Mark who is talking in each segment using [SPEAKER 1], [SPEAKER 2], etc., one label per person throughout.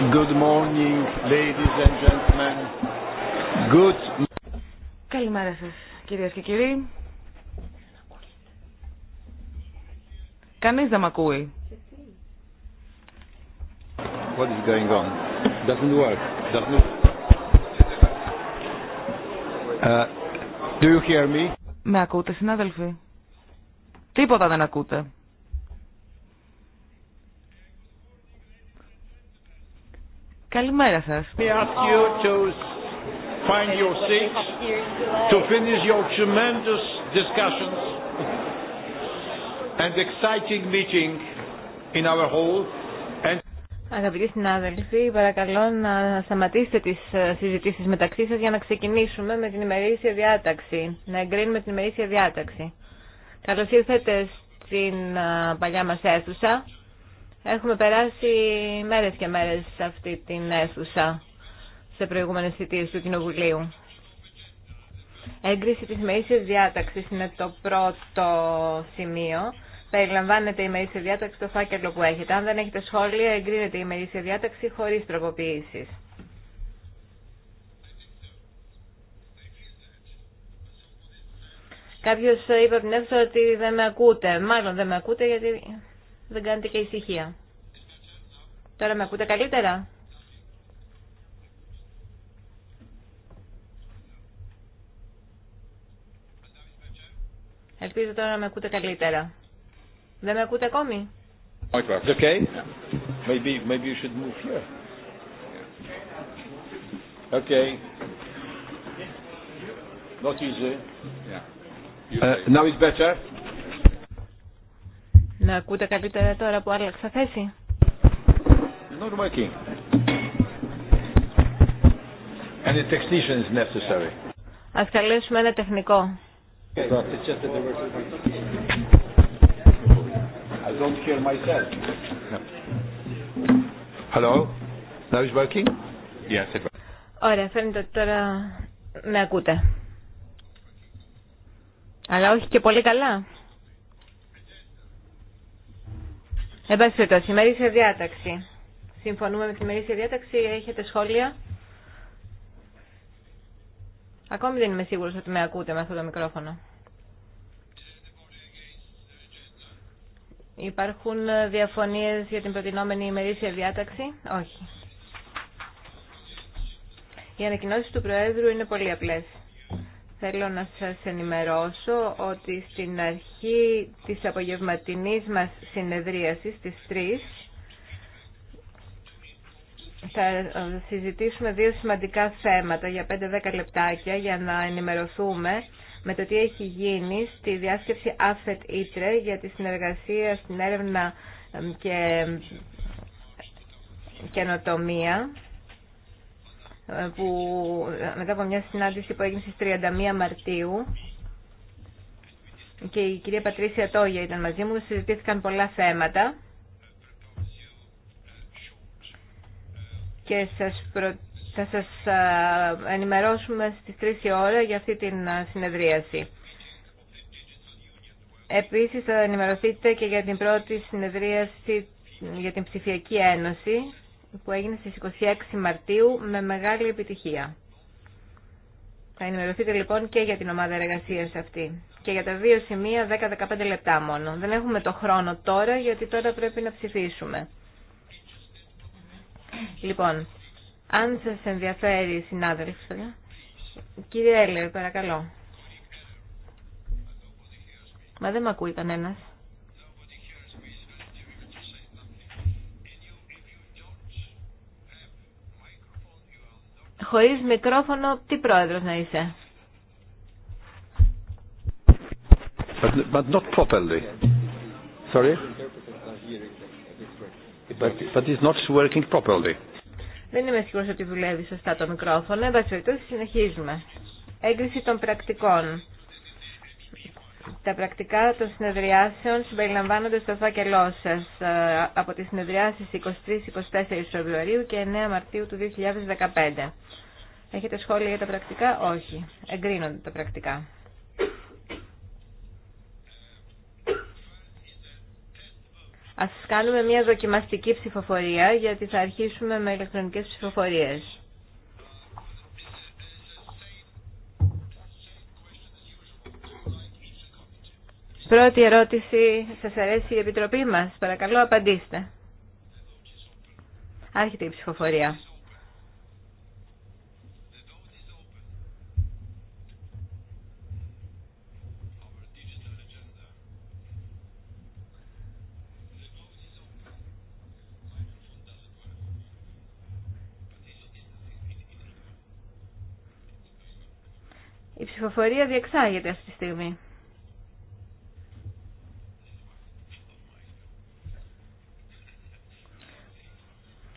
[SPEAKER 1] Good morning, ladies and gentlemen. Good...
[SPEAKER 2] Καλημέρα σας, κυρίες και κύριοι. Κανείς δεν μ' ακούει.
[SPEAKER 1] What is going on? Doesn't work. Doesn't... Uh, do you hear me?
[SPEAKER 2] Με ακούτε, συνάδελφοι. Τίποτα δεν ακούτε. Καλημέρα σας.
[SPEAKER 3] Αγαπητοί συνάδελφοι, παρακαλώ να σταματήσετε τις ε, συζητήσεις μεταξύ σας για να ξεκινήσουμε με την ημερήσια διάταξη, να εγκρίνουμε την ημερήσια διάταξη. Καλώς ήρθατε στην ε, παλιά μας αίθουσα. Έχουμε περάσει μέρες και μέρες σε αυτή την αίθουσα σε προηγούμενες θητείες του Κοινοβουλίου. Έγκριση τη μείσης διάταξης είναι το πρώτο σημείο. Περιλαμβάνεται η μερίσια διάταξη στο φάκελο που έχετε. Αν δεν έχετε σχόλια, εγκρίνεται η μερίσια διάταξη χωρίς τροποποιήσεις. Κάποιο είπε από την αίθουσα ότι δεν με ακούτε. Μάλλον δεν με ακούτε γιατί δεν κάνετε και ησυχία. Τώρα με ακούτε καλύτερα. Ελπίζω τώρα να με ακούτε καλύτερα. Δεν με ακούτε ακόμη.
[SPEAKER 1] Okay. Maybe, maybe you should move here. Okay. Not easy. Yeah. Uh, now it's better.
[SPEAKER 3] Να ακούτε καλύτερα τώρα που άλλαξα θέση.
[SPEAKER 1] And the technician is necessary.
[SPEAKER 3] Ας καλέσουμε ένα τεχνικό.
[SPEAKER 1] I don't hear myself. Hello. Now it's working. Yes. It...
[SPEAKER 3] Ωραία, φαίνεται ότι τώρα με ακούτε. Αλλά όχι και πολύ καλά. Εν πάση περιπτώσει, μερίσια διάταξη. Συμφωνούμε με τη μερίσια διάταξη. Έχετε σχόλια. Ακόμη δεν είμαι σίγουρος ότι με ακούτε με αυτό το μικρόφωνο. Υπάρχουν διαφωνίες για την προτινόμενη ημερήσια διάταξη. Όχι. Οι ανακοινώσει του Προέδρου είναι πολύ απλές. Θέλω να σας ενημερώσω ότι στην αρχή της απογευματινής μας συνεδρίασης, της 3, θα συζητήσουμε δύο σημαντικά θέματα για 5-10 λεπτάκια για να ενημερωθούμε με το τι έχει γίνει στη διάσκεψη AFET ITRE για τη συνεργασία στην έρευνα και καινοτομία που μετά από μια συνάντηση που έγινε στις 31 Μαρτίου και η κυρία Πατρίσια Τόγια ήταν μαζί μου, συζητήθηκαν πολλά θέματα και σας θα σας ενημερώσουμε στις 3 η ώρα για αυτή την συνεδρίαση. Επίσης θα ενημερωθείτε και για την πρώτη συνεδρίαση για την ψηφιακή ένωση που έγινε στις 26 Μαρτίου με μεγάλη επιτυχία. Θα ενημερωθείτε λοιπόν και για την ομάδα εργασία αυτή και για τα δύο σημεία 10-15 λεπτά μόνο. Δεν έχουμε το χρόνο τώρα γιατί τώρα πρέπει να ψηφίσουμε. Λοιπόν, αν σα ενδιαφέρει συνάδελφοι, κύριε Έλερ παρακαλώ. Μα δεν με ακούει κανένας. Χωρίς μικρόφωνο, τι πρόεδρος να είσαι.
[SPEAKER 1] But, but not properly. Sorry? But, but it's not working properly.
[SPEAKER 3] Δεν είμαι σίγουρος ότι δουλεύει σωστά το μικρόφωνο. Εν συνεχίζουμε. Έγκριση των πρακτικών. Τα πρακτικά των συνεδριάσεων συμπεριλαμβάνονται στο φάκελό σα ε, από τις συνεδριάσεις 23-24 Φεβρουαρίου και 9 Μαρτίου του 2015. Έχετε σχόλια για τα πρακτικά? Όχι. Εγκρίνονται τα πρακτικά. Ας κάνουμε μια δοκιμαστική ψηφοφορία γιατί θα αρχίσουμε με ηλεκτρονικές ψηφοφορίες. Πρώτη ερώτηση, σα αρέσει η Επιτροπή μα, Παρακαλώ, απαντήστε. Άρχεται η ψηφοφορία. Η ψηφοφορία διεξάγεται αυτή τη στιγμή.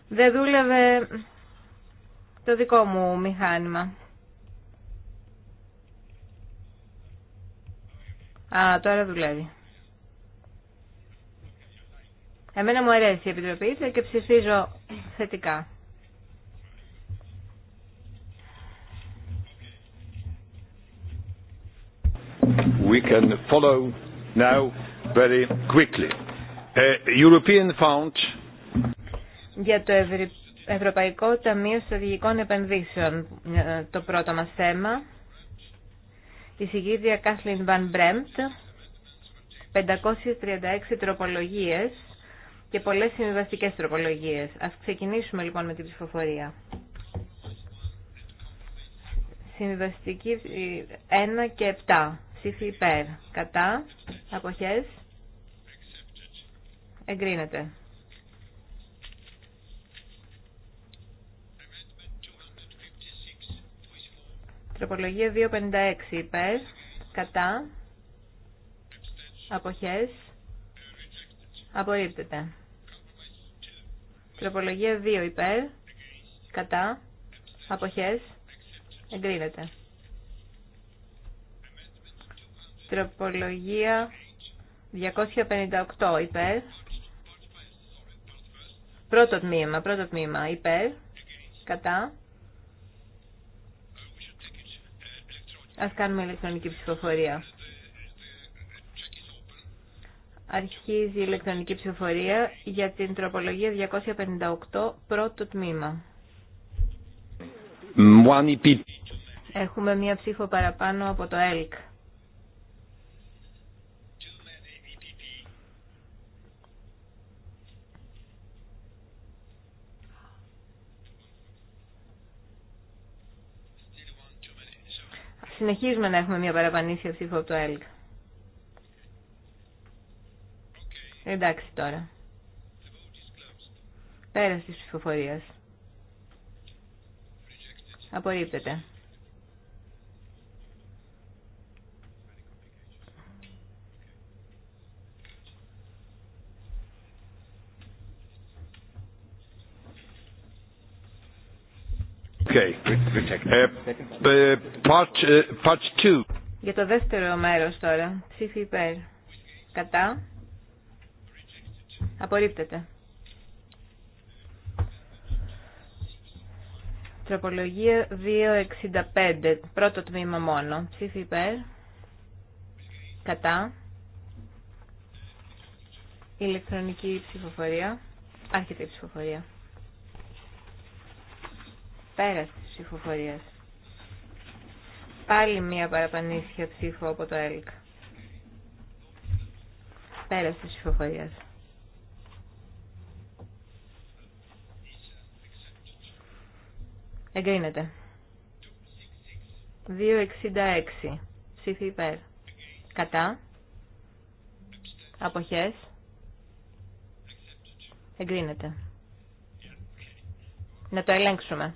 [SPEAKER 3] δεν δούλευε το δικό μου μηχάνημα. Α, τώρα δουλεύει. Εμένα μου αρέσει η Επιτροπή και ψηφίζω θετικά.
[SPEAKER 1] We can follow now very quickly. Uh, European
[SPEAKER 3] για το Ευρωπαϊκό Ταμείο Στρατηγικών Επενδύσεων, ε, το πρώτο μας θέμα. Η συγκίδια Κάθλιν Βαν Μπρέμπτ, 536 τροπολογίες και πολλές συμβιβαστικές τροπολογίες. Ας ξεκινήσουμε λοιπόν με την ψηφοφορία. Συμβιβαστική 1 ε, και 7. Ψήφι υπέρ. Κατά. Αποχές. Εγκρίνεται. Τροπολογία 256 υπέρ, κατά, αποχές, απορρίπτεται. Τροπολογία 2 υπέρ, κατά, αποχές, εγκρίνεται. Τροπολογία 258 υπέρ, πρώτο τμήμα, πρώτο τμήμα υπέρ, κατά, Ας κάνουμε ηλεκτρονική ψηφοφορία. Αρχίζει η ηλεκτρονική ψηφοφορία για την τροπολογία 258 πρώτο τμήμα. Έχουμε μία ψήφο παραπάνω από το ΕΛΚ. συνεχίζουμε να έχουμε μια παραπανήσια ψήφο από το ΕΛΚ. Εντάξει τώρα. Πέρα τη ψηφοφορία. Απορρίπτεται.
[SPEAKER 1] Okay. Uh, uh, part, uh, part
[SPEAKER 3] Για το δεύτερο μέρος τώρα. Ψήφι υπέρ. Κατά. Απορρίπτεται. Τροπολογία 265. Πρώτο τμήμα μόνο. Ψήφι υπέρ. Κατά. Ηλεκτρονική ψηφοφορία. Άρχεται η ψηφοφορία. Πέρας της ψηφοφορίας. Πάλι μία παραπανήσια ψήφο από το ΕΛΚ. Πέρας της ψηφοφορίας. Εγκρίνεται. 2.66. Ψήφι υπέρ. Κατά. Αποχές. Εγκρίνεται. Να το ελέγξουμε.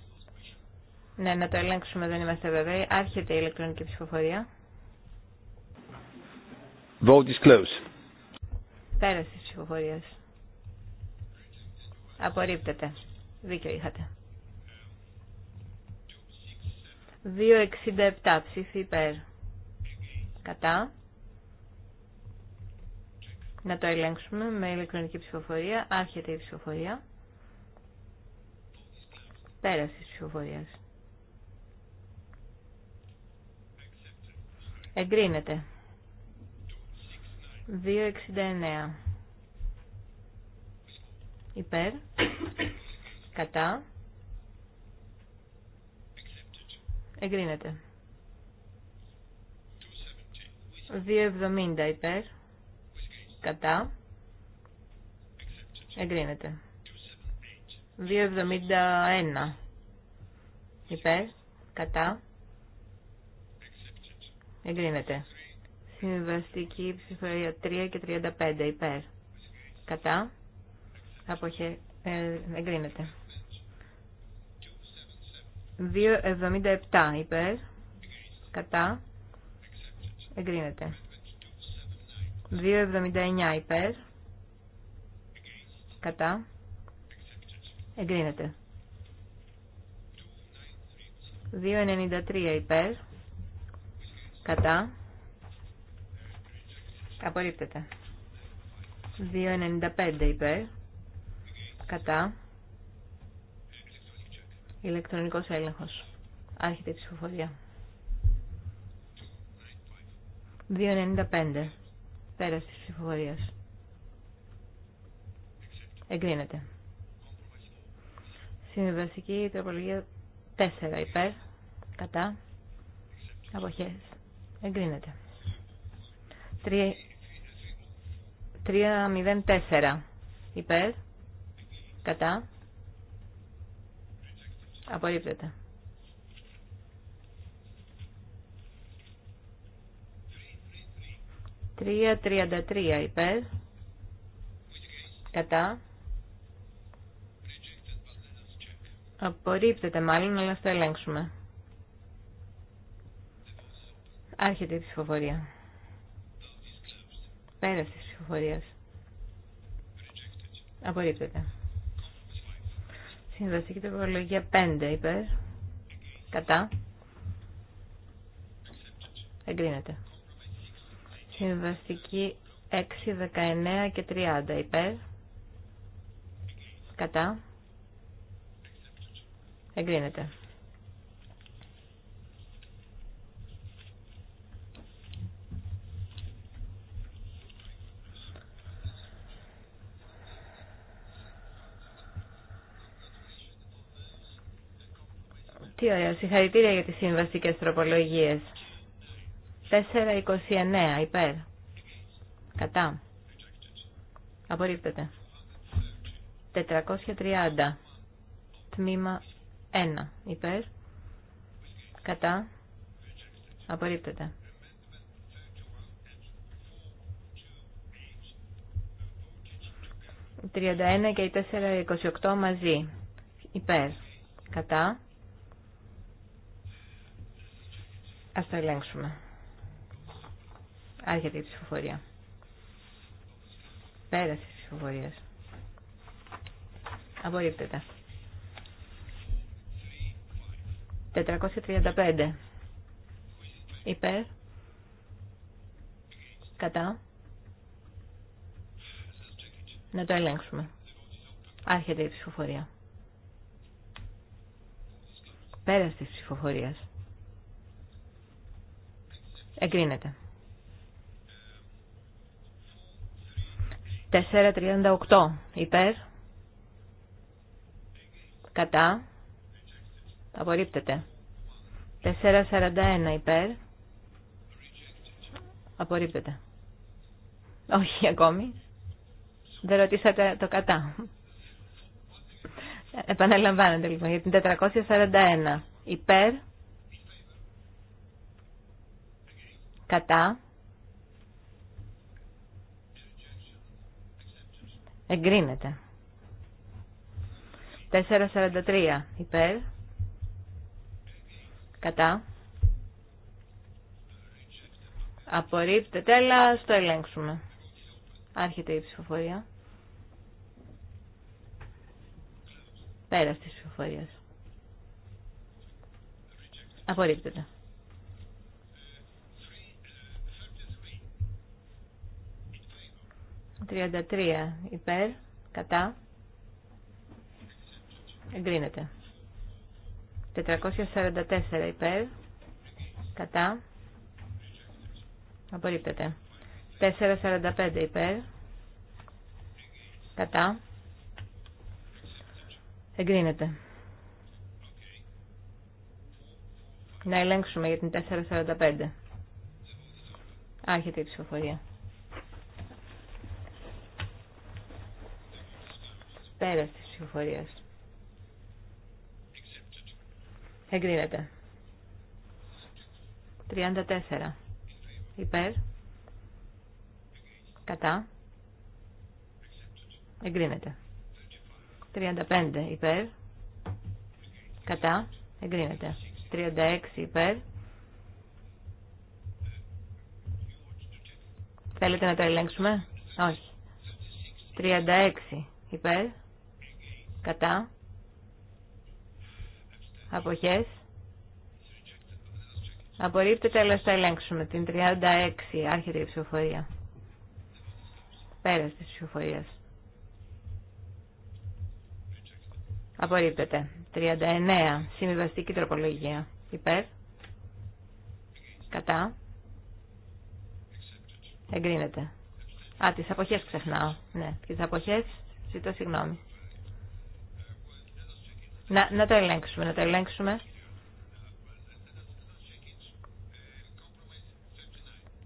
[SPEAKER 3] Ναι, να το ελέγξουμε, δεν είμαστε βέβαιοι. Άρχεται η ηλεκτρονική ψηφοφορία. Vote is Πέρασε τη ψηφοφορία. Απορρίπτεται. Δίκιο είχατε. 2,67 ψήφι υπέρ. Κατά. Να το ελέγξουμε με ηλεκτρονική ψηφοφορία. Άρχεται η ψηφοφορία. Πέραση τη ψηφοφορία. Εγκρίνεται. 269. Υπέρ. Κατά. Εγκρίνεται. 270 υπέρ. Κατά. Εγκρίνεται. 271 υπέρ. Κατά. Εγκρίνεται. Συμβαστική ψηφορία 3 και 35 υπέρ. Κατά. Αποχε... Ε, εγκρίνεται. 2,77 υπέρ. Κατά. Εγκρίνεται. 2,79 υπέρ. Κατά. Εγκρίνεται. 2,93 υπέρ. Κατά. Απορρίπτεται. 2,95 υπέρ. Κατά. Ηλεκτρονικός έλεγχος. Άρχεται η ψηφοφορία. 2,95. Πέρας της ψηφοφορίας. Εγκρίνεται. Συμβιβαστική τροπολογία 4 υπέρ. Κατά. Αποχές. Εγκρίνεται. 304. Υπέρ. Κατά. Απορρίπτεται. 333 υπέρ. Κατά. Απορρίπτεται μάλλον, αλλά θα ελέγξουμε. Άρχεται η ψηφοφορία. Πέρασε τη ψηφοφορία. Απορρίπτεται. Συμβαστική τροπολογία 5 υπέρ. Κατά. Εγκρίνεται. Συμβαστική 6, 19 και 30 υπέρ. Κατά. Εγκρίνεται. Τι ωραία. Ε, συγχαρητήρια για τις συμβαστικές τροπολογίες. 4.29 υπέρ. Κατά. Απορρίπτεται. 430. Τμήμα 1 υπέρ. Κατά. Απορρίπτεται. 31 και η 428 μαζί. Υπέρ. Κατά. Ας το ελέγξουμε. Άρχεται η ψηφοφορία. Πέρασε η ψηφοφορία. Απορρίπτεται. 435. Υπέρ. Κατά. Να το ελέγξουμε. Άρχεται η ψηφοφορία. Πέρασε τη ψηφοφορία. Εγκρίνεται. 438 υπέρ. Κατά. Απορρίπτεται. 441 υπέρ. Απορρίπτεται. Όχι ακόμη. Δεν ρωτήσατε το κατά. Επαναλαμβάνεται λοιπόν για την 441. Υπέρ. Κατά. Εγκρίνεται. 4.43 υπέρ. Κατά. Απορρίπτεται, αλλά το ελέγξουμε. Άρχεται η ψηφοφορία. Πέρα τη ψηφοφορία. Απορρίπτεται. 33 υπέρ, κατά, εγκρίνεται. 444 υπέρ, κατά, απορρίπτεται. 445 υπέρ, κατά, εγκρίνεται. Να ελέγξουμε για την 445. Άρχεται η ψηφοφορία. Πέρα τη ψηφοφορία. Εγκρίνεται. 34. Υπέρ. Κατά. Εγκρίνεται. 35. Υπέρ. Κατά. Εγκρίνεται. 36. Υπέρ. Θέλετε να τα ελέγξουμε. Όχι. 36. Υπέρ κατά, αποχές, απορρίπτεται, αλλά θα ελέγξουμε την 36, άρχεται η ψηφοφορία. Πέρας της ψηφοφορίας. Απορρίπτεται. 39. Συμβιβαστική τροπολογία. Υπέρ. Κατά. Εγκρίνεται. Α, τις αποχές ξεχνάω. Ναι, τις αποχές ζητώ συγγνώμη. Να, να το ελέγξουμε, να το ελέγξουμε.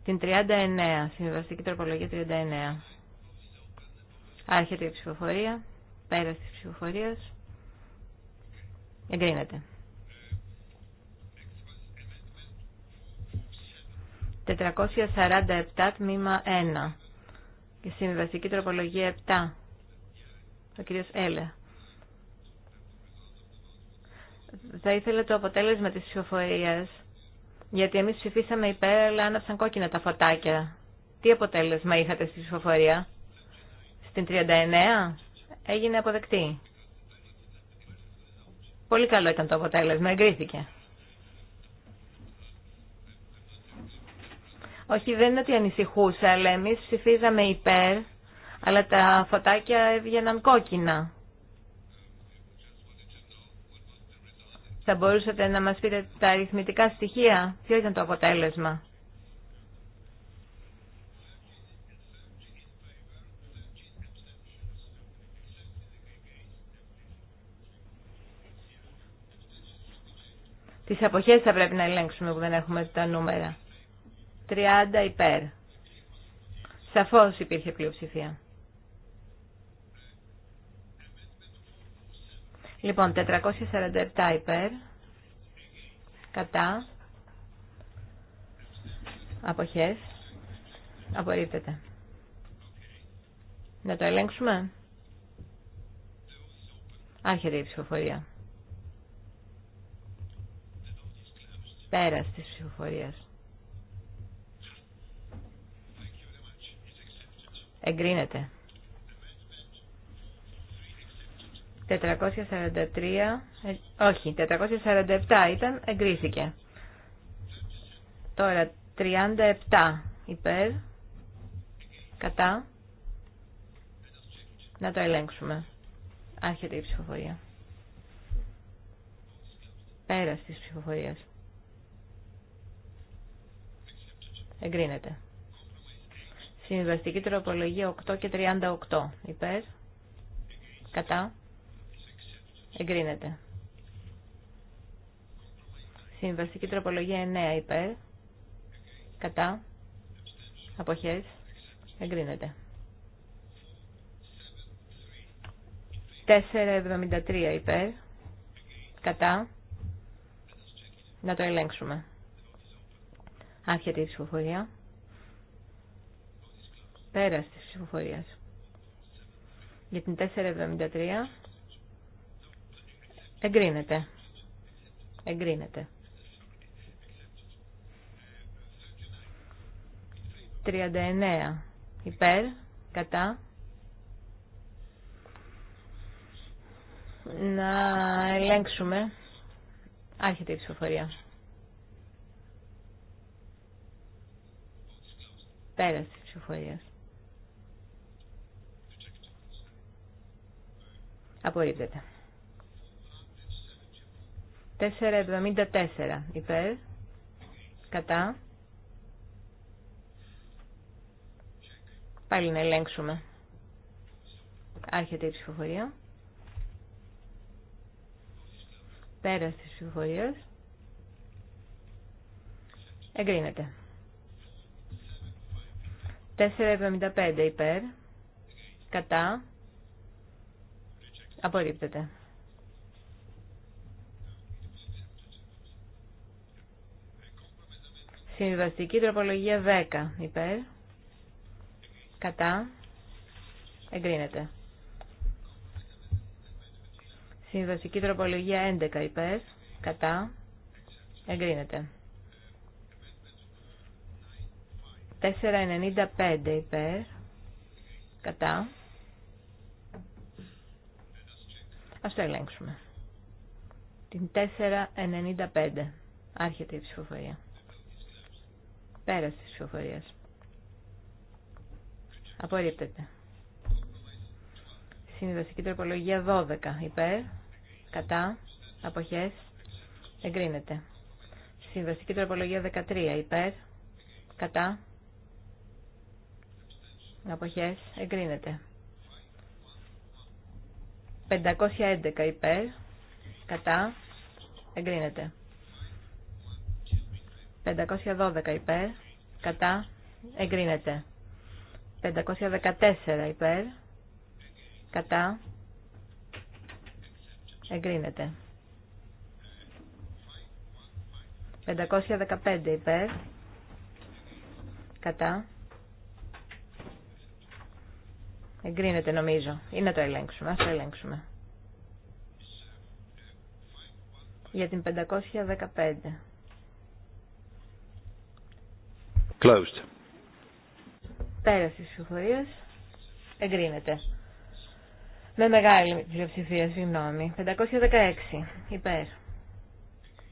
[SPEAKER 3] Την 39, συμβιβαστική τροπολογία 39. Άρχεται η ψηφοφορία, πέρας της ψηφοφορίας. Εγκρίνεται. 447 τμήμα 1. Και συμβιβαστική τροπολογία 7. Ο κύριος Έλε θα ήθελα το αποτέλεσμα της ψηφοφορίας. Γιατί εμείς ψηφίσαμε υπέρ, αλλά άναψαν κόκκινα τα φωτάκια. Τι αποτέλεσμα είχατε στη ψηφοφορία. Στην 39 έγινε αποδεκτή. Πολύ καλό ήταν το αποτέλεσμα, εγκρίθηκε. Όχι, δεν είναι ότι ανησυχούσα, αλλά εμείς ψηφίζαμε υπέρ, αλλά τα φωτάκια έβγαιναν κόκκινα. Θα μπορούσατε να μας πείτε τα αριθμητικά στοιχεία, ποιο ήταν το αποτέλεσμα. Τις αποχές θα πρέπει να ελέγξουμε που δεν έχουμε τα νούμερα. 30 υπέρ. Σαφώς υπήρχε πλειοψηφία. Λοιπόν, 447 υπέρ, κατά, αποχές, απορρίπτεται. Να το ελέγξουμε. Άρχεται η ψηφοφορία. Πέρας της ψηφοφορίας. Εγκρίνεται. 443, ε, όχι, 447 ήταν, εγκρίθηκε. Τώρα 37 υπέρ, κατά, να το ελέγξουμε. Άρχεται η ψηφοφορία. Πέρας της ψηφοφορίας. Εγκρίνεται. Συμβαστική τροπολογία 8 και 38 υπέρ, κατά, Εγκρίνεται. Συμβαστική τροπολογία 9 υπέρ. Κατά. Αποχές. Εγκρίνεται. 4,73 υπέρ. Κατά. Να το ελέγξουμε. Άρχεται η ψηφοφορία. Πέρας της ψηφοφορίας. Για την 4,73 Εγκρίνεται. Εγκρίνεται. 39. Υπέρ. Κατά. Να ελέγξουμε. Άρχεται η ψηφοφορία. Πέρασε τη ψηφοφορία. Απορρίπτεται. 474 υπέρ, κατά. Πάλι να ελέγξουμε. Άρχεται η ψηφοφορία. Πέρας της ψηφοφορίας. Εγκρίνεται. 4,75 υπέρ. Κατά. Απορρίπτεται. Συμβιβαστική τροπολογία 10 υπέρ. Κατά. Εγκρίνεται. Συμβαστική τροπολογία 11 υπέρ. Κατά. Εγκρίνεται. 4,95 υπέρ. Κατά. Ας το ελέγξουμε. Την 4,95. Άρχεται η ψηφοφορία. Πέραση της ψηφοφορίας. Απορρίπτεται. Συνδεστική τροπολογία 12. Υπέρ. Κατά. Αποχές. Εγκρίνεται. Συνδεσική τροπολογία 13. Υπέρ. Κατά. Αποχές. Εγκρίνεται. 511 υπέρ. Κατά. Εγκρίνεται. 512 υπέρ, κατά, εγκρίνεται. 514 υπέρ, κατά, εγκρίνεται. 515 υπέρ, κατά, εγκρίνεται νομίζω. Ή να το ελέγξουμε, ας το ελέγξουμε. Για την 515. Closed. Πέρασε τη Εγκρίνεται. Με μεγάλη πλειοψηφία, συγγνώμη. 516. Υπέρ.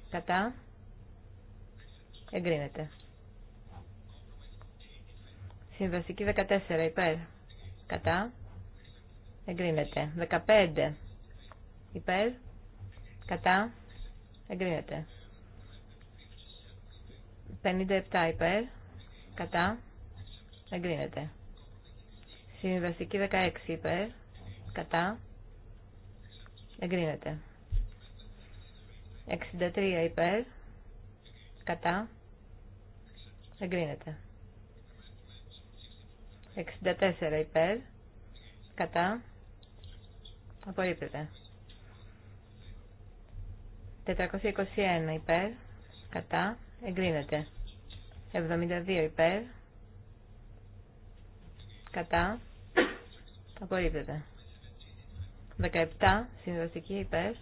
[SPEAKER 3] Κατά. Εγκρίνεται. Συμβαστική 14. Υπέρ. Κατά. Εγκρίνεται. 15. Υπέρ. Κατά. Εγκρίνεται. 57. Υπέρ. Κατά. Εγκρίνεται. Συμβαστική 16 υπέρ. Κατά. Εγκρίνεται. 63 υπέρ. Κατά. Εγκρίνεται. 64 υπέρ. Κατά. Απορρίπτεται. 421 υπέρ. Κατά. Εγκρίνεται. 72 υπέρ. Κατά. Απορρίπτεται. 17 συνδροστική υπέρ.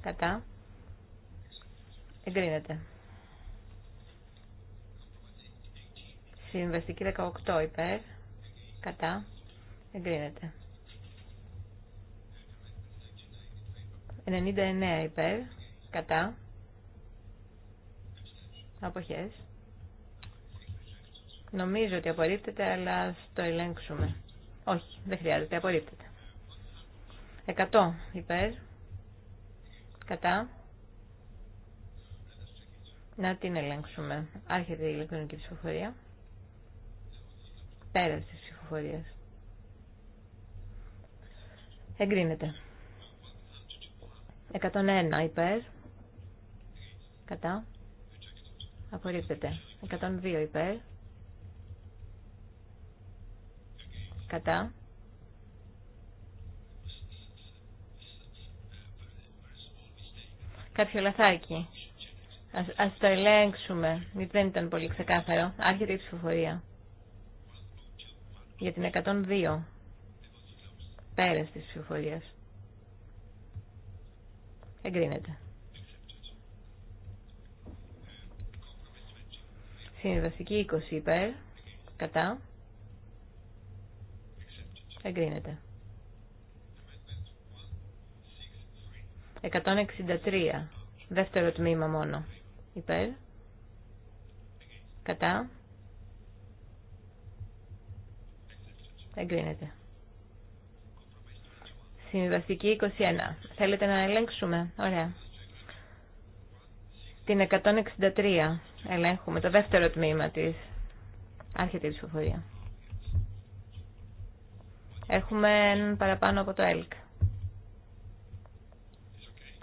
[SPEAKER 3] Κατά. Εγκρίνεται. Συμβαστική 18 υπέρ. Κατά. Εγκρίνεται. 99 υπέρ. Κατά. Αποχές. Νομίζω ότι απορρίπτεται, αλλά ας το ελέγξουμε. Όχι, δεν χρειάζεται, απορρίπτεται. 100 υπέρ, κατά. Να την ελέγξουμε. Άρχεται η ηλεκτρονική ψηφοφορία. Πέρας τη ψηφοφορία. Εγκρίνεται. 101 υπέρ. Κατά. Απορρίπτεται. 102 υπέρ. Κατά. Κάποιο λαθάκι. Ας, το ελέγξουμε, δεν ήταν πολύ ξεκάθαρο. Άρχεται η ψηφοφορία. Για την 102. Πέρας της ψηφοφορίας. Εγκρίνεται. Συμβαστική 20 υπέρ. Κατά. Εγκρίνεται. 163. Δεύτερο τμήμα μόνο. Υπέρ. Κατά. Εγκρίνεται. Συμβαστική 21. Θέλετε να ελέγξουμε. Ωραία. Την 163 ελέγχουμε. Το δεύτερο τμήμα της. Άρχεται η ψηφοφορία. Έχουμε έναν παραπάνω από το ΕΛΚ.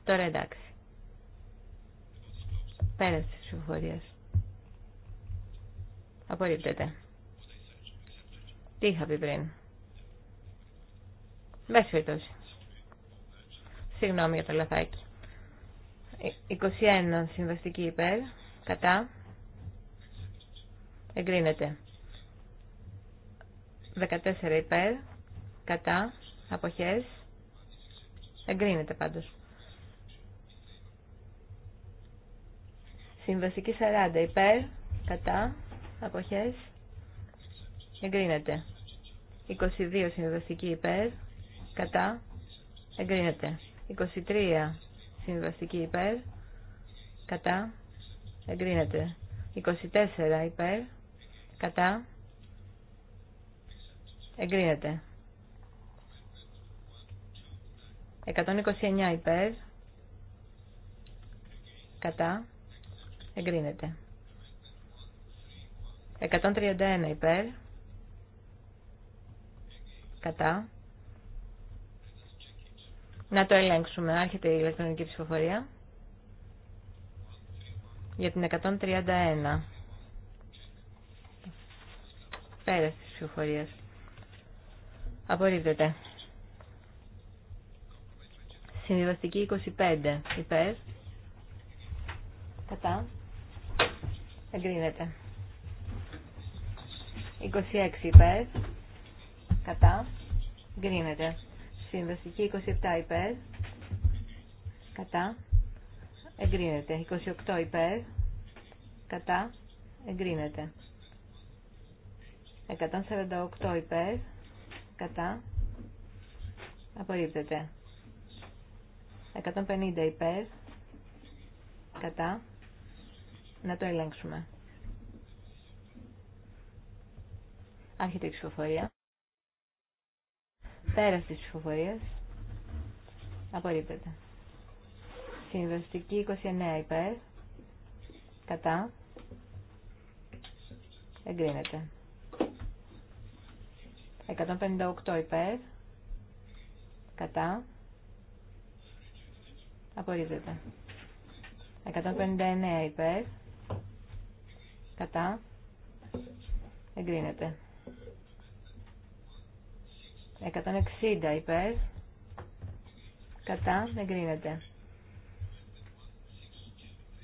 [SPEAKER 3] Τώρα εντάξει. Πέρασε τη ψηφοφορία. Απορρίπτεται. Τι είχα πει πριν. Μπες περιπτώσει. Συγγνώμη για το λαθάκι. 21 συμβαστική υπέρ. Κατά. Εγκρίνεται. 14 υπέρ κατά, αποχές, εγκρίνεται πάντως. Συμβαστική 40 υπέρ, κατά, αποχές, εγκρίνεται. 22 συμβαστική υπέρ, κατά, εγκρίνεται. 23 συμβαστική υπέρ, κατά, εγκρίνεται. 24 υπέρ, κατά, εγκρίνεται. 129 υπέρ. Κατά. Εγκρίνεται. 131 υπέρ. Κατά. Να το ελέγξουμε. Άρχεται η ηλεκτρονική ψηφοφορία. Για την 131. Πέρας της ψηφοφορίας. Απορρίπτεται. Συμβιβαστική 25. Υπέρ. Κατά. Εγκρίνεται. 26 υπέρ. Κατά. Εγκρίνεται. Συνδυαστική 27 υπέρ. Κατά. Εγκρίνεται. 28 υπέρ. Κατά. Εγκρίνεται. 148 υπέρ. Κατά. Απορρίπτεται. 150 υπέρ. Κατά. Να το ελέγξουμε. Άρχεται η ψηφοφορία. Πέρα τη ψηφοφορία. Απορρίπτεται. Συνδεστική 29 υπέρ. Κατά. Εγκρίνεται. 158 υπέρ. Κατά. Απορρίζεται. 159 υπέρ. Κατά. Εγκρίνεται. 160 υπέρ. Κατά. Εγκρίνεται.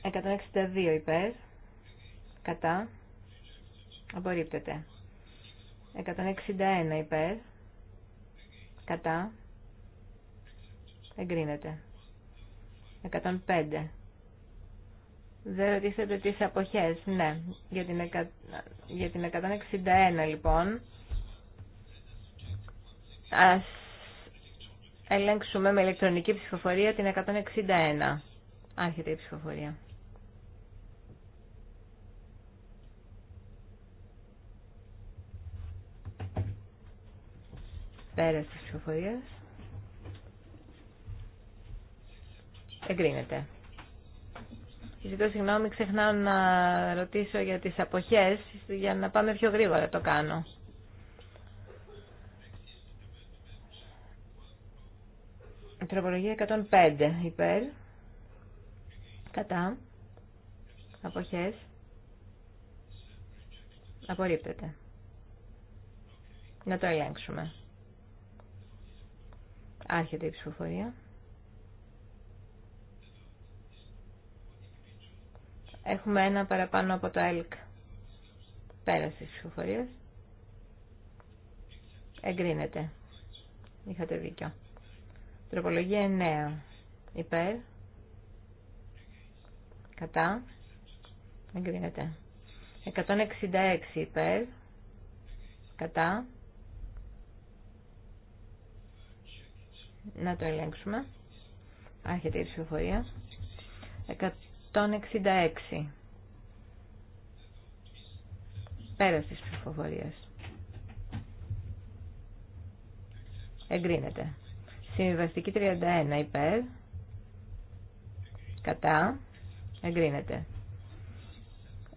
[SPEAKER 3] 162 υπέρ. Κατά. Απορρίπτεται. 161 υπέρ. Κατά. Εγκρίνεται. 105. Δεν ρωτήσατε τις αποχές. Ναι, για την, για την 161 λοιπόν. Ας ελέγξουμε με ηλεκτρονική ψηφοφορία την 161. Άρχεται η ψηφοφορία. Πέρασε τη ψηφοφορία. Εγκρίνεται. Ζητώ συγγνώμη, ξεχνάω να ρωτήσω για τις αποχές, για να πάμε πιο γρήγορα το κάνω. Τροπολογία 105 υπέρ. Κατά. Αποχές. Απορρίπτεται. Να το ελέγξουμε. Άρχεται η ψηφοφορία. Έχουμε ένα παραπάνω από το ΕΛΚ. Πέρασε τη ψηφοφορία. Εγκρίνεται. Είχατε δίκιο. Τροπολογία 9. Υπέρ. Κατά. Εγκρίνεται. 166 υπέρ. Κατά. Να το ελέγξουμε. Άρχεται η ψηφοφορία. 166. Πέρας της ψηφοφορίας. Εγκρίνεται. Συμβιβαστική 31 υπέρ. Κατά. Εγκρίνεται.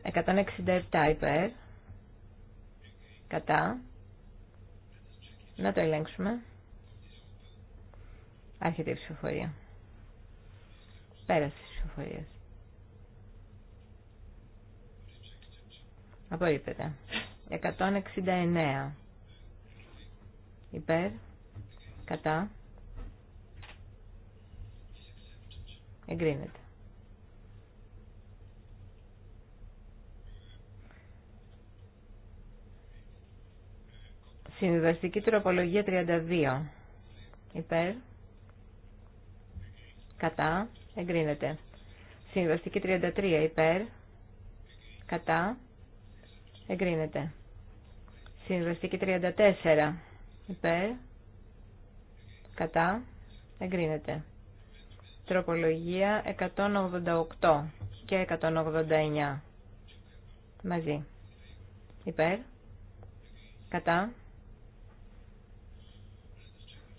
[SPEAKER 3] 167 υπέρ. Κατά. Να το ελέγξουμε. Άρχεται η ψηφοφορία. Πέρασε τη ψηφοφορία. Απορρίπτεται. 169. Υπέρ. Κατά. Εγκρίνεται. Συμβιβαστική τροπολογία 32. Υπέρ. Κατά. Εγκρίνεται. Συμβιβαστική 33. Υπέρ. Κατά. Εγκρίνεται. Συμβαστική 34. Υπέρ. Κατά. Εγκρίνεται. Τροπολογία 188 και 189. Μαζί. Υπέρ. Κατά.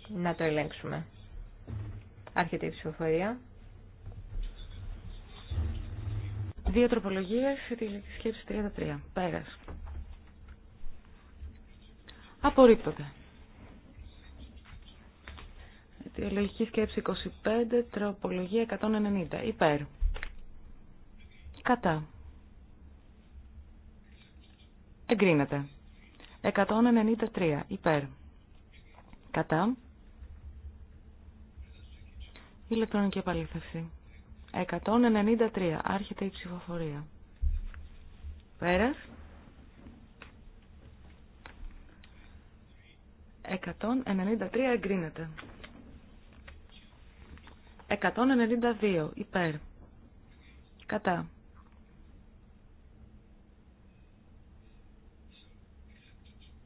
[SPEAKER 3] Να το ελέγξουμε. Άρχεται η ψηφοφορία.
[SPEAKER 2] Δύο τροπολογίε τη σκέψη 33. Πέρα. Απορρίπτονται. λογική σκέψη 25, τροπολογία 190. Υπέρ. Κατά. Εγκρίνεται. 193. Υπέρ. Κατά. Ηλεκτρονική επαλήθευση. 193. Άρχεται η ψηφοφορία. Πέρα 193 εγκρίνεται. 192 υπέρ. Κατά.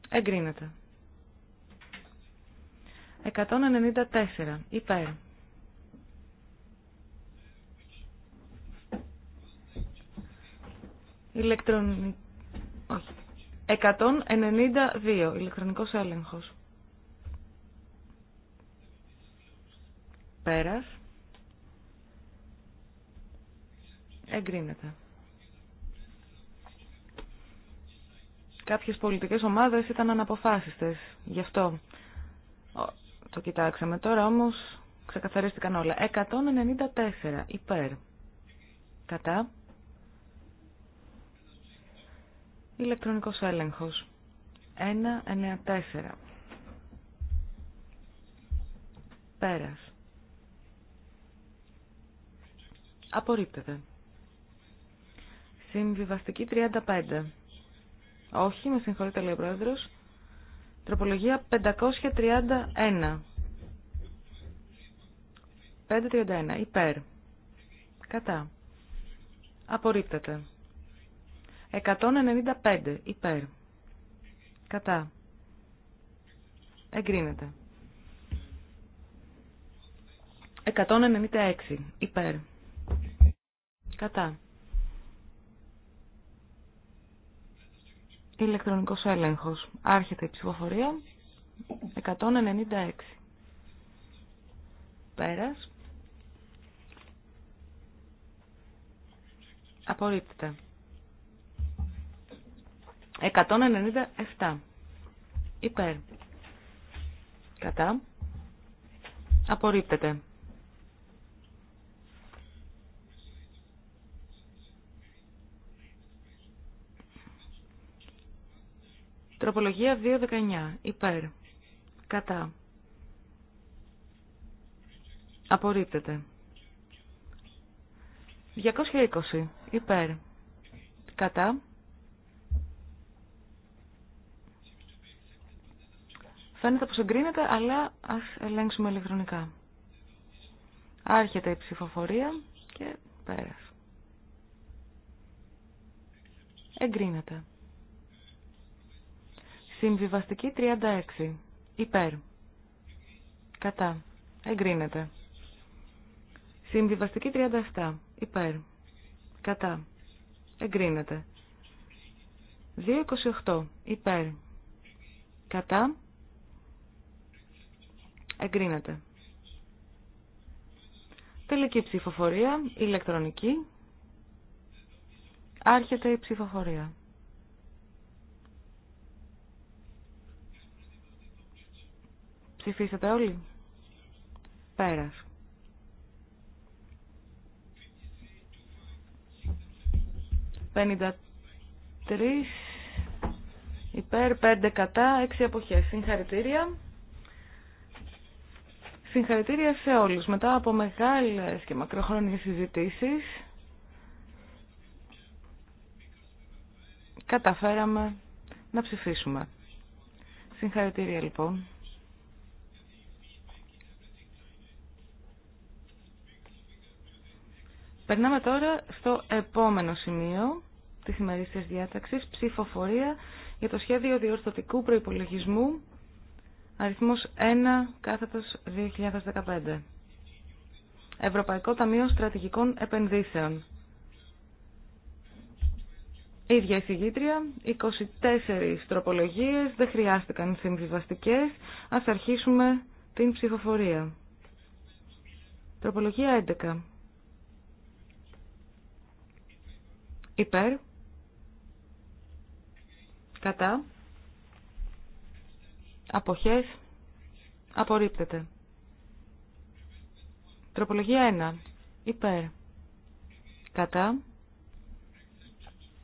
[SPEAKER 2] Εγκρίνεται. 194 υπέρ. 192. Ηλεκτρονικός έλεγχος. Πέρας. Εγκρίνεται. Κάποιες πολιτικές ομάδες ήταν αναποφάσιστες. Γι' αυτό το κοιτάξαμε τώρα, όμως ξεκαθαρίστηκαν όλα. 194 υπέρ. Κατά. Ηλεκτρονικός έλεγχος. 194. Πέρας. Απορρίπτεται. Συμβιβαστική 35. Όχι, με συγχωρείτε λέει ο πρόεδρος. Τροπολογία 531. 531. Υπέρ. Κατά. Απορρίπτεται. 195 υπέρ. Κατά. Εγκρίνεται. 196 υπέρ. Κατά. Ηλεκτρονικός έλεγχος. Άρχεται η ψηφοφορία. 196. Πέρας. Απορρίπτεται. 197. Υπέρ. Κατά. Απορρίπτεται. Τροπολογία 2.19. Υπέρ. Κατά. Απορρίπτεται. 220. Υπέρ. Κατά. Φαίνεται πως εγκρίνεται, αλλά ας ελέγξουμε ηλεκτρονικά. Άρχεται η ψηφοφορία και πέρας. Εγκρίνεται. Συμβιβαστική 36. Υπέρ. Κατά. Εγκρίνεται. Συμβιβαστική 37. Υπέρ. Κατά. Εγκρίνεται. 228. Υπέρ. Κατά. Εγκρίνεται. Τελική ψηφοφορία, ηλεκτρονική. Άρχεται η ψηφοφορία. Ψηφίσατε όλοι. Πέρας. 53 υπέρ, 5 κατά, 6 αποχές. Συγχαρητήρια. Συγχαρητήρια σε όλους. Μετά από μεγάλες και μακροχρόνιες συζητήσεις, καταφέραμε να ψηφίσουμε. Συγχαρητήρια λοιπόν. Περνάμε τώρα στο επόμενο σημείο της ημερήσιας διάταξης, ψηφοφορία για το σχέδιο διορθωτικού προϋπολογισμού Αριθμός 1 κάθετος 2015. Ευρωπαϊκό Ταμείο Στρατηγικών Επενδύσεων. Ίδια εισηγήτρια, 24 τροπολογίες, δεν χρειάστηκαν συμβιβαστικές. Ας αρχίσουμε την ψηφοφορία. Τροπολογία 11. Υπέρ. Κατά. Αποχές. Απορρίπτεται. Τροπολογία 1. Υπέρ. Κατά.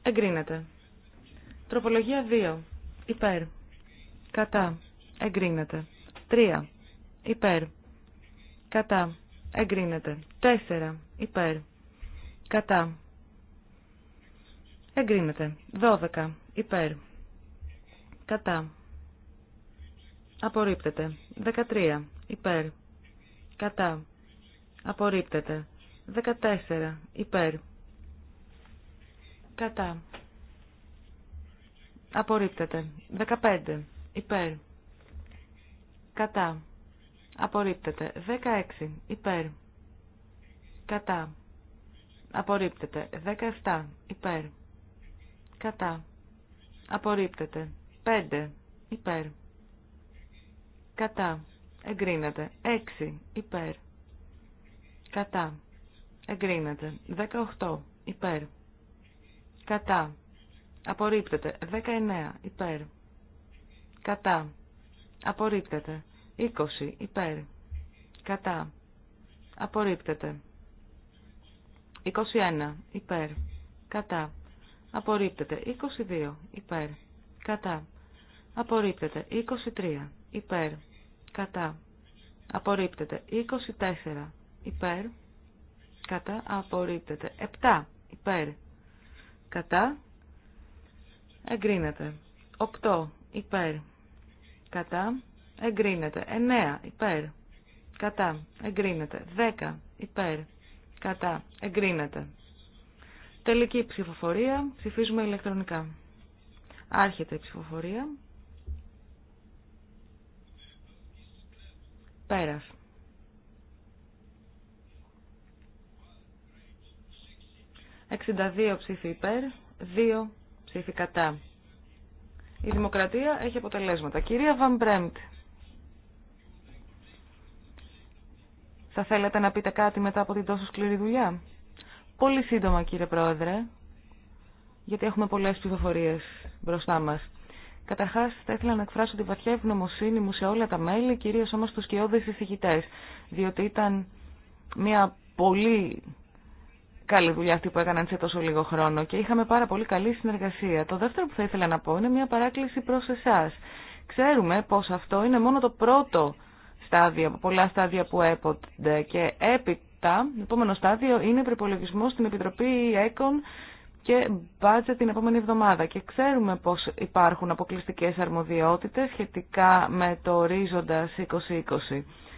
[SPEAKER 2] Εγκρίνεται. Τροπολογία 2. Υπέρ. Κατά. Εγκρίνεται. 3. Υπέρ. Κατά. Εγκρίνεται. 4. Υπέρ. Κατά. Εγκρίνεται. 12. Υπέρ. Κατά. Απορρίπτεται. 13. Υπέρ. Κατά. Απορρίπτεται. 14. Υπέρ. Κατά. Απορρίπτεται. 15. Υπέρ. Κατά. Απορρίπτεται. 16. Υπέρ. Κατά. Απορρίπτεται. 17. Υπέρ. Κατά. Απορρίπτεται. 5. Υπέρ. Κατά. Εγκρίνεται. 6. Υπέρ. Κατά. Εγκρίνεται. 18. Υπέρ. Κατά. Απορρίπτεται. 19. Υπέρ. Κατά. Απορρίπτεται. 20. Υπέρ. Κατά. Απορρίπτεται. 21. Υπέρ. Κατά. Απορρίπτεται. 22. Υπέρ. Κατά. Απορρίπτεται. 23 υπέρ, κατά, απορρίπτεται. 24 υπέρ, κατά, απορρίπτεται. 7 υπέρ, κατά, εγκρίνεται. 8 υπέρ, κατά, εγκρίνεται. 9 υπέρ, κατά, εγκρίνεται. 10 υπέρ, κατά, εγκρίνεται. Τελική ψηφοφορία, ψηφίζουμε ηλεκτρονικά. Άρχεται η ψηφοφορία. 62 ψήφοι υπέρ, 2 ψήφοι κατά. Η δημοκρατία έχει αποτελέσματα. Κυρία Βαμπρέμπτ, θα θέλετε να πείτε κάτι μετά από την τόσο σκληρή δουλειά. Πολύ σύντομα κύριε Πρόεδρε, γιατί έχουμε πολλές ψηφοφορίες μπροστά μας. Καταρχά θα ήθελα να εκφράσω τη βαθιά ευγνωμοσύνη μου σε όλα τα μέλη, κυρίως όμως στου κοιόδες εισηγητέ, διότι ήταν μια πολύ καλή δουλειά αυτή που έκαναν σε τόσο λίγο χρόνο και είχαμε πάρα πολύ καλή συνεργασία. Το δεύτερο που θα ήθελα να πω είναι μια παράκληση προ εσά. Ξέρουμε πως αυτό είναι μόνο το πρώτο στάδιο, πολλά στάδια που έπονται και έπειτα, το επόμενο στάδιο είναι προπολογισμό στην Επιτροπή ΕΚΟΝ και μπάτζε την επόμενη εβδομάδα. Και ξέρουμε πως υπάρχουν αποκλειστικές αρμοδιότητες σχετικά με το ορίζοντα 2020.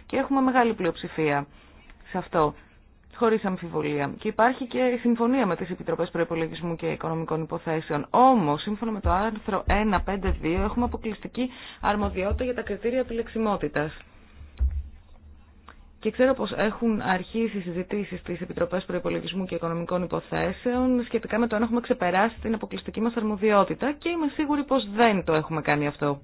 [SPEAKER 2] Και έχουμε μεγάλη πλειοψηφία σε αυτό, χωρίς αμφιβολία. Και υπάρχει και συμφωνία με τις Επιτροπές Προϋπολογισμού και Οικονομικών Υποθέσεων. Όμως, σύμφωνα με το άρθρο 152, έχουμε αποκλειστική αρμοδιότητα για τα κριτήρια επιλεξιμότητας. Και ξέρω πως έχουν αρχίσει συζητήσεις στις Επιτροπές Προϋπολογισμού και Οικονομικών Υποθέσεων σχετικά με το αν έχουμε ξεπεράσει την αποκλειστική μας αρμοδιότητα και είμαι σίγουρη πως δεν το έχουμε κάνει αυτό.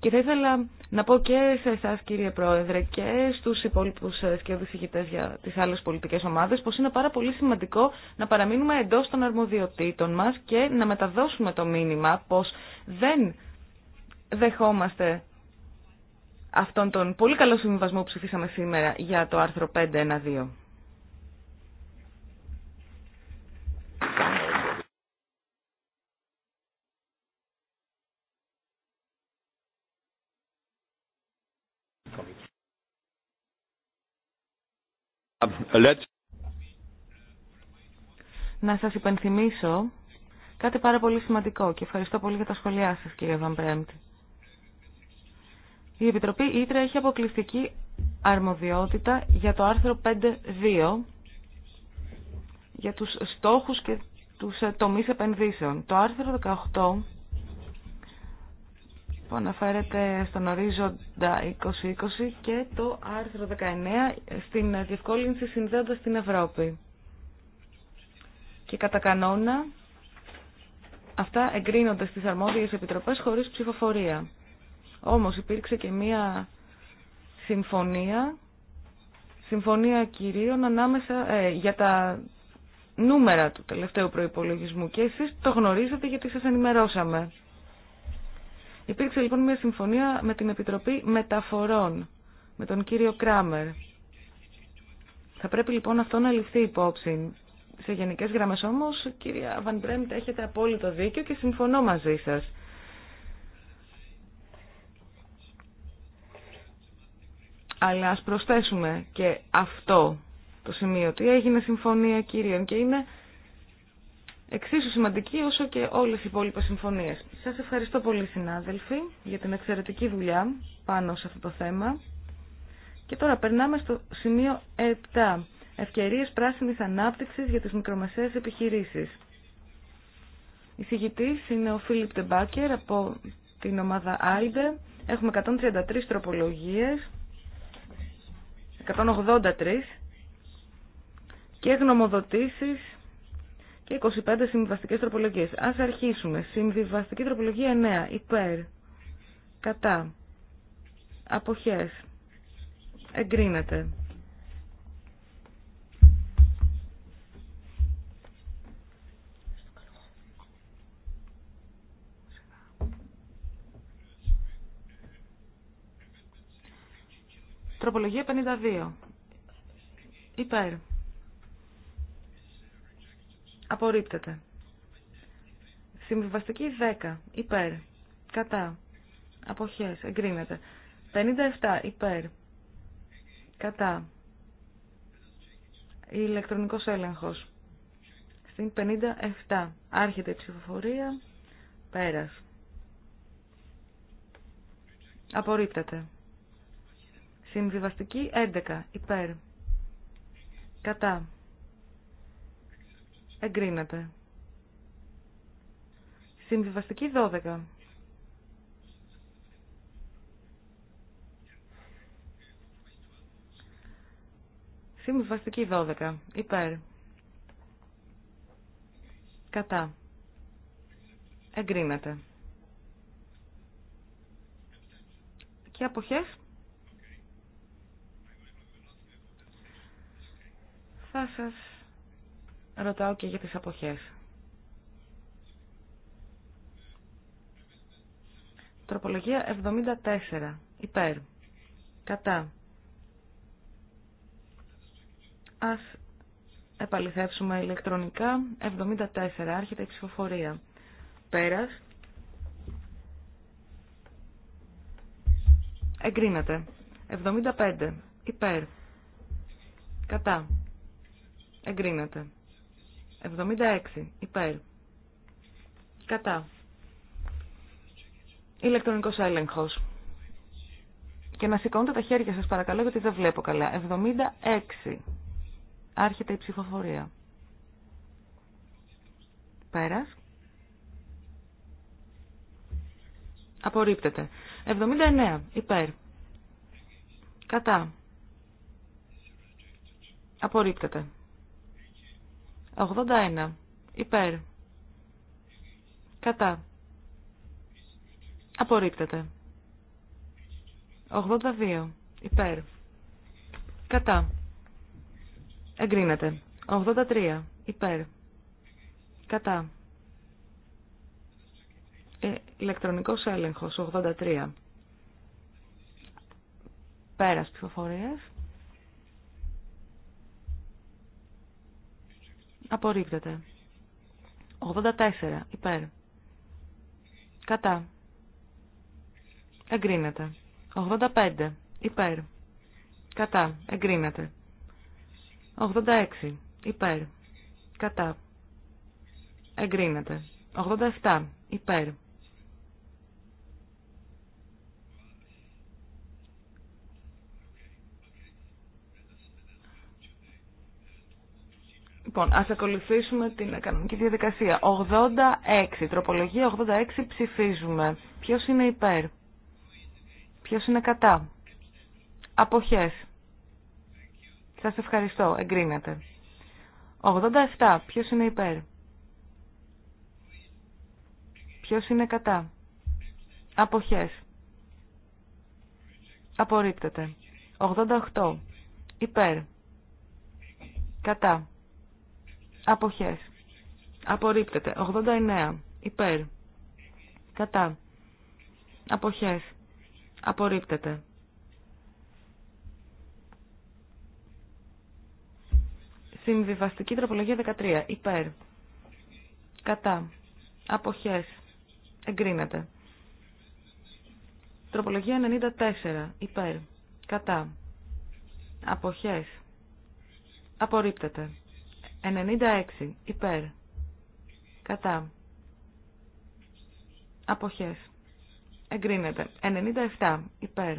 [SPEAKER 2] Και θα ήθελα να πω και σε εσά, κύριε Πρόεδρε, και στου υπόλοιπου σκιώδει ηγητέ για τι άλλε πολιτικέ ομάδε, πω είναι πάρα πολύ σημαντικό να παραμείνουμε εντό των αρμοδιοτήτων μα και να μεταδώσουμε το μήνυμα πω δεν δεχόμαστε αυτόν τον πολύ καλό συμβιβασμό που ψηφίσαμε σήμερα για το άρθρο 5.1.2. Να σας υπενθυμίσω κάτι πάρα πολύ σημαντικό και ευχαριστώ πολύ για τα σχολιά σας κύριε Βαμπρέμπτη. Η Επιτροπή Ήτρα έχει αποκλειστική αρμοδιότητα για το άρθρο 5.2 για τους στόχους και τους ε, τομείς επενδύσεων. Το άρθρο 18 που αναφέρεται στον ορίζοντα 2020 και το άρθρο 19 στην διευκόλυνση συνδέοντας την Ευρώπη. Και κατά κανόνα αυτά εγκρίνονται στις αρμόδιες επιτροπές χωρίς ψηφοφορία. Όμως υπήρξε και μία συμφωνία, συμφωνία κυρίων ανάμεσα ε, για τα νούμερα του τελευταίου προϋπολογισμού και εσείς το γνωρίζετε γιατί σας ενημερώσαμε. Υπήρξε λοιπόν μια συμφωνία με την Επιτροπή Μεταφορών, με τον κύριο Κράμερ. Θα πρέπει λοιπόν αυτό να ληφθεί υπόψη. Σε γενικές γραμμές όμως, κυρία Βαντρέμπτ, έχετε απόλυτο δίκιο και συμφωνώ μαζί σας. Αλλά ας προσθέσουμε και αυτό το σημείο ότι έγινε συμφωνία κύριων και είναι εξίσου σημαντική όσο και όλες οι υπόλοιπες συμφωνίες. Σας ευχαριστώ πολύ συνάδελφοι για την εξαιρετική δουλειά πάνω σε αυτό το θέμα. Και τώρα περνάμε στο σημείο 7. Ευκαιρίες πράσινης ανάπτυξης για τις μικρομεσαίες επιχειρήσεις. Η συγητής είναι ο Φίλιπ Τεμπάκερ από την ομάδα Άιντε. Έχουμε 133 τροπολογίες. 183 και γνωμοδοτήσεις και 25 συμβιβαστικές τροπολογίες. Ας αρχίσουμε. Συμβιβαστική τροπολογία 9. Υπέρ. Κατά. Αποχές. Εγκρίνεται. Τροπολογία 52. Υπέρ. Απορρίπτεται. Συμβιβαστική 10. Υπέρ. Κατά. Αποχές. Εγκρίνεται. 57. Υπέρ. Κατά. Ηλεκτρονικός έλεγχος. Στην 57. Άρχεται η ψηφοφορία. Πέρας. Απορρίπτεται. Συμβιβαστική 11. Υπέρ. Κατά. Εγκρίνεται. Συμβιβαστική 12. Συμβιβαστική 12. Υπέρ. Κατά. Εγκρίνεται. Και αποχές. θα σας ρωτάω και για τις αποχές. Τροπολογία 74. Υπέρ. Κατά. Ας επαληθεύσουμε ηλεκτρονικά. 74. Άρχεται η ψηφοφορία. Πέρας. Εγκρίνεται. 75. Υπέρ. Κατά. Εγκρίνεται. 76. Υπέρ. Κατά. Ηλεκτρονικός έλεγχος. Και να σηκώνετε τα χέρια σας παρακαλώ γιατί δεν βλέπω καλά. 76. Άρχεται η ψηφοφορία. Πέρας. Απορρίπτεται. 79. Υπέρ. Κατά. Απορρίπτεται. 81. Υπέρ. Κατά. Απορρίπτεται. 82. Υπέρ. Κατά. Εγκρίνεται. 83. Υπέρ. Κατά. Ε, ηλεκτρονικός έλεγχος. 83. Πέρας ψηφοφορίας. Απορρίπτεται. 84. Υπέρ. Κατά. Εγκρίνεται. 85. Υπέρ. Κατά. Εγκρίνεται. 86. Υπέρ. Κατά. Εγκρίνεται. 87. Υπέρ. Λοιπόν, ας ακολουθήσουμε την κανονική διαδικασία. 86, τροπολογία 86 ψηφίζουμε. Ποιος είναι υπέρ, ποιος είναι κατά. Αποχές. Σας ευχαριστώ, εγκρίνατε. 87, ποιος είναι υπέρ. Ποιος είναι κατά. Αποχές. Απορρίπτεται. 88. Υπέρ. Κατά. Αποχές. Απορρίπτεται. 89. Υπέρ. Κατά. Αποχές. Απορρίπτεται. Συμβιβαστική τροπολογία 13. Υπέρ. Κατά. Αποχές. Εγκρίνεται. Τροπολογία 94. Υπέρ. Κατά. Αποχές. Απορρίπτεται. 96. Υπέρ. Κατά. Αποχές. Εγκρίνεται. 97. Υπέρ.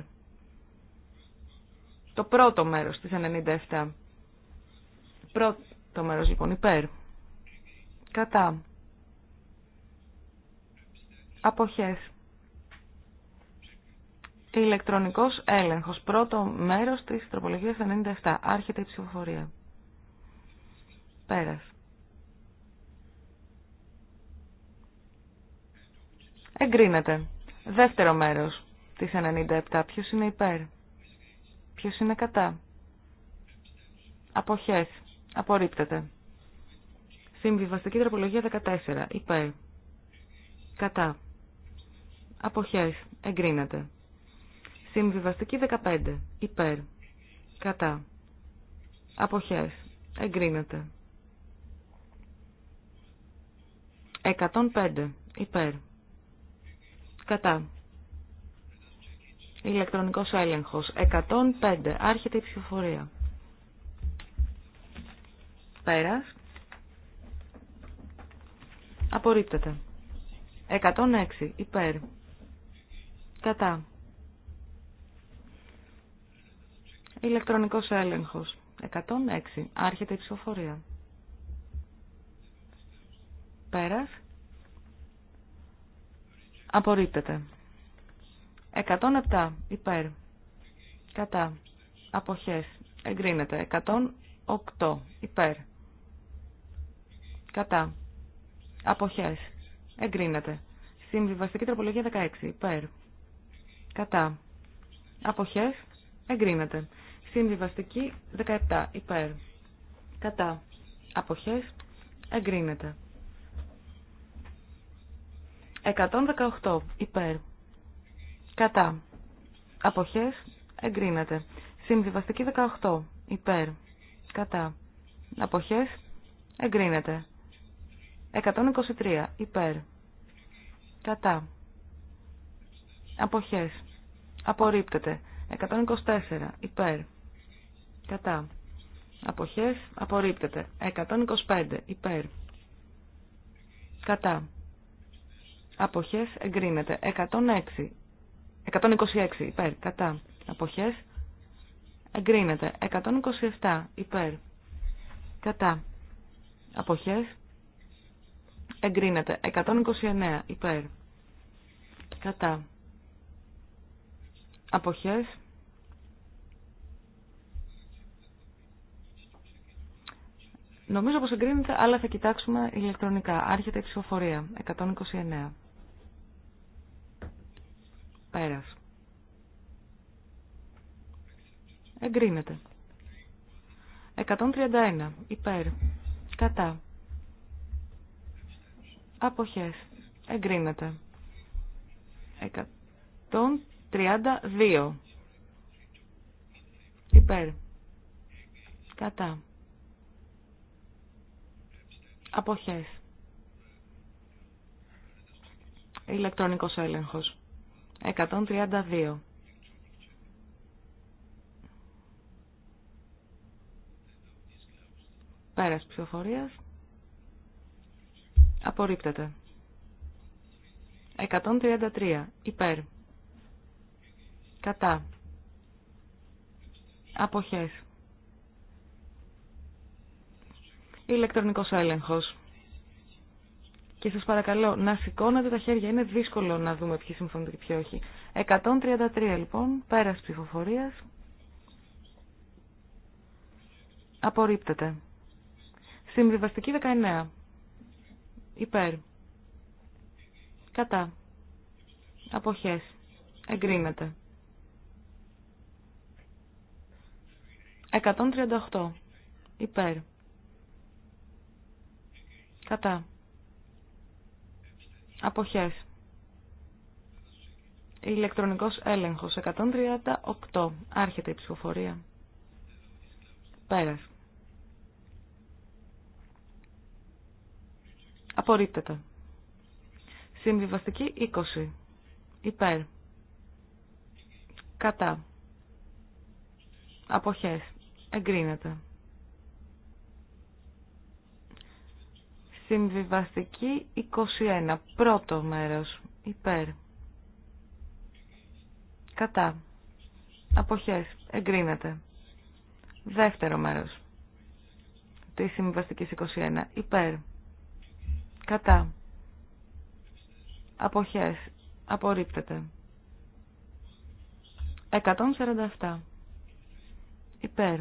[SPEAKER 2] Το πρώτο μέρος της 97. Πρώτο μέρος λοιπόν. Υπέρ. Κατά. Αποχές. Ηλεκτρονικός έλεγχος. Πρώτο μέρος της τροπολογίας 97. Άρχεται η ψηφοφορία. Πέρας. Εγκρίνεται. Δεύτερο μέρος της 97. Ποιος είναι υπέρ. Ποιος είναι κατά. Αποχές. Απορρίπτεται. Συμβιβαστική τροπολογία 14. Υπέρ. Κατά. Αποχές. Εγκρίνεται. Συμβιβαστική 15. Υπέρ. Κατά. Αποχές. Εγκρίνεται. 105. Υπέρ. Κατά. Ηλεκτρονικός έλεγχος. 105. Άρχεται η ψηφοφορία. Πέρας. Απορρίπτεται. 106. Υπέρ. Κατά. Ηλεκτρονικός έλεγχος. 106. Άρχεται η ψηφοφορία. Πέρας. Απορρίπτεται. 107. Υπέρ. Κατά. Αποχές. Εγκρίνεται. 108. Υπέρ. Κατά. Αποχές. Εγκρίνεται. Συμβιβαστική τροπολογία 16. Υπέρ. Κατά. Αποχές. Εγκρίνεται. Συμβιβαστική 17. Υπέρ. Κατά. Αποχές. Εγκρίνεται. 118 υπέρ. Κατά. Αποχές εγκρίνεται. Συμβιβαστική 18 υπέρ. Κατά. Αποχές εγκρίνεται. 123 υπέρ. Κατά. Αποχές. Απορρίπτεται. 124 υπέρ. Κατά. Αποχές απορρίπτεται. 125 υπέρ. Κατά αποχές εγκρίνεται. 106, 126 υπέρ, κατά, αποχές εγκρίνεται. 127 υπέρ, κατά, αποχές εγκρίνεται. 129 υπέρ, κατά, αποχές Νομίζω πως εγκρίνεται, αλλά θα κοιτάξουμε ηλεκτρονικά. Άρχεται η ψηφοφορία. 129. Πέρας. Εγκρίνεται. 131. Υπέρ. Κατά. Αποχές. Εγκρίνεται. 132. Υπέρ. Κατά. Αποχές. Ηλεκτρονικός έλεγχος. 132. Πέρας ψηφοφορίας. Απορρίπτεται. 133. Υπέρ. Κατά. Αποχές. Ηλεκτρονικός έλεγχος. Και σας παρακαλώ να σηκώνετε τα χέρια. Είναι δύσκολο να δούμε ποιοι συμφωνούν και ποιοι όχι. 133 λοιπόν, πέρας ψηφοφορίας. Απορρίπτεται. Συμβιβαστική 19. Υπέρ. Κατά. Αποχές. Εγκρίνεται. 138. Υπέρ. Κατά. Αποχές. Ηλεκτρονικός έλεγχος 138. Άρχεται η ψηφοφορία. Πέρας. Απορρίπτεται. Συμβιβαστική 20. Υπέρ. Κατά. Αποχές. Εγκρίνεται. Συμβιβαστική 21. Πρώτο μέρος. Υπέρ. Κατά. Αποχές. Εγκρίνεται. Δεύτερο μέρος. Τη συμβιβαστική 21. Υπέρ. Κατά. Αποχές. Απορρίπτεται. 147. Υπέρ.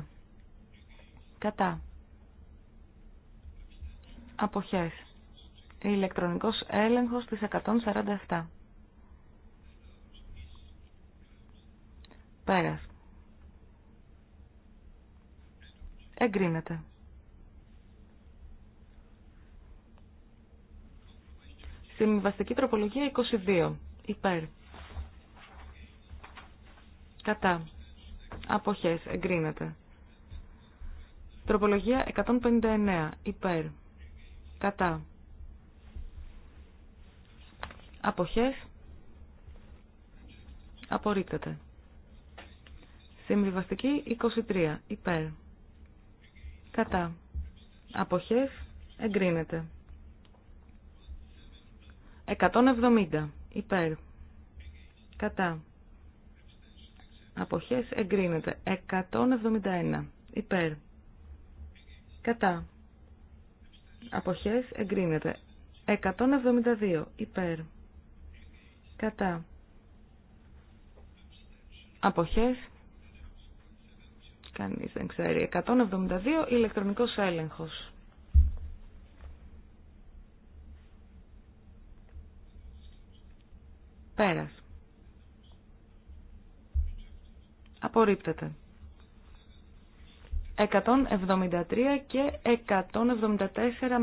[SPEAKER 2] Κατά αποχές. Ηλεκτρονικός έλεγχος της 147. Πέρας. Εγκρίνεται. Συμβαστική τροπολογία 22. Υπέρ. Κατά. Αποχές. Εγκρίνεται. Τροπολογία 159. Υπέρ. Κατά. Αποχές. Απορρίπτεται. Συμβιβαστική 23. Υπέρ. Κατά. Αποχές. Εγκρίνεται. 170. Υπέρ. Κατά. Αποχές εγκρίνεται. 171. Υπέρ. Κατά. Αποχές εγκρίνεται. 172 υπέρ. Κατά. Αποχές. Κανείς δεν ξέρει. 172 ηλεκτρονικός έλεγχος. Πέρας. Απορρίπτεται. 173 και 174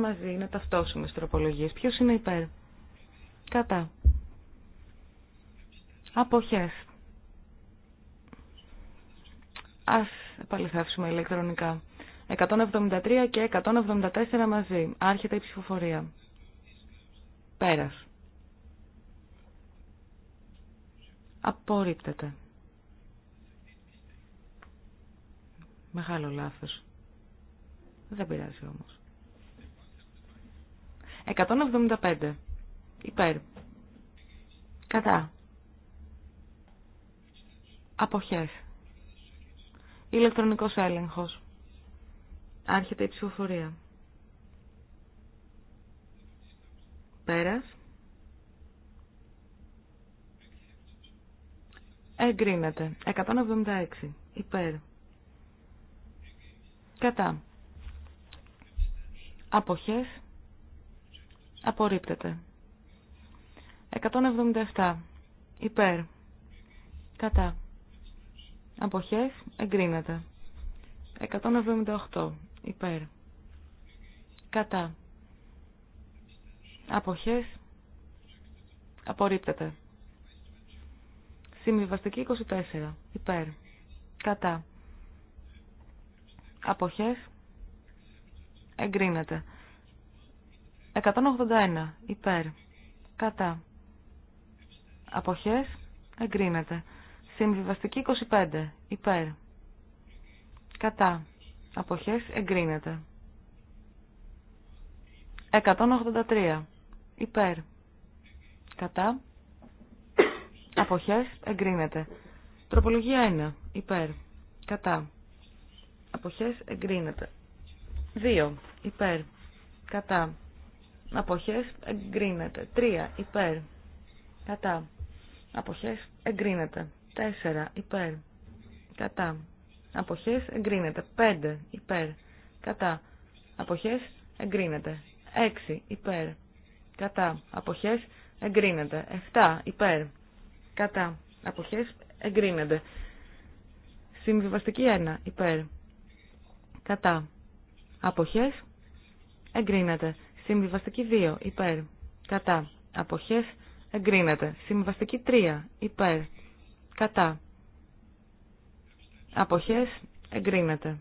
[SPEAKER 2] μαζί. Να ταυτόσουμε στις τροπολογίες. Ποιος είναι υπέρ. Κατά. Αποχές. Ας επαληθεύσουμε ηλεκτρονικά. 173 και 174 μαζί. Άρχεται η ψηφοφορία. Πέρας. Απορρίπτεται. Μεγάλο λάθος. Δεν πειράζει όμως. 175. Υπέρ. Κατά. Αποχές. Ηλεκτρονικός έλεγχος. Άρχεται η ψηφοφορία. Πέρας. Εγκρίνεται. 176. Υπέρ. Κατά. Αποχές. Απορρίπτεται. 177. Υπέρ. Κατά. Αποχές. Εγκρίνεται. 178. Υπέρ. Κατά. Αποχές. Απορρίπτεται. Συμβιβαστική 24. Υπέρ. Κατά. Αποχές. Εγκρίνεται. 181. Υπέρ. Κατά. Αποχές. Εγκρίνεται. Συμβιβαστική 25. Υπέρ. Κατά. Αποχές. Εγκρίνεται. 183. Υπέρ. Κατά. Αποχές. Εγκρίνεται. Τροπολογία 1. Υπέρ. Κατά αποχές εγκρίνεται. 2. Υπέρ. Κατά. Αποχές εγκρίνεται. 3. Υπέρ. Κατά. Αποχές εγκρίνεται. 4. Υπέρ. Κατά. Αποχές εγκρίνεται. 5. Υπέρ. Κατά. Αποχές εγκρίνεται. 6. Υπέρ. Κατά. Αποχές εγκρίνεται. 7. Υπέρ. Κατά. Αποχές εγκρίνεται. Συμβιβαστική 1. Υπέρ κατά, αποχές, εγκρίνεται. Συμβιβαστική 2, υπέρ, κατά, αποχές, εγκρίνεται. Συμβιβαστική 3, υπέρ, κατά, αποχές, εγκρίνεται.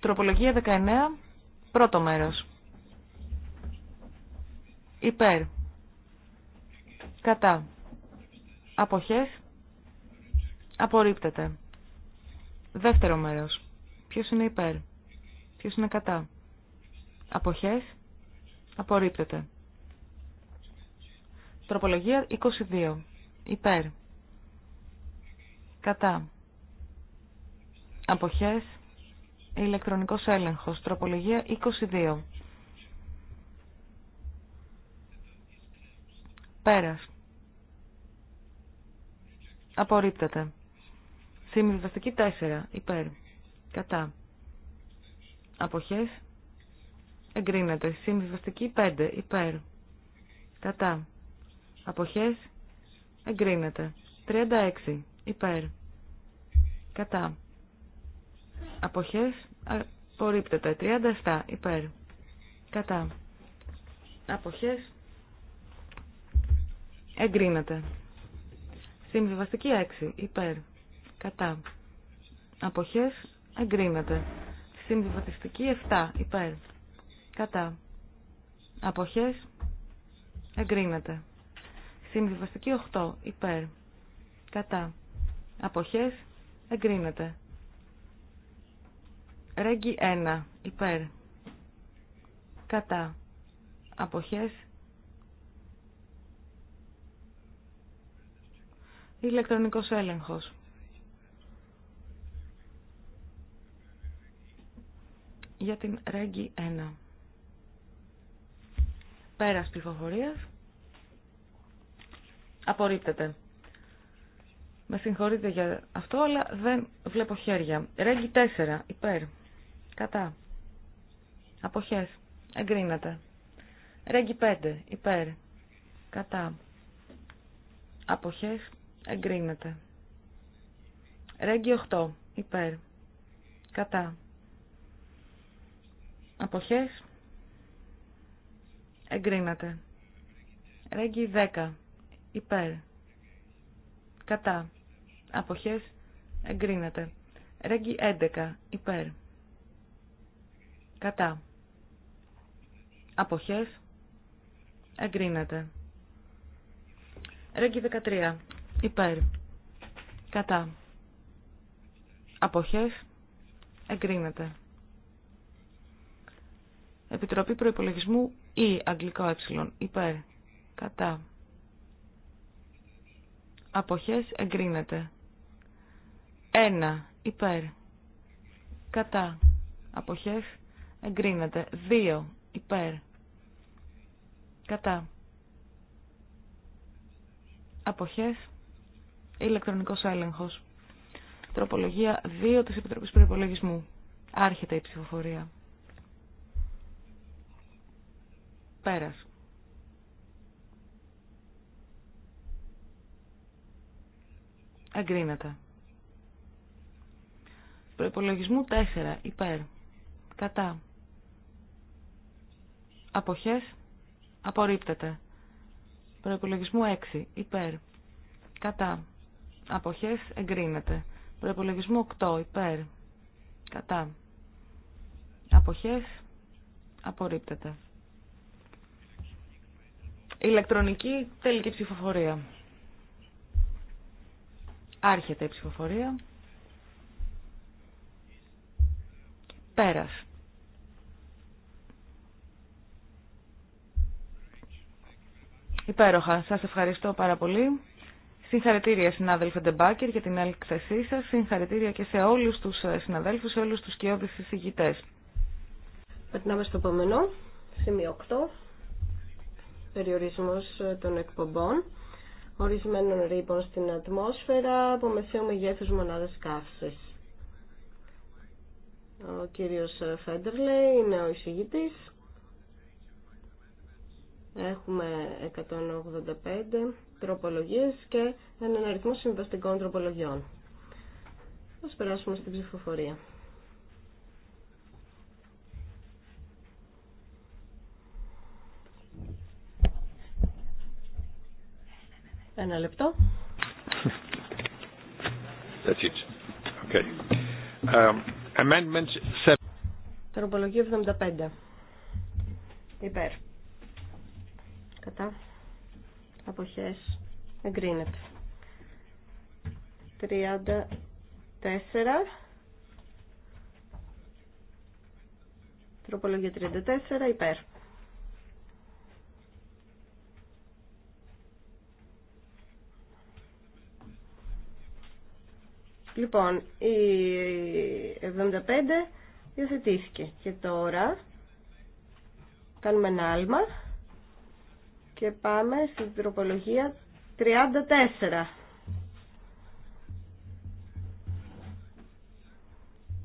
[SPEAKER 2] Τροπολογία 19, πρώτο μέρος. Υπέρ. Κατά. Αποχές. Απορρίπτεται. Δεύτερο μέρος. Ποιος είναι υπέρ. Ποιος είναι κατά. Αποχές. Απορρίπτεται. Τροπολογία 22. Υπέρ. Κατά. Αποχές. Ηλεκτρονικός έλεγχος. Τροπολογία 22. Πέρας. Απορρίπτεται. Συμβιβαστική 4. Υπέρ. Κατά. Αποχές. Εγκρίνεται. Συμβιβαστική 5. Υπέρ. Κατά. Αποχές. Εγκρίνεται. 36. Υπέρ. Κατά. Αποχές. Απορρίπτεται. 37. Υπέρ. Κατά. Αποχές. Εγκρίνεται. Συμβιβαστική 6. Υπέρ. Κατά. Αποχές εγκρίνεται. Συμβιβατιστική 7 υπέρ. Κατά. Αποχές εγκρίνεται. Συμβιβαστική 8 υπέρ. Κατά. Αποχές εγκρίνεται. Ρέγγι 1 υπέρ. Κατά. Αποχές ηλεκτρονικός έλεγχος. για την Ρέγγι 1. Πέρας ψηφοφορίας. Απορρίπτεται. Με συγχωρείτε για αυτό, αλλά δεν βλέπω χέρια. Ρέγγι 4. Υπέρ. Κατά. Αποχές. Εγκρίνεται. Ρέγγι 5. Υπέρ. Κατά. Αποχές. Εγκρίνεται. Ρέγγι 8. Υπέρ. Κατά. Αποχές. Εγκρίνεται. Ρέγγι 10. Υπέρ. Κατά. Αποχές. Εγκρίνεται. Ρέγγι 11. Υπέρ. Κατά. Αποχές. Εγκρίνεται. Ρέγγι 13. Υπέρ. Κατά. Αποχές. Εγκρίνεται. Επιτροπή Προϋπολογισμού ή αγγλικό ε υπέρ κατά αποχές εγκρίνεται 1 υπέρ κατά αποχές εγκρίνεται 2 υπέρ κατά αποχές ηλεκτρονικός έλεγχος τροπολογία 2 της Επιτροπής Προϋπολογισμού άρχεται η ψηφοφορία Πέρας. Εγκρίνεται. Προπολογισμού 4. Υπέρ. Κατά. Αποχές. Απορρίπτεται. Προπολογισμού 6. Υπέρ. Κατά. Αποχές. Εγκρίνεται. Προπολογισμού 8. Υπέρ. Κατά. Αποχές. Απορρίπτεται ηλεκτρονική τελική ψηφοφορία. Άρχεται η ψηφοφορία. Πέρας. Υπέροχα. Σας ευχαριστώ πάρα πολύ. Συγχαρητήρια συνάδελφε Ντεμπάκερ για την έλξεσή σας. Συγχαρητήρια και σε όλους τους ε, συναδέλφους, σε όλους τους κοιόδης συζητητέ. Περνάμε στο επόμενο, σημείο 8
[SPEAKER 3] περιορισμός ε, των εκπομπών ορισμένων ρήπων στην ατμόσφαιρα από μεσαίου μεγέθους μονάδες καύσης. Ο κύριος Φέντερλε είναι ο εισηγητής. Έχουμε 185 τροπολογίες και έναν αριθμό συμβαστικών τροπολογιών. Ας περάσουμε στην ψηφοφορία. Ένα λεπτό.
[SPEAKER 1] That's um,
[SPEAKER 3] Τροπολογία 75. Υπέρ. Κατά. Αποχές. Εγκρίνεται. 34. Τροπολογία 34. Υπέρ. Λοιπόν, η 75 υιοθετήθηκε και τώρα κάνουμε ένα άλμα και πάμε στην τροπολογία 34.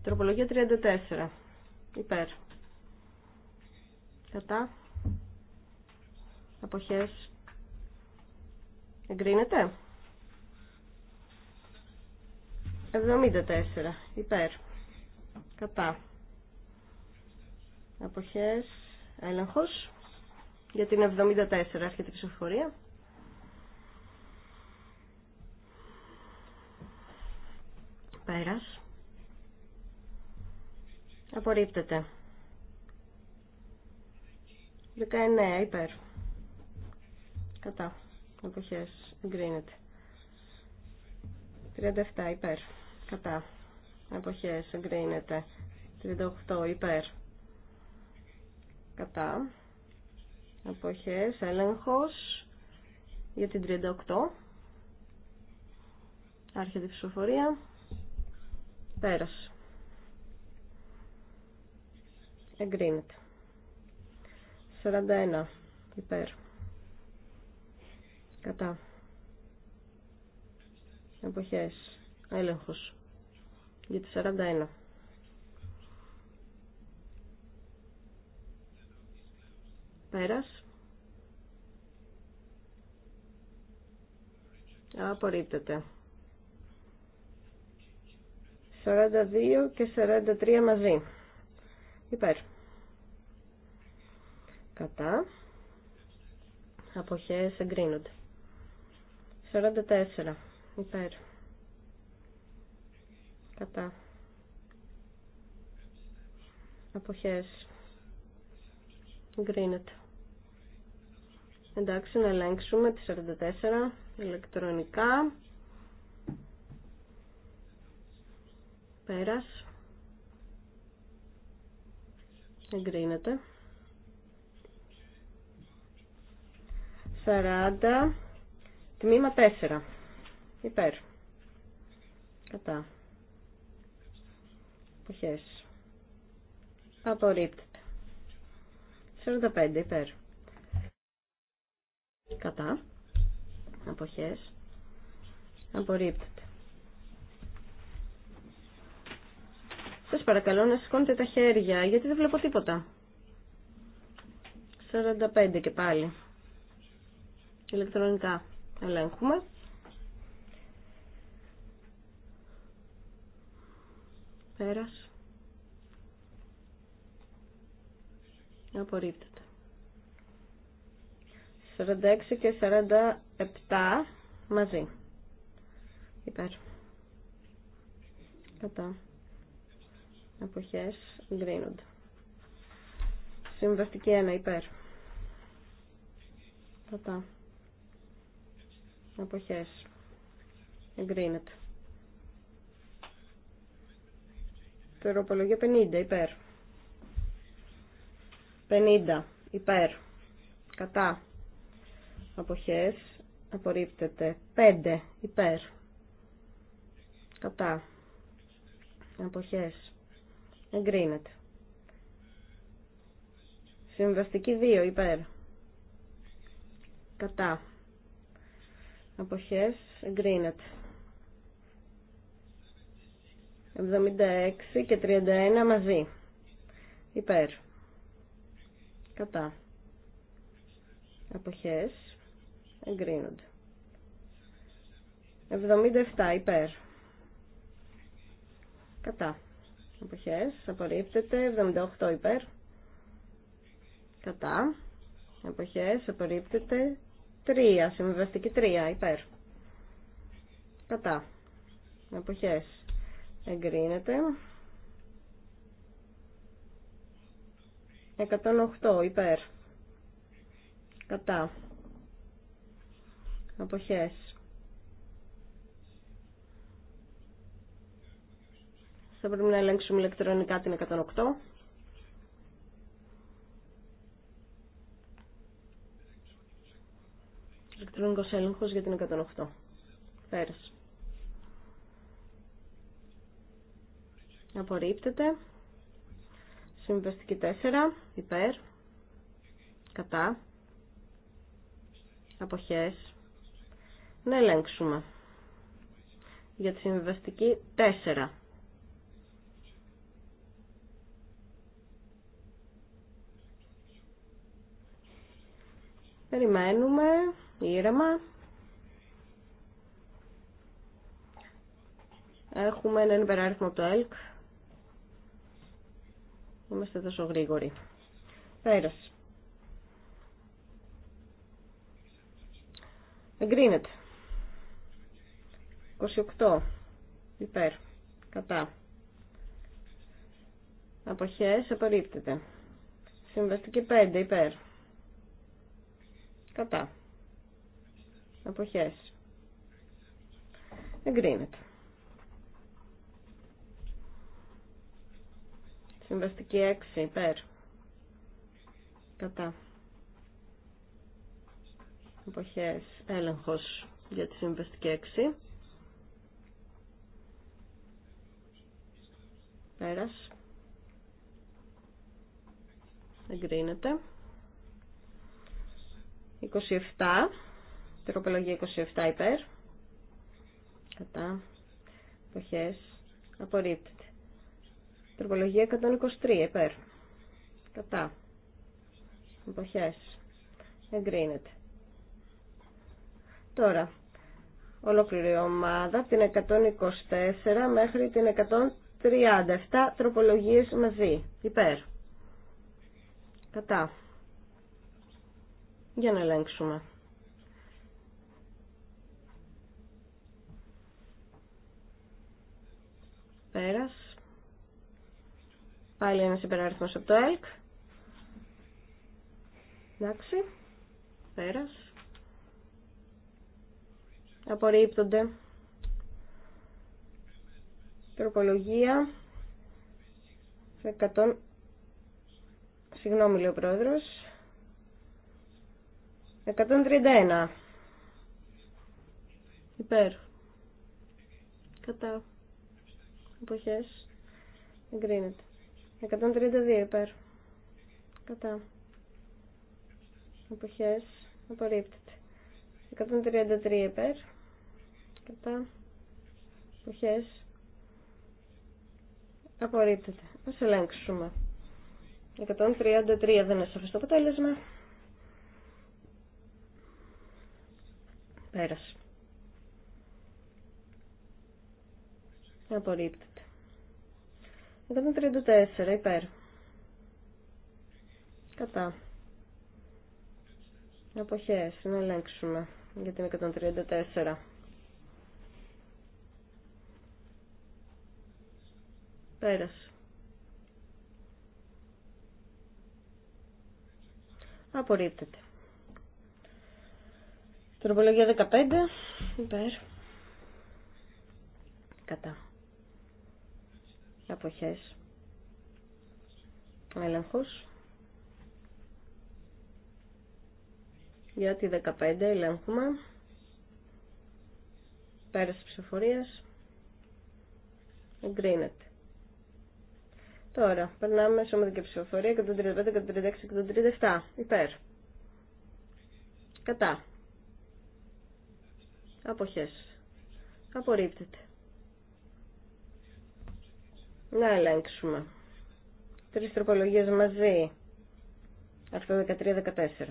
[SPEAKER 3] Τροπολογία 34. Υπέρ. Κατά. Αποχές. Εγκρίνεται. 74 υπέρ κατά αποχές έλεγχος για την 74 έρχεται η ψηφοφορία πέρας απορρίπτεται 19 υπέρ κατά αποχές εγκρίνεται 37 υπέρ κατά εποχές εγκρίνεται 38 υπέρ κατά εποχές έλεγχος για την 38 άρχεται η ψηφοφορία πέρασε εγκρίνεται 41 υπέρ κατά εποχές έλεγχος για το 41. Πέρας. Απορρίπτεται. 42 και 43 μαζί. Υπέρ. Κατά. Αποχές εγκρίνονται. 44. Υπέρ κατά αποχές γκρίνεται εντάξει να ελέγξουμε τη 44 ηλεκτρονικά πέρας εγκρίνεται 40 τμήμα 4 υπέρ κατά εποχές. Απορρίπτεται. 45 υπέρ. Κατά. Αποχές. Απορρίπτεται. Σας παρακαλώ να σηκώνετε τα χέρια, γιατί δεν βλέπω τίποτα. 45 και πάλι. Ηλεκτρονικά ελέγχουμε. Πέρας. Απορρίπτεται. 46 και 47 μαζί. Υπέρ. Κατά. Αποχές γκρίνονται. Συμβαστική ένα υπέρ. Κατά. Αποχές. Εγκρίνεται. Τεροπολογία 50 υπέρ. 50 υπέρ. Κατά. Αποχές. Απορρίπτεται. 5 υπέρ. Κατά. Αποχές. Εγκρίνεται. Συμβαστική 2 υπέρ. Κατά. Αποχές. Εγκρίνεται. 76 και 31 μαζί. Υπέρ. Κατά. Αποχές. Εγκρίνονται. 77 υπέρ. Κατά. Αποχές. Απορρίπτεται. 78 υπέρ. Κατά. Αποχές. Απορρίπτεται. 3. Συμβεβαστική 3 υπέρ. Κατά. Αποχές εγκρίνεται 108 υπέρ κατά αποχές θα πρέπει να ελέγξουμε ηλεκτρονικά την 108 ηλεκτρονικός έλεγχος για την 108 πέρασε απορρίπτεται. Συμβαστική 4, υπέρ, κατά, αποχές, να ελέγξουμε. Για τη συμβαστική 4. Περιμένουμε, ήρεμα. Έχουμε έναν υπεράριθμο από το ΕΛΚ. Είμαστε τόσο γρήγοροι. Πέρασε. Εγκρίνεται. 28. Υπέρ. Κατά. Αποχές απορρίπτεται. Συμβαστική 5. Υπέρ. Κατά. Αποχές. Εγκρίνεται. Συμβαστική 6 υπέρ. Κατά. Εποχές έλεγχος για τη συμβαστική 6. Πέρας. Εγκρίνεται. 27. Τροπολογία 27 υπέρ. Κατά. Εποχές. Απορρίπτει. Τροπολογία 123 υπέρ. Κατά. Εποχές. Εγκρίνεται. Τώρα, ολόκληρη ομάδα από την 124 μέχρι την 137 τροπολογίες μαζί. Υπέρ. Κατά. Για να ελέγξουμε. Πέρας. Πάλι ένας υπεράριθμος από το ΕΛΚ. Εντάξει. Πέρας. Απορρίπτονται. Τροπολογία. 100... Συγγνώμη λέει ο πρόεδρος. 131. Υπέρ. Κατά. Εποχές. Εγκρίνεται. 132 υπέρ. Κατά. Αποχές. Απορρίπτεται. 133 υπέρ. Κατά. Αποχές. Απορρίπτεται. Ας ελέγξουμε. 133 δεν είναι σαφές το αποτέλεσμα. Πέρασε. Απορρίπτεται. 134 υπέρ. Κατά. Αποχές, να ελέγξουμε για την 134. Πέρασε. Απορρίπτεται. Τροπολογία 15. Υπέρ. Κατά αποχές έλεγχος για τη 15 ελέγχουμε Πέραση ψηφοφορίας εγκρίνεται Τώρα, περνάμε σε σωματική ψηφοφορία 135, 136, 137. Υπέρ. Κατά. Αποχές. Απορρίπτεται να ελέγξουμε. Τρεις τροπολογίες μαζί. Αυτό 13-14.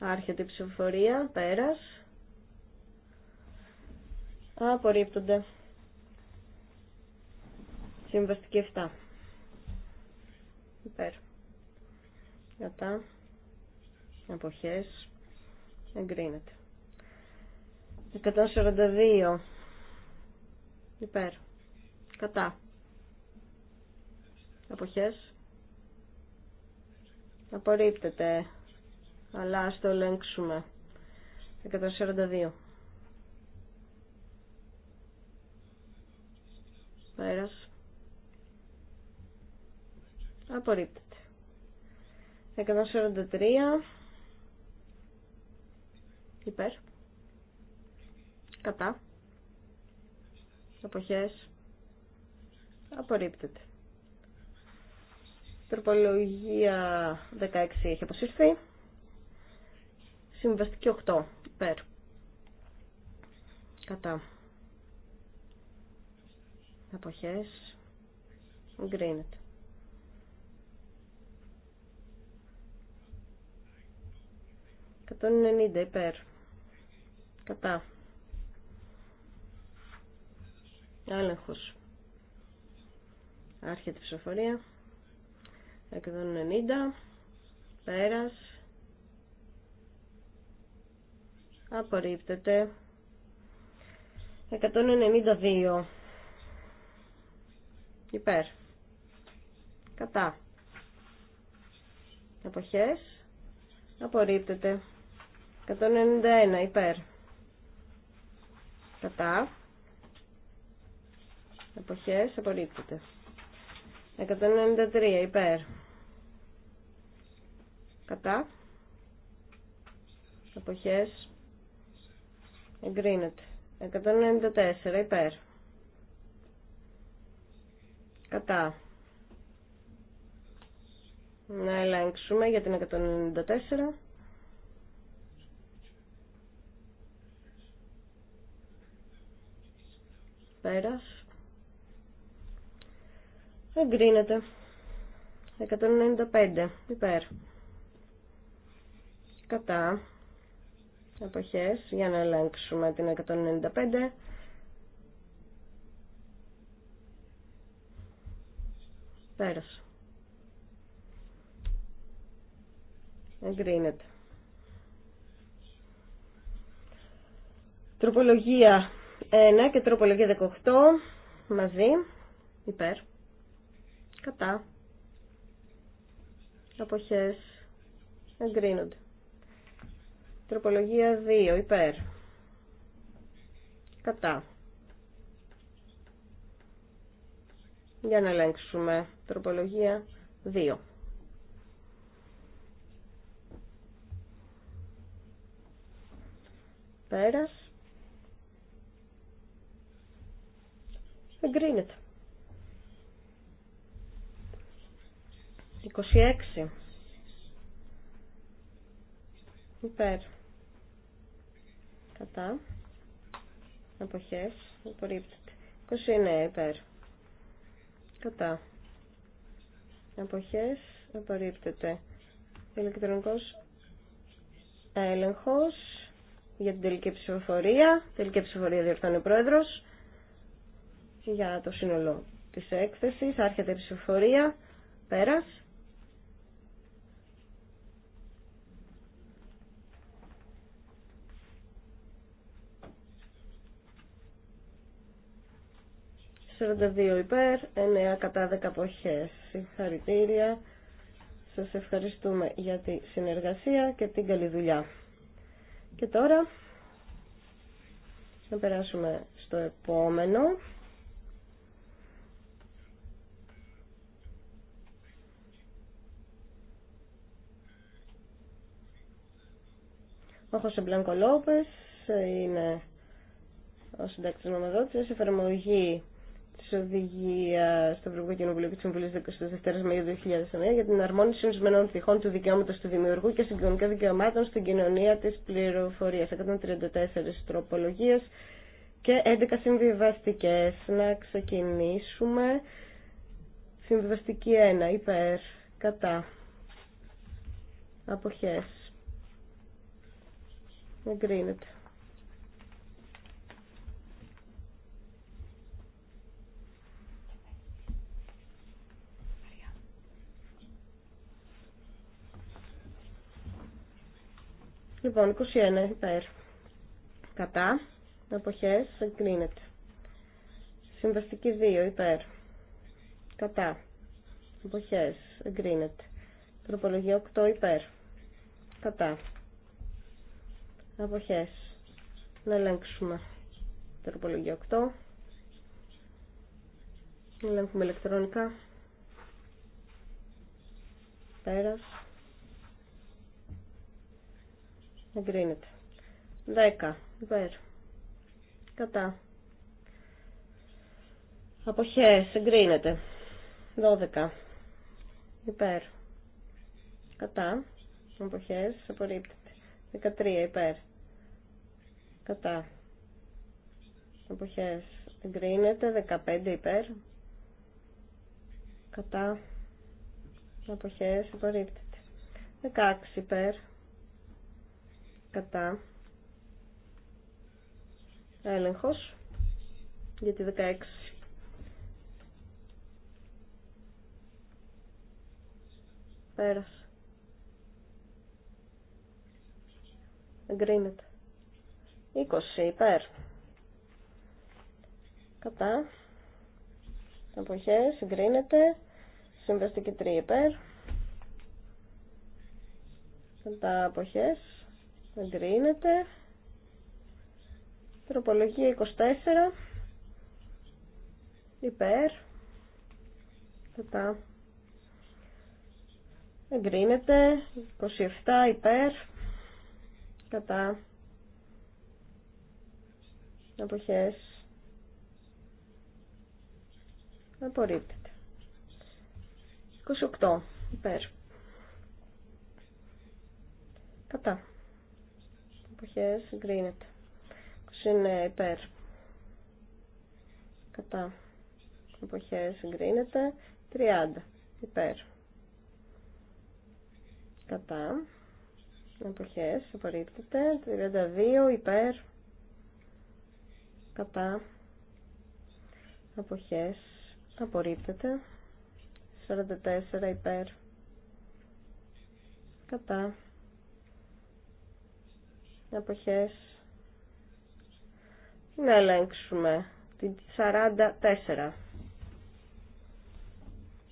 [SPEAKER 3] Άρχεται η ψηφοφορία, πέρας. Απορρίπτονται. Συμβαστική 7. Υπέρ. Κατά. Εποχές. Εγκρίνεται. 142. Υπέρ. Κατά. Αποχές. Απορρίπτεται. Αλλά ας το ελέγξουμε. 142. αέρας. Απορρίπτεται. 143. Υπέρ. Κατά. Αποχές. Απορρίπτεται. Τροπολογία 16 έχει αποσυρθεί. Συμβαστική 8. Υπέρ. Κατά. Αποχές. γκρίνεται. Κατόν 90 υπέρ. Κατά. Έλεγχος. Άρχεται η ψηφοφορία. 190. Πέρας. Απορρίπτεται. 192. Υπέρ. Κατά. εποχές, Απορρίπτεται. 191. Υπέρ. Κατά. εποχές, Απορρίπτεται. 193 υπέρ. Κατά. Αποχές. Εγκρίνεται. 194 υπέρ. Κατά. Να ελέγξουμε για την 194. Πέρας. Εγκρίνεται. 195. Υπέρ. Κατά. Αποχές. Για να ελέγξουμε την 195. Πέρασε. Εγκρίνεται. Τροπολογία 1 και τροπολογία 18 μαζί, υπέρ κατά αποχές εγκρίνονται τροπολογία 2 υπέρ κατά για να ελέγξουμε τροπολογία 2 πέρας εγκρίνεται 26. Υπέρ. Κατά. Αποχές. Απορρίπτεται. 29. Υπέρ. Κατά. Αποχές. Απορρίπτεται. Ηλεκτρονικός έλεγχος για την τελική ψηφοφορία. Τελική ψηφοφορία διορθώνει ο πρόεδρος για το σύνολο της έκθεσης. Άρχεται η ψηφοφορία. Πέρας. 42 υπέρ, 9 κατά 10 αποχές. Συγχαρητήρια. Σας ευχαριστούμε για τη συνεργασία και την καλή δουλειά. Και τώρα να περάσουμε στο επόμενο. Ο Χωσέ Μπλάνκο είναι ο συντάκτης νομοδότης, εφαρμογή οδηγία στο Ευρωπαϊκό Κοινοβουλίο και τη Συμβουλή 22 Μαΐου 2009 για την αρμόνιση ορισμένων τυχών του δικαιώματο του δημιουργού και συγκοινωνικών δικαιωμάτων στην κοινωνία τη πληροφορία. 134 τροπολογίε και 11 συμβιβαστικέ. Να ξεκινήσουμε. Συμβιβαστική 1. Υπέρ. Κατά. Αποχές. Εγκρίνεται. Λοιπόν, 21 υπέρ. Κατά. εποχές, εγκρίνεται. Συμβαστική 2 υπέρ. Κατά. εποχές, εγκρίνεται. Τροπολογία 8 υπέρ. Κατά. Αποχές. Να ελέγξουμε. Τροπολογία 8. Ελέγχουμε ηλεκτρονικά. Πέρας. Εγκρίνεται. 10. Υπέρ. Κατά. Αποχές. Εγκρίνεται. 12. Υπέρ. Κατά. Αποχές. Απορρίπτεται. 13. Υπέρ. Κατά. Αποχές. Εγκρίνεται. 15. Υπέρ. Κατά. Αποχές. Απορρίπτεται. 16. Υπέρ κατά έλεγχος για τη 16 πέρας εγκρίνεται 20 υπέρ κατά εποχές εγκρίνεται συμβαστική 3 υπέρ κατά εποχές εγκρίνεται. Τροπολογία 24 υπέρ κατά εγκρίνεται 27 υπέρ κατά αποχές απορρίπτεται 28 υπέρ κατά αποχές εγκρίνεται. 29 υπέρ. Κατά αποχές εγκρίνεται. 30 υπέρ. Κατά αποχές απορρίπτεται. 32 υπέρ. Κατά αποχές απορρίπτεται. 44 υπέρ. Κατά Εποχές να ελέγξουμε την 44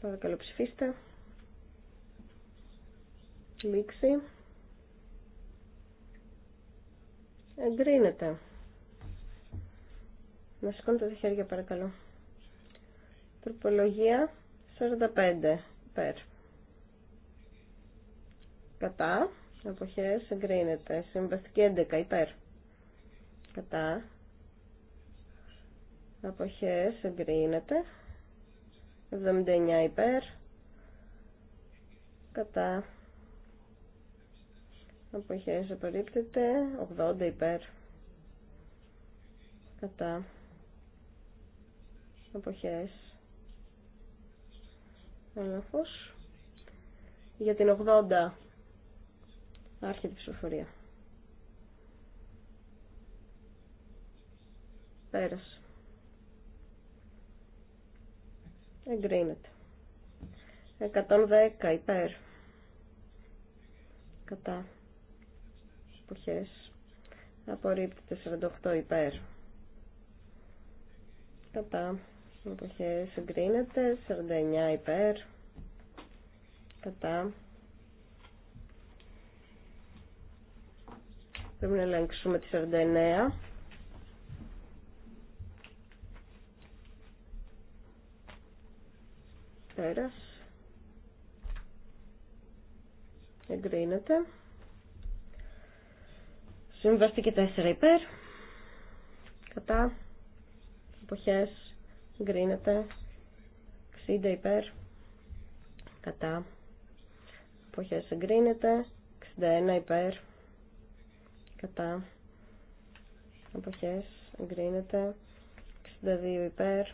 [SPEAKER 3] παρακαλώ ψηφίστε λήξη εγκρίνεται να σηκώνετε τα χέρια παρακαλώ τροπολογία 45 υπέρ κατά Αποχές εγκρίνεται. Συμβαστική 11 υπέρ. Κατά. Αποχές εγκρίνεται. 79 υπέρ. Κατά. Αποχές απορρίπτεται. 80 υπέρ. Κατά. Αποχές. Ελαφώς. Για την 80 Άρχεται η ψηφοφορία. Πέρασε. Εγκρίνεται. 110 υπέρ. Κατά. Εποχές. Απορρίπτεται 48 υπέρ. Κατά. Εποχές εγκρίνεται. 49 υπέρ. Κατά. Πρέπει να ελέγξουμε τη 49. Πέρας. Εγκρίνεται. Συμβαστική 4 υπέρ. Κατά. Εποχές. Εγκρίνεται. 60 υπέρ. Κατά. Εποχές εγκρίνεται. 61 υπέρ κατά εποχές εγκρίνεται 62 υπέρ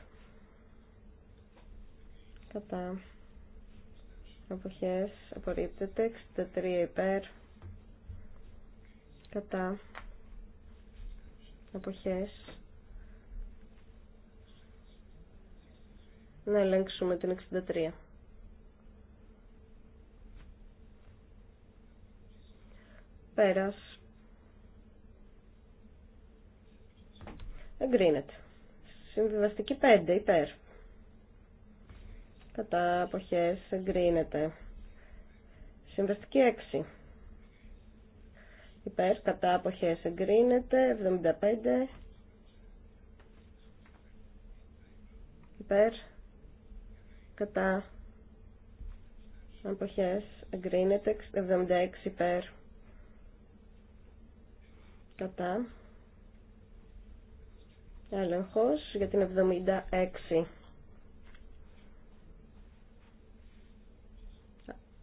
[SPEAKER 3] κατά εποχές απορρίπτεται 63 υπέρ κατά εποχές να ελέγξουμε την 63 πέρας Εγκρίνεται. Συμβιβαστική 5 υπέρ. Κατά αποχές εγκρίνεται. Συμβαστική 6 υπέρ. Κατά αποχές εγκρίνεται. 75 υπέρ. Κατά αποχές εγκρίνεται. 76 υπέρ. Κατά Έλεγχος για την 76.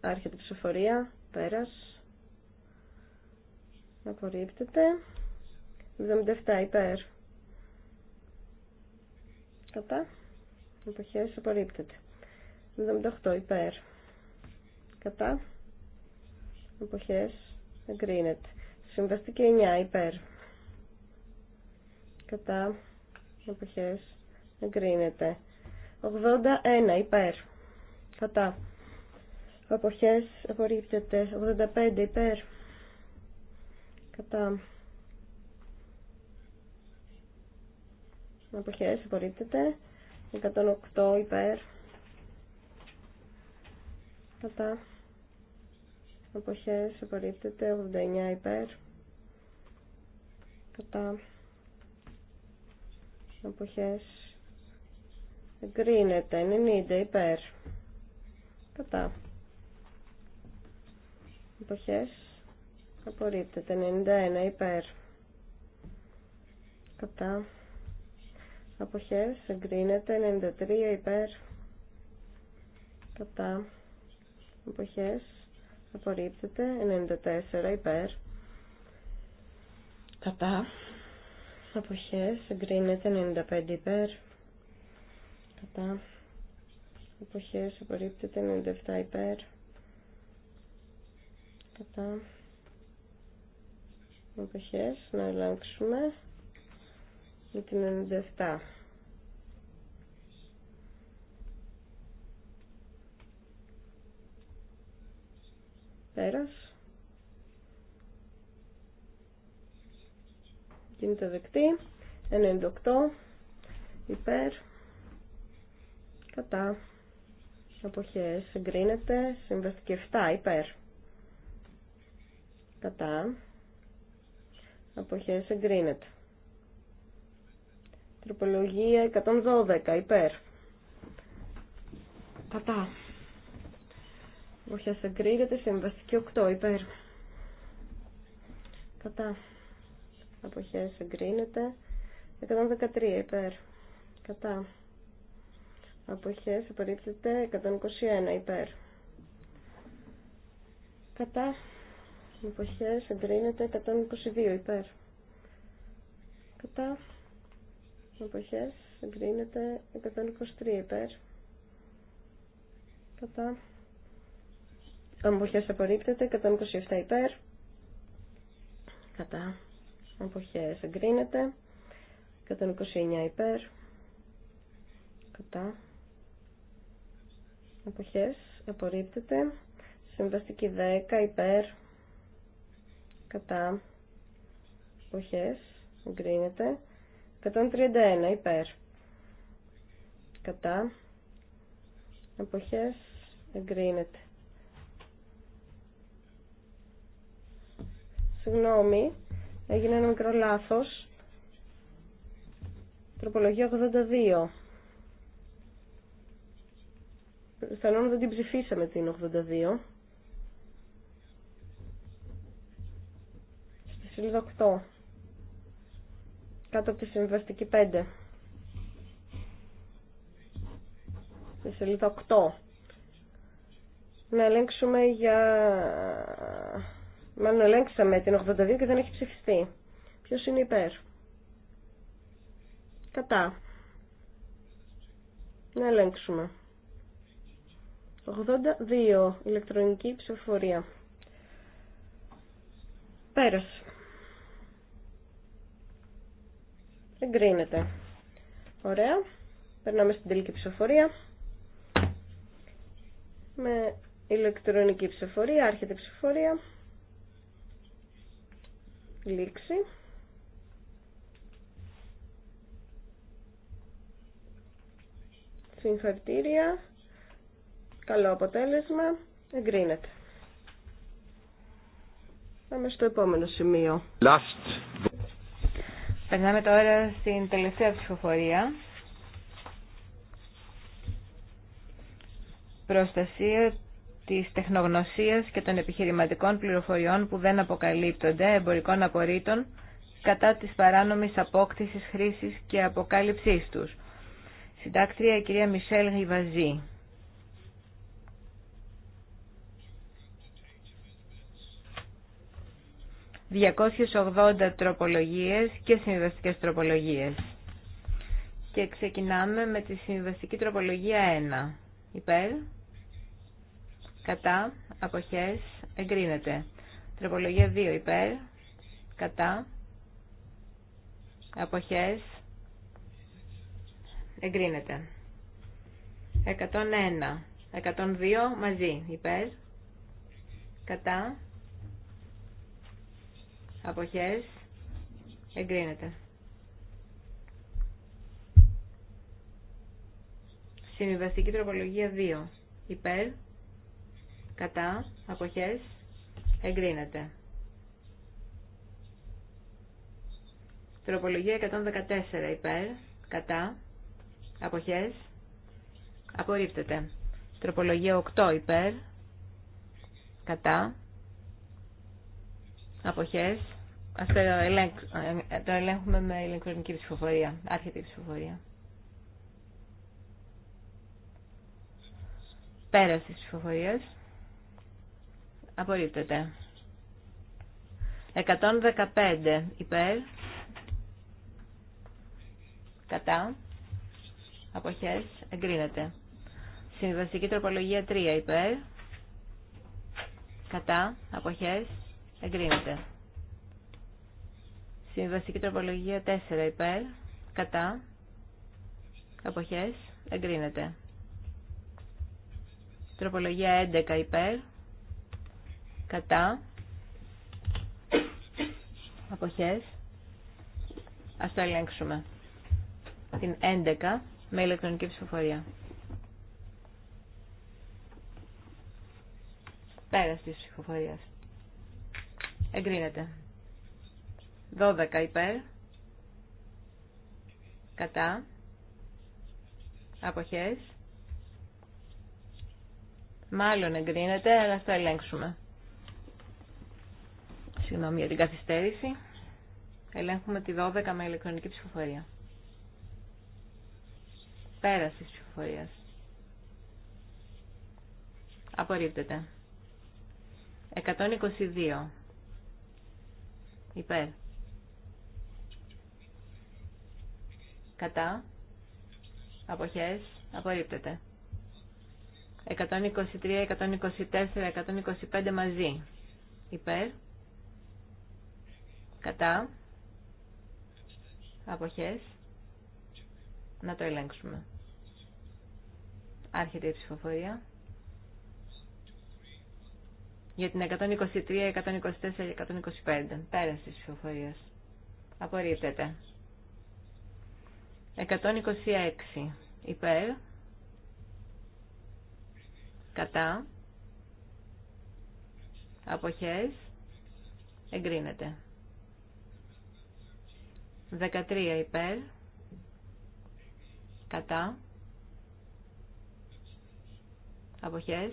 [SPEAKER 3] Άρχεται η ψηφοφορία. Πέρας. Απορρίπτεται. 77 υπέρ. Κατά. εποχέ, απορρίπτεται. 78 υπέρ. Κατά. Εποχές εγκρίνεται. Συμβαστική 9 υπέρ. Κατά εποχές εγκρίνεται 81 υπέρ κατά εποχές απορρίπτεται 85 υπέρ κατά εποχές απορρίπτεται 108 υπέρ κατά εποχές απορρίπτεται 89 υπέρ κατά εποχές εγκρίνεται 90 υπέρ κατά εποχές απορρίπτεται 91 υπέρ κατά αποχές εγκρίνεται 93 υπέρ κατά εποχές απορρίπτεται 94 υπέρ κατά αποχές εγκρίνεται 95 υπέρ κατά αποχές απορρίπτεται 97 υπέρ κατά αποχές να ελέγξουμε για την 97 πέρας κινείται δεκτή 98 υπέρ κατά αποχές εγκρίνεται συμβαστική 7 υπέρ κατά αποχές εγκρίνεται τροπολογία 112 υπέρ κατά αποχές εγκρίνεται συμβαστική 8 υπέρ κατά χέρι εγκρίνεται 113 υπέρ κατά αποχές απορρίπτεται 121 υπέρ κατά χέρι εγκρίνεται 122 υπέρ κατά χέρι εγκρίνεται 123 υπέρ κατά Αμποχές απορρίπτεται 127 υπέρ κατά αποχές εγκρίνεται 129 υπέρ κατά αποχές απορρίπτεται συμβαστική 10 υπέρ κατά αποχές εγκρίνεται 131 υπέρ κατά αποχές εγκρίνεται συγγνώμη έγινε ένα μικρό λάθος. Τροπολογία 82. Φαινόν δεν την ψηφίσαμε την 82. Στη σελίδα 8. Κάτω από τη συμβαστική 5. Στη σελίδα 8. Να ελέγξουμε για Μάλλον ελέγξαμε την 82 και δεν έχει ψηφιστεί. Ποιο είναι υπέρ. Κατά. Να ελέγξουμε. 82. Ηλεκτρονική ψηφοφορία. Πέρας. Εγκρίνεται. Ωραία. Περνάμε στην τελική ψηφοφορία. Με ηλεκτρονική ψηφοφορία, άρχεται η ψηφοφορία. Λήξη. Συγχαρητήρια. Καλό αποτέλεσμα. Εγκρίνεται. Πάμε στο επόμενο σημείο. Last. Περνάμε τώρα στην τελευταία ψηφοφορία. Προστασία της τεχνογνωσίας και των επιχειρηματικών πληροφοριών που δεν αποκαλύπτονται εμπορικών απορρίτων κατά της παράνομης απόκτησης, χρήσης και αποκάλυψής τους. Συντάκτρια η κυρία Μισελ Γιβαζή. ...280 τροπολογίες και συμβιβαστικές τροπολογίες. Και ξεκινάμε με τη συμβιβαστική τροπολογία 1. Υπέρ κατά, αποχές, εγκρίνεται. Τροπολογία 2 υπέρ, κατά, αποχές, εγκρίνεται. 101, 102 μαζί υπέρ, κατά, αποχές, εγκρίνεται. Συμβιβαστική τροπολογία 2. Υπέρ, κατά, αποχές, εγκρίνεται. Τροπολογία 114 υπέρ, κατά, αποχές, απορρίπτεται. Τροπολογία 8 υπέρ, κατά, αποχές, Ας το, ε, το ελέγχουμε με ηλεκτρονική ψηφοφορία, άρχεται η ψηφοφορία. Πέραση της ψηφοφορίας. Απορρίπτεται. 115 υπέρ. Κατά. Αποχές. Εγκρίνεται. Συμβαστική τροπολογία 3 υπέρ. Κατά. Αποχές. Εγκρίνεται. Συμβαστική τροπολογία 4 υπέρ. Κατά. Αποχές. Εγκρίνεται. Τροπολογία 11 υπέρ κατά, αποχές, ας το ελέγξουμε. Την 11 με ηλεκτρονική ψηφοφορία. Πέρας της ψηφοφορίας. Εγκρίνεται. 12 υπέρ, κατά, αποχές, μάλλον εγκρίνεται, αλλά θα ελέγξουμε. Συγγνώμη για την καθυστέρηση. Ελέγχουμε τη 12 με ηλεκτρονική ψηφοφορία. Πέραση της ψηφοφορίας. Απορρίπτεται. 122. Υπέρ. Κατά. Αποχές. Απορρίπτεται. 123, 124, 125 μαζί. Υπέρ κατά αποχές να το ελέγξουμε. Άρχεται η ψηφοφορία. Για την 123, 124, 125. Πέρασε της ψηφοφορία. Απορρίπτεται. 126 υπέρ. Κατά. Αποχές. Εγκρίνεται. 13 υπέρ, κατά, αποχές,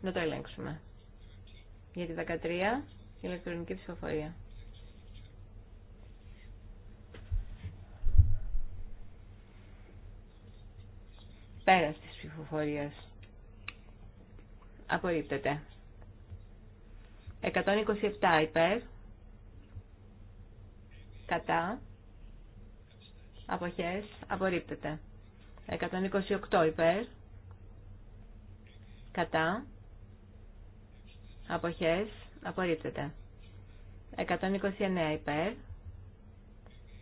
[SPEAKER 3] να το ελέγξουμε. Για 13 ηλεκτρονική ψηφοφορία. πέρα της ψηφοφορίας. Απορρίπτεται. 127 υπέρ, κατά, αποχές, απορρίπτεται. 128 υπέρ, κατά, αποχές, απορρίπτεται. 129 υπέρ,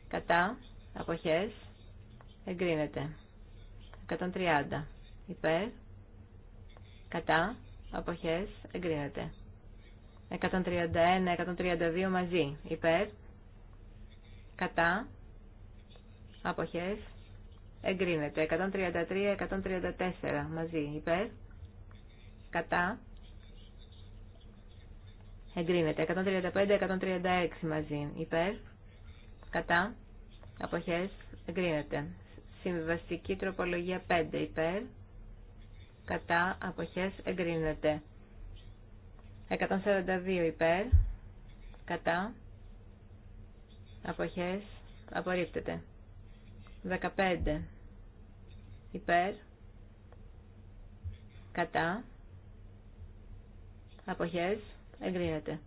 [SPEAKER 3] κατά, αποχές, εγκρίνεται. 130 υπέρ, κατά, αποχές, εγκρίνεται. 131-132 μαζί, υπέρ, κατά, αποχές, εγκρίνεται. 133-134 μαζί, υπέρ, κατά, εγκρίνεται. 135-136 μαζί, υπέρ, κατά, αποχές, εγκρίνεται. Συμβαστική τροπολογία 5 υπέρ, κατά, αποχές, εγκρίνεται. 142 υπέρ, κατά, Αποχές. Απορρίπτεται. 15. Υπέρ. Κατά. Αποχές. Εγκρίνεται.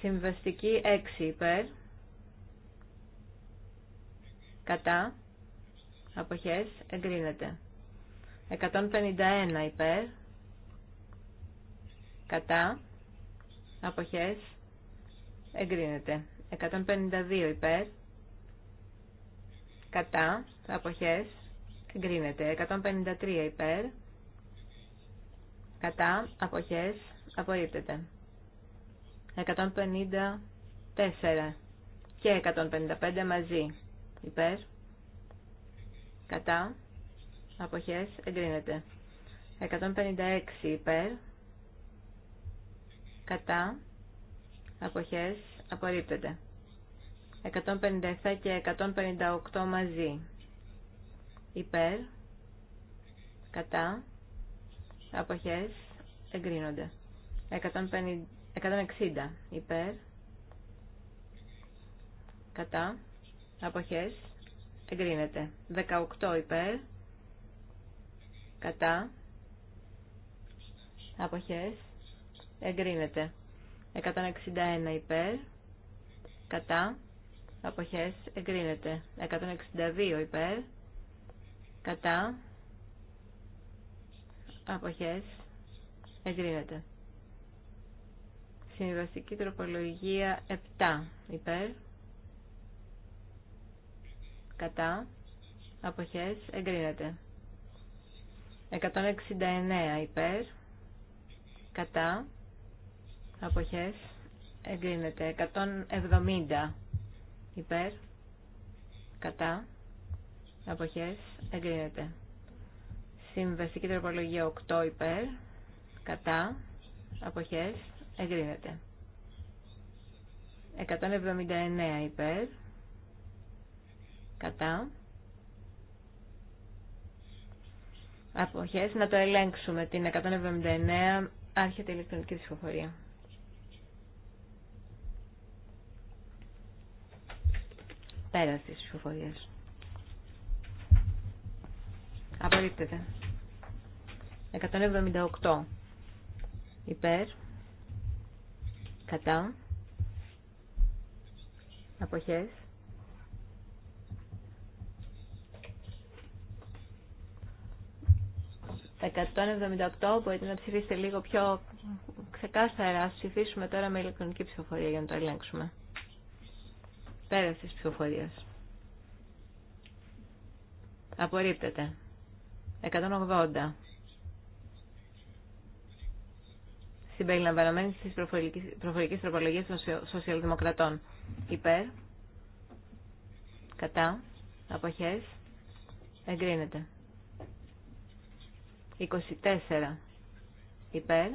[SPEAKER 3] Συμβαστική 6 υπέρ. Κατά. Αποχές. Εγκρίνεται. 151 υπέρ. Κατά. Αποχές. Εγκρίνεται. 152 υπέρ, κατά, αποχές, εγκρίνεται. 153 υπέρ, κατά, αποχές, απορρίπτεται. 154 και 155 μαζί υπέρ, κατά, αποχές, εγκρίνεται. 156 υπέρ, κατά, αποχές, απορρίπτεται. 157 και 158 μαζί. Υπέρ, κατά, αποχές, εγκρίνονται. 150, 160 υπέρ, κατά, αποχές, εγκρίνεται. 18 υπέρ, κατά, αποχές, εγκρίνεται. 161 υπέρ, κατά, αποχές, εγκρίνεται. 162 υπέρ, κατά, αποχές, εγκρίνεται. Συμβαστική τροπολογία 7 υπέρ, κατά, αποχές, εγκρίνεται. 169 υπέρ, κατά, αποχές, εγκρίνεται 170 υπέρ κατά αποχές εγκρίνεται συμβαστική τροπολογία 8 υπέρ κατά αποχές εγκρίνεται 179 υπέρ κατά αποχές να το ελέγξουμε την 179 άρχεται η ηλεκτρονική ψηφοφορία Πέρας στις Απορρίπτεται. 178 υπέρ, κατά, αποχές. Τα 178 μπορείτε να ψηφίσετε λίγο πιο ξεκάθαρα. Ας ψηφίσουμε τώρα με ηλεκτρονική ψηφοφορία για να το ελέγξουμε. Πέρας της ψηφοφορίας. Απορρίπτεται. 180. Συμπεριλαμβανομένη τη προφορική τροπολογία των σοσιαλδημοκρατών. Υπέρ. Κατά. Αποχές. Εγκρίνεται. 24. Υπέρ.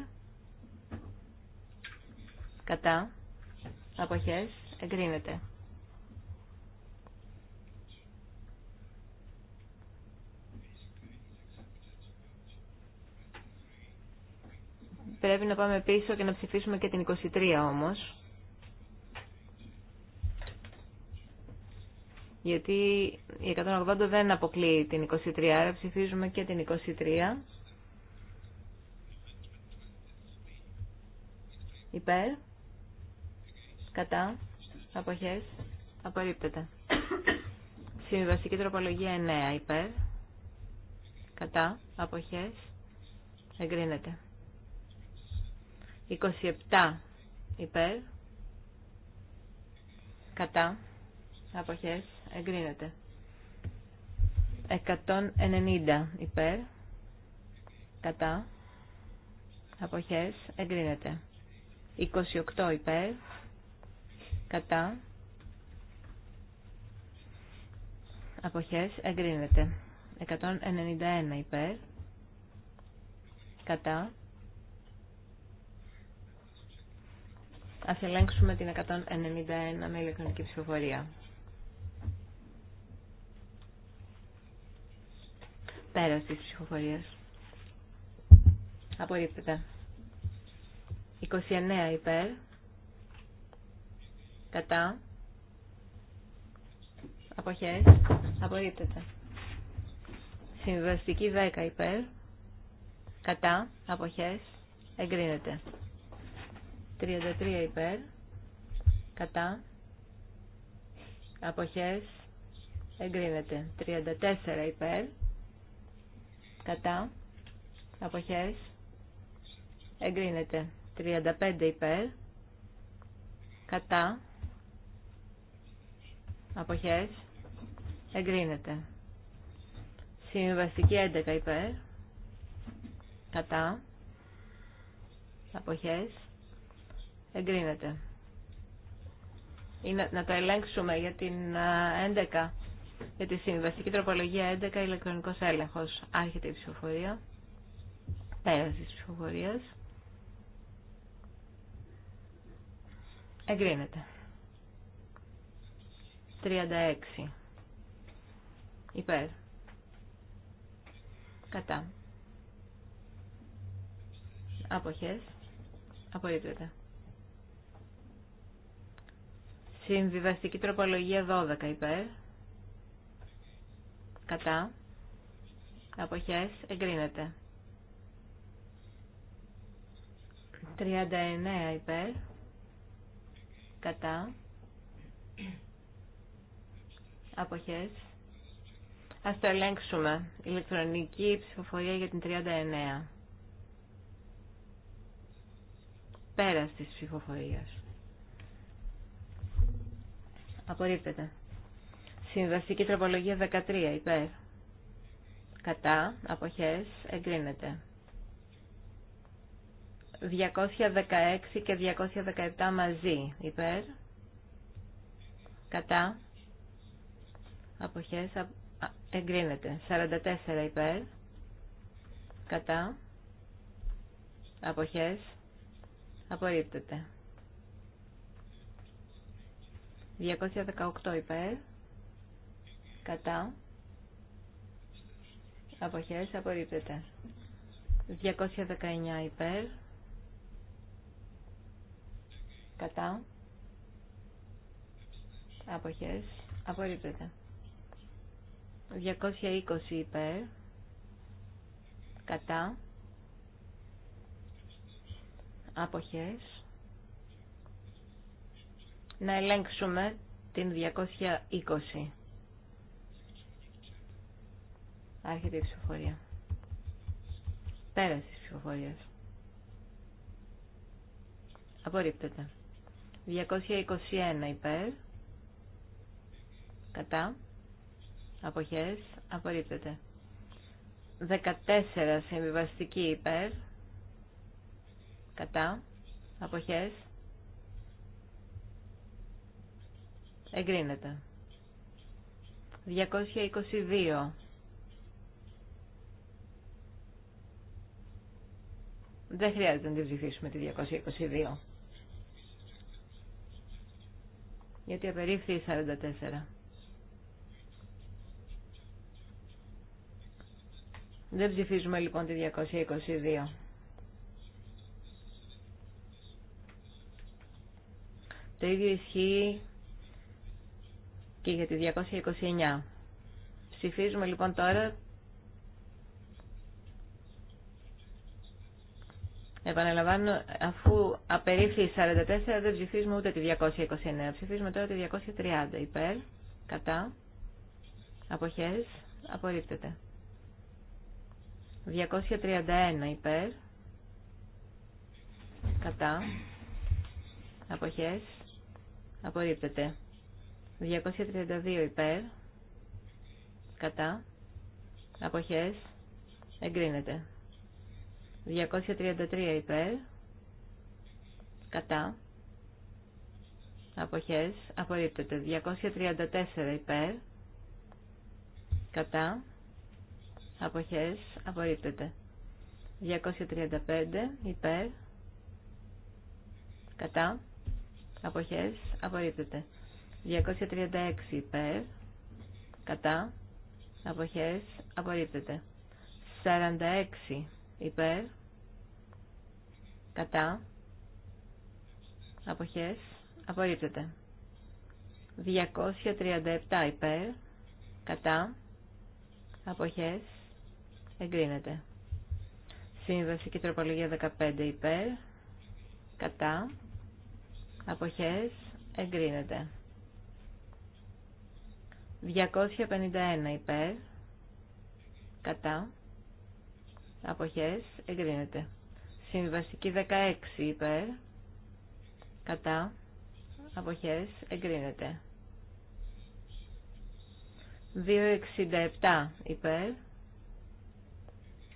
[SPEAKER 3] Κατά. Αποχές. Εγκρίνεται. Πρέπει να πάμε πίσω και να ψηφίσουμε και την 23 όμως. Γιατί η 180 δεν αποκλείει την 23, άρα ψηφίζουμε και την 23. Υπέρ. Κατά. Αποχές. Απορρίπτεται. Συμβιβαστική τροπολογία 9. Υπέρ. Κατά. Αποχές. Εγκρίνεται. 27 υπέρ, κατά, αποχές, εγκρίνεται. 190 υπέρ, κατά, αποχές, εγκρίνεται. 28 υπέρ, κατά, αποχές, εγκρίνεται. 191 υπέρ, κατά, Ας ελέγξουμε την 191 με ηλεκτρονική ψηφοφορία. Πέρας της ψηφοφορίας. Απορρίπτεται. 29 υπέρ. Κατά. Αποχές. Απορρίπτεται. Συμβαστική 10 υπέρ. Κατά. Αποχές. Εγκρίνεται. 33 υπέρ, κατά, αποχές, εγκρίνεται. 34 υπέρ, κατά, αποχές, εγκρίνεται. 35 υπέρ, κατά, αποχές, εγκρίνεται. Συμβαστική 11 υπέρ, κατά, αποχές, εγκρίνεται. Ή να, το ελέγξουμε για την 11, για τη συμβαστική τροπολογία 11, ηλεκτρονικός έλεγχος. Άρχεται η ψηφοφορία. Πέρας της ψηφοφορίας. Εγκρίνεται. 36. Υπέρ. Κατά. Αποχές. Απορρίπτεται. Συμβιβαστική τροπολογία 12 υπέρ. Κατά. Αποχές εγκρίνεται. 39 υπέρ. Κατά. Αποχές. Ας το ελέγξουμε. Ηλεκτρονική ψηφοφορία για την 39. Πέρας της ψηφοφορίας. Απορρίπτεται. Συμβαστική τροπολογία 13 υπέρ. Κατά αποχές εγκρίνεται. 216 και 217 μαζί υπέρ. Κατά αποχές εγκρίνεται. 44 υπέρ. Κατά αποχές απορρίπτεται. 218 υπέρ, κατά, αποχές απορρίπτεται. 219 υπέρ, κατά, αποχές απορρίπτεται. 220 υπέρ, κατά, αποχές να ελέγξουμε την 220. Άρχεται η ψηφοφορία. Πέρασε η ψηφοφορία. Απορρίπτεται. 221 υπέρ. Κατά. Αποχές. Απορρίπτεται. 14 συμβιβαστική υπέρ. Κατά. Αποχές. Εγκρίνεται. 222. Δεν χρειάζεται να τη ψηφίσουμε τη 222. Γιατί απερίφθη η 44. Δεν ψηφίζουμε λοιπόν τη 222. Το ίδιο ισχύει και για τη 229. Ψηφίζουμε λοιπόν τώρα Επαναλαμβάνω, αφού απερίφθη η 44 δεν ψηφίζουμε ούτε τη 229. Ψηφίζουμε τώρα τη 230. Υπέρ, κατά, αποχές, απορρίπτεται. 231 υπέρ, κατά, αποχές, απορρίπτεται. 232 υπέρ, κατά, αποχές, εγκρίνεται. 233 υπέρ, κατά, αποχές, απορρίπτεται. 234 υπέρ, κατά, αποχές, απορρίπτεται. 235 υπέρ, κατά, αποχές, απορρίπτεται. 236 υπέρ, κατά, αποχές, απορρίπτεται. 46 υπέρ, κατά, αποχές, απορρίπτεται. 237 υπέρ, κατά, αποχές, εγκρίνεται. Σύμβαση και τροπολογία 15 υπέρ, κατά, αποχές, εγκρίνεται. 251 υπέρ, κατά, αποχές, εγκρίνεται. Συμβαστική 16 υπέρ, κατά, αποχές, εγκρίνεται. 267 υπέρ,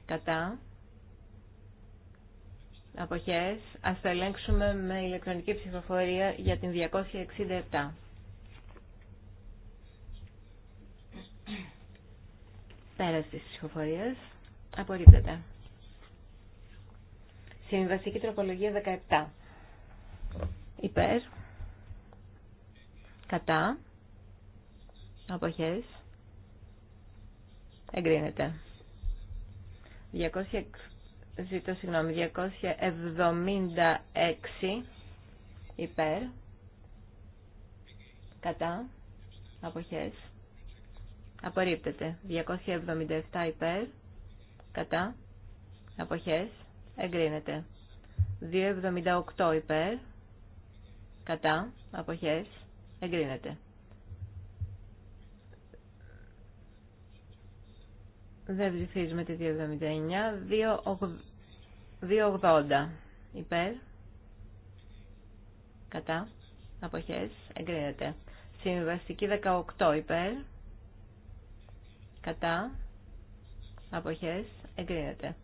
[SPEAKER 3] κατά, αποχές, ας τα ελέγξουμε με ηλεκτρονική ψηφοφορία για την 267. Πέρας της ψηφοφορίας. Απορρίπτεται. Συμβαστική τροπολογία 17. Υπέρ. Κατά. Αποχές. Εγκρίνεται. 200, ζητώ συγγνώμη, 276 υπέρ, κατά, αποχές, Απορρίπτεται. 277 υπέρ. Κατά. Αποχές. Εγκρίνεται. 278 υπέρ. Κατά. Αποχές. Εγκρίνεται. Δεν ψηφίζουμε τη 279. 280 υπέρ. Κατά. Αποχές. Εγκρίνεται. Συμβαστική 18 υπέρ κατά, αποχές, εγκρίνεται.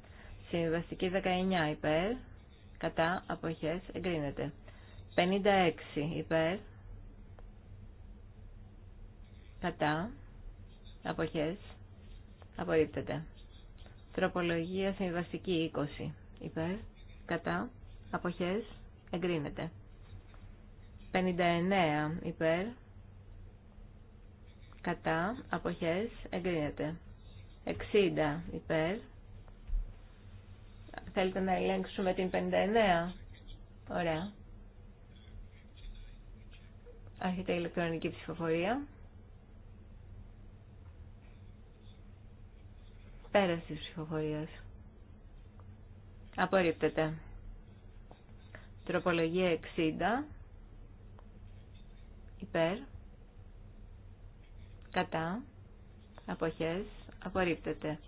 [SPEAKER 3] Συμβαστική 19 υπέρ, κατά, αποχές, εγκρίνεται. 56 υπέρ, κατά, αποχές, απορρίπτεται. Τροπολογία συμβιβαστική 20 υπέρ, κατά, αποχές, εγκρίνεται. 59 υπέρ, κατά, αποχές, εγκρίνεται. 60 υπέρ. Θέλετε να ελέγξουμε την 59. Ωραία. Άρχεται η ηλεκτρονική ψηφοφορία. Πέραση της ψηφοφορίας. Απορρίπτεται. Τροπολογία 60. Υπέρ κατά, αποχές, απορρίπτεται.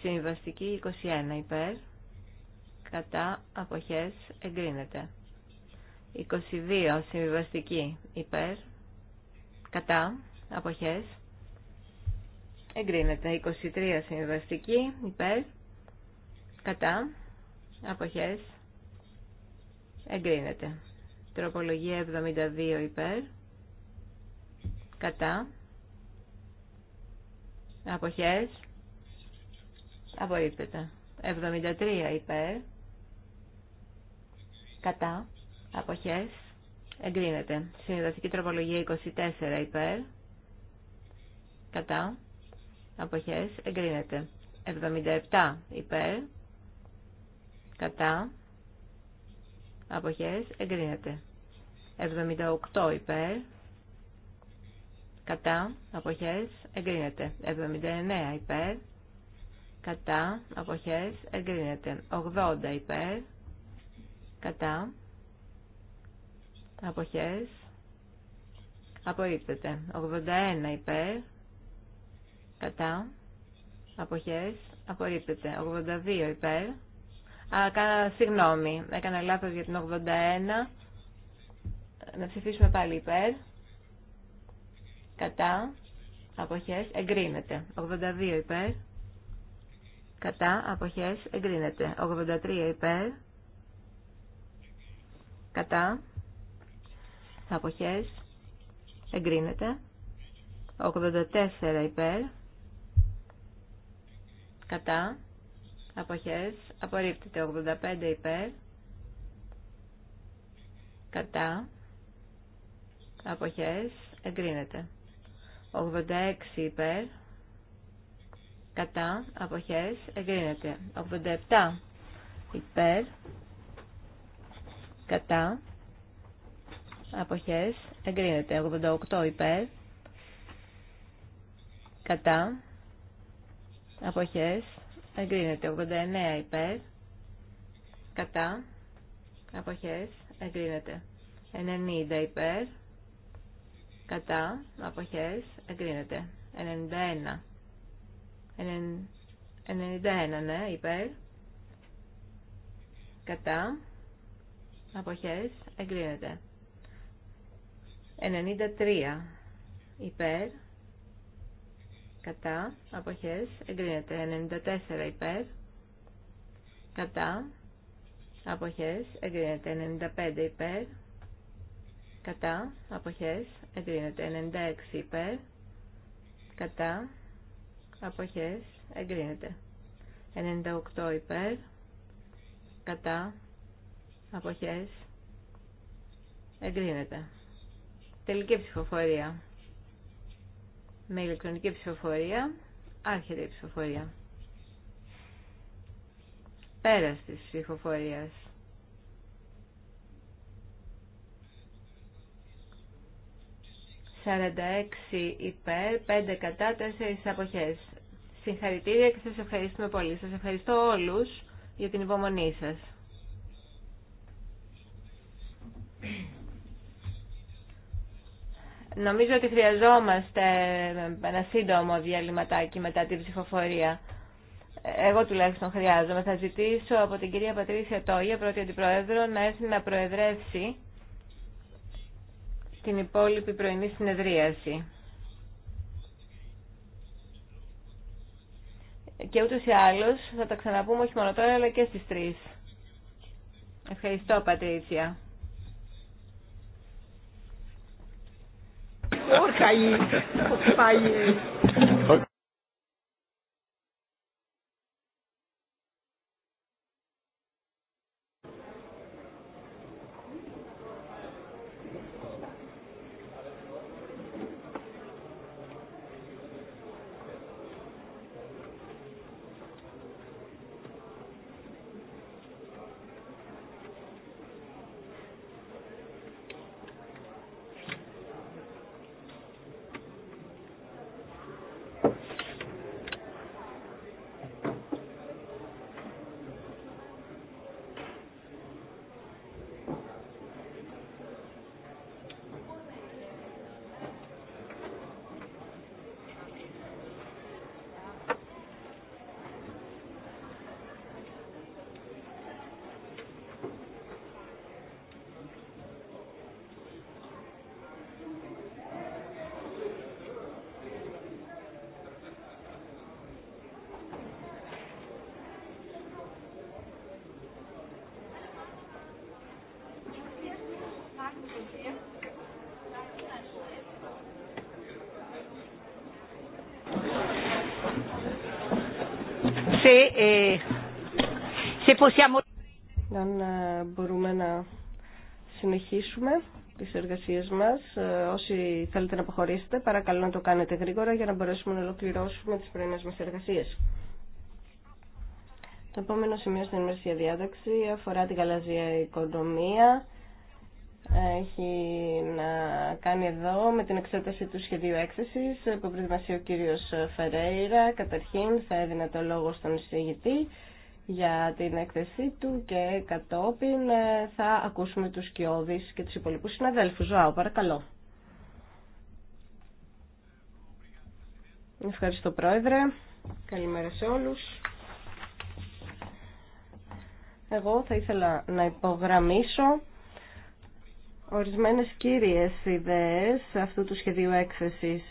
[SPEAKER 3] Συμβαστική 21 υπέρ, κατά, αποχές, εγκρίνεται. 22 συμβιβαστική υπέρ, κατά, αποχές, εγκρίνεται. 23 συμβιβαστική υπέρ, κατά, αποχές, εγκρίνεται. Τροπολογία 72 υπέρ, κατά, Αποχές. Απορρίπτεται. 73 υπέρ. Κατά. Αποχές. Εγκρίνεται. Συνεδραστική τροπολογία 24 υπέρ. Κατά. Αποχές. Εγκρίνεται. 77 υπέρ. Κατά. Αποχές. Εγκρίνεται. 78 υπέρ. Κατά. Αποχές εγκρίνεται. 79 υπέρ, κατά, αποχές, εγκρίνεται. 80 υπέρ, κατά, αποχές, απορρίπτεται. 81 υπέρ, κατά, αποχές, απορρίπτεται. 82 υπέρ, α, κα, συγγνώμη, έκανα λάθος για την 81, να ψηφίσουμε πάλι υπέρ, κατά, αποχές εγκρίνεται. 82 υπέρ, κατά, αποχές εγκρίνεται. 83 υπέρ, κατά, αποχές εγκρίνεται. 84 υπέρ, κατά, αποχές απορρίπτεται. 85 υπέρ, κατά, αποχές εγκρίνεται. 86 υπέρ, κατά, αποχές, εγκρίνεται. 87 υπέρ, κατά, αποχές, εγκρίνεται. 88 υπέρ, κατά, αποχές, εγκρίνεται. 89 υπέρ, κατά, αποχές, εγκρίνεται. 90 υπέρ, κατά, αποχές, εγκρίνεται. 91. 91, ναι, υπέρ, κατά, αποχές, εγκρίνεται. 93. Υπέρ, κατά, αποχές, εγκρίνεται. 94 υπέρ, κατά, αποχές, εγκρίνεται. 95 υπέρ, κατά, αποχές, εγκρίνεται. 96 υπέρ, κατά, αποχές, εγκρίνεται. 98 υπέρ, κατά, αποχές, εγκρίνεται. Τελική ψηφοφορία. Με ηλεκτρονική ψηφοφορία, άρχεται η ψηφοφορία. Πέρας της ψηφοφορίας. 46 υπέρ, 5 κατά, 4 αποχές. Συγχαρητήρια και σας ευχαριστούμε πολύ. Σας ευχαριστώ όλους για την υπομονή σας. Νομίζω ότι χρειαζόμαστε ένα σύντομο διαλυματάκι μετά την ψηφοφορία. Εγώ τουλάχιστον χρειάζομαι. Θα ζητήσω από την κυρία Πατρίσια Τόγια, πρώτη αντιπρόεδρο, να έρθει να προεδρεύσει την υπόλοιπη πρωινή συνεδρίαση. Και ούτως ή άλλως θα τα ξαναπούμε όχι μόνο τώρα αλλά και στις τρεις. Ευχαριστώ Πατρίτσια. Αν ε, μπορούμε να συνεχίσουμε τις εργασίες μας, ε, όσοι θέλετε να αποχωρήσετε, παρακαλώ να το κάνετε γρήγορα για να μπορέσουμε να ολοκληρώσουμε τις πρωινές μας εργασίες. Το επόμενο σημείο στην ενημερωσία διάταξη αφορά την γαλαζία οικονομία. Έχει να κάνει εδώ με την εξέταση του σχεδίου έκθεσης που προετοιμασεί ο κύριος Φερέιρα. Καταρχήν θα έδινα το λόγο στον εισηγητή για την έκθεσή του και κατόπιν ε, θα ακούσουμε τους Κιώδης και τους υπολοιπούς συναδέλφους. Ζωάου, παρακαλώ. Ευχαριστώ Πρόεδρε. Καλημέρα σε όλους. Εγώ θα ήθελα να υπογραμμίσω ορισμένες κύριες ιδέες αυτού του σχεδίου έκθεσης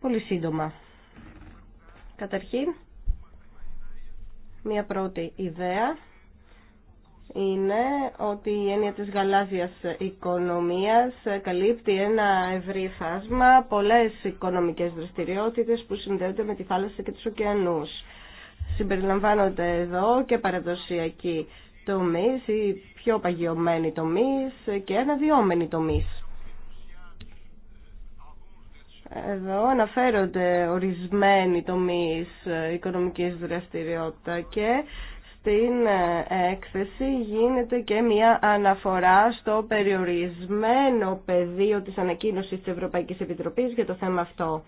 [SPEAKER 3] πολύ σύντομα. Καταρχήν, Μία πρώτη ιδέα είναι ότι η έννοια της γαλάζιας οικονομίας καλύπτει ένα ευρύ φάσμα, πολλές οικονομικές δραστηριότητες που συνδέονται με τη θάλασσα και τους ωκεανούς. Συμπεριλαμβάνονται εδώ και παραδοσιακοί τομείς, ή πιο παγιωμένοι τομείς και αναδυόμενοι τομείς. Εδώ αναφέρονται ορισμένοι τομείς ε, οικονομικής δραστηριότητα και στην ε, έκθεση γίνεται και μια αναφορά στο περιορισμένο πεδίο της ανακοίνωσης της Ευρωπαϊκής Επιτροπής για το θέμα αυτό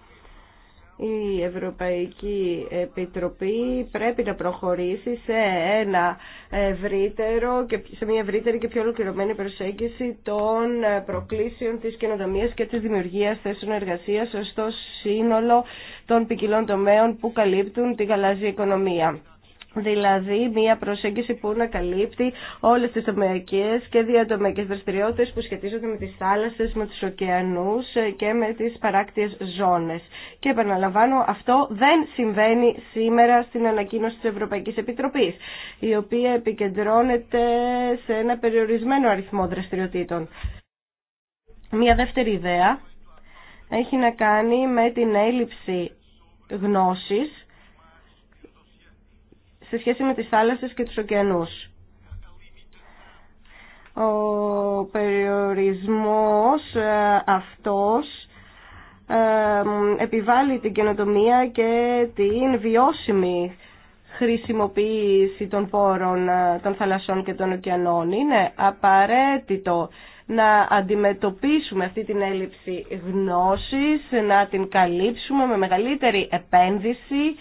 [SPEAKER 3] η Ευρωπαϊκή Επιτροπή πρέπει να προχωρήσει σε ένα ευρύτερο και σε μια ευρύτερη και πιο ολοκληρωμένη προσέγγιση των προκλήσεων της καινοτομίας και της δημιουργίας θέσεων εργασίας το σύνολο των ποικιλών τομέων που καλύπτουν τη γαλάζια οικονομία. Δηλαδή μια προσέγγιση που να καλύπτει όλες τις τομεακέ και διατομικές δραστηριότητες που σχετίζονται με τις θάλασσες, με του ωκεανού και με τις παράκτιες ζώνες. Και επαναλαμβάνω, αυτό δεν συμβαίνει σήμερα στην ανακοίνωση της Ευρωπαϊκής Επιτροπής, η οποία επικεντρώνεται σε ένα περιορισμένο αριθμό δραστηριοτήτων. Μια δεύτερη ιδέα έχει να κάνει με την έλλειψη γνώσης σε σχέση με τις θάλασσες και τους ωκεανούς. Ο περιορισμός ε, αυτός ε, επιβάλλει την καινοτομία και την βιώσιμη χρησιμοποίηση των πόρων ε, των θαλασσών και των ωκεανών. Είναι απαραίτητο να αντιμετωπίσουμε αυτή την έλλειψη γνώσης, να την καλύψουμε με μεγαλύτερη επένδυση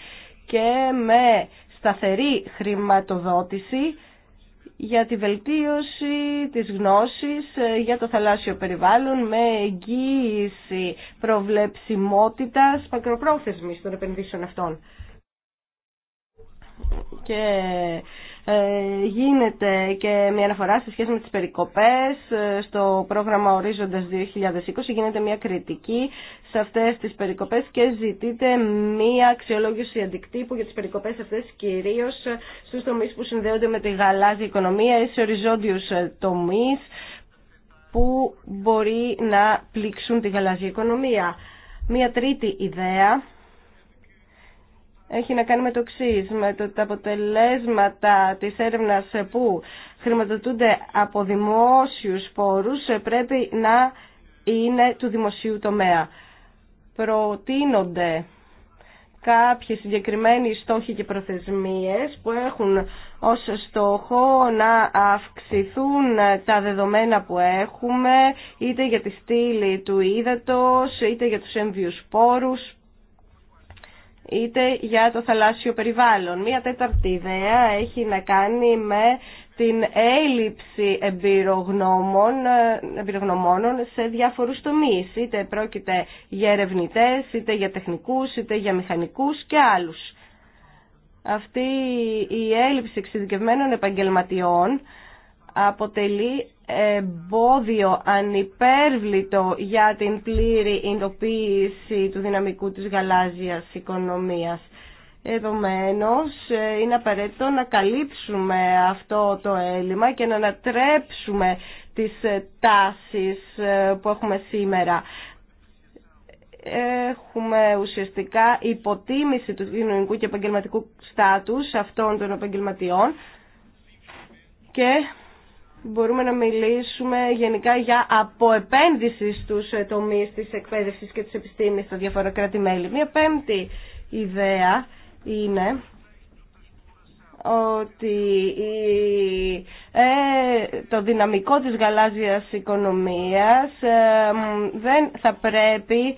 [SPEAKER 3] και με σταθερή χρηματοδότηση για τη βελτίωση της γνώσης ε, για το θαλάσσιο περιβάλλον με εγγύηση προβλεψιμότητας μακροπρόθεσμης των επενδύσεων αυτών. Και ε, γίνεται και μια αναφορά σε σχέση με τις περικοπές ε, στο πρόγραμμα Ορίζοντας 2020 γίνεται μια κριτική σε αυτές τις περικοπές και ζητείται μια αξιολόγηση αντικτύπου για τις περικοπές αυτές κυρίως στους τομείς που συνδέονται με τη γαλάζια οικονομία ή σε οριζόντιους ε, τομείς που μπορεί να πλήξουν τη γαλάζια οικονομία. Μία τρίτη ιδέα έχει να κάνει με το εξή, με το, τα αποτελέσματα της έρευνας που χρηματοδοτούνται από δημόσιους πόρους πρέπει να είναι του δημοσίου τομέα. Προτείνονται κάποιες συγκεκριμένοι στόχοι και προθεσμίες που έχουν ως στόχο να αυξηθούν τα δεδομένα που έχουμε είτε για τη στήλη του ύδατος είτε για τους έμβιους πόρους είτε για το θαλάσσιο περιβάλλον. Μία τέταρτη ιδέα έχει να κάνει με την έλλειψη εμπειρογνώμων, ε, σε διάφορους τομείς. Είτε πρόκειται για ερευνητές, είτε για τεχνικούς, είτε για μηχανικούς και άλλους. Αυτή η έλλειψη εξειδικευμένων επαγγελματιών αποτελεί εμπόδιο ανυπέρβλητο για την πλήρη εντοποίηση του δυναμικού της γαλάζιας οικονομίας. Επομένως, είναι απαραίτητο να καλύψουμε αυτό το έλλειμμα και να ανατρέψουμε τις τάσεις που έχουμε σήμερα. Έχουμε ουσιαστικά υποτίμηση του κοινωνικού και επαγγελματικού στάτους αυτών των επαγγελματιών και μπορούμε να μιλήσουμε γενικά για αποεπένδυση στους ε, τομείς της εκπαίδευσης και της επιστήμης στα διάφορα κράτη-μέλη. Μια πέμπτη ιδέα είναι ότι ε, το δυναμικό της γαλάζιας οικονομίας ε, δεν θα πρέπει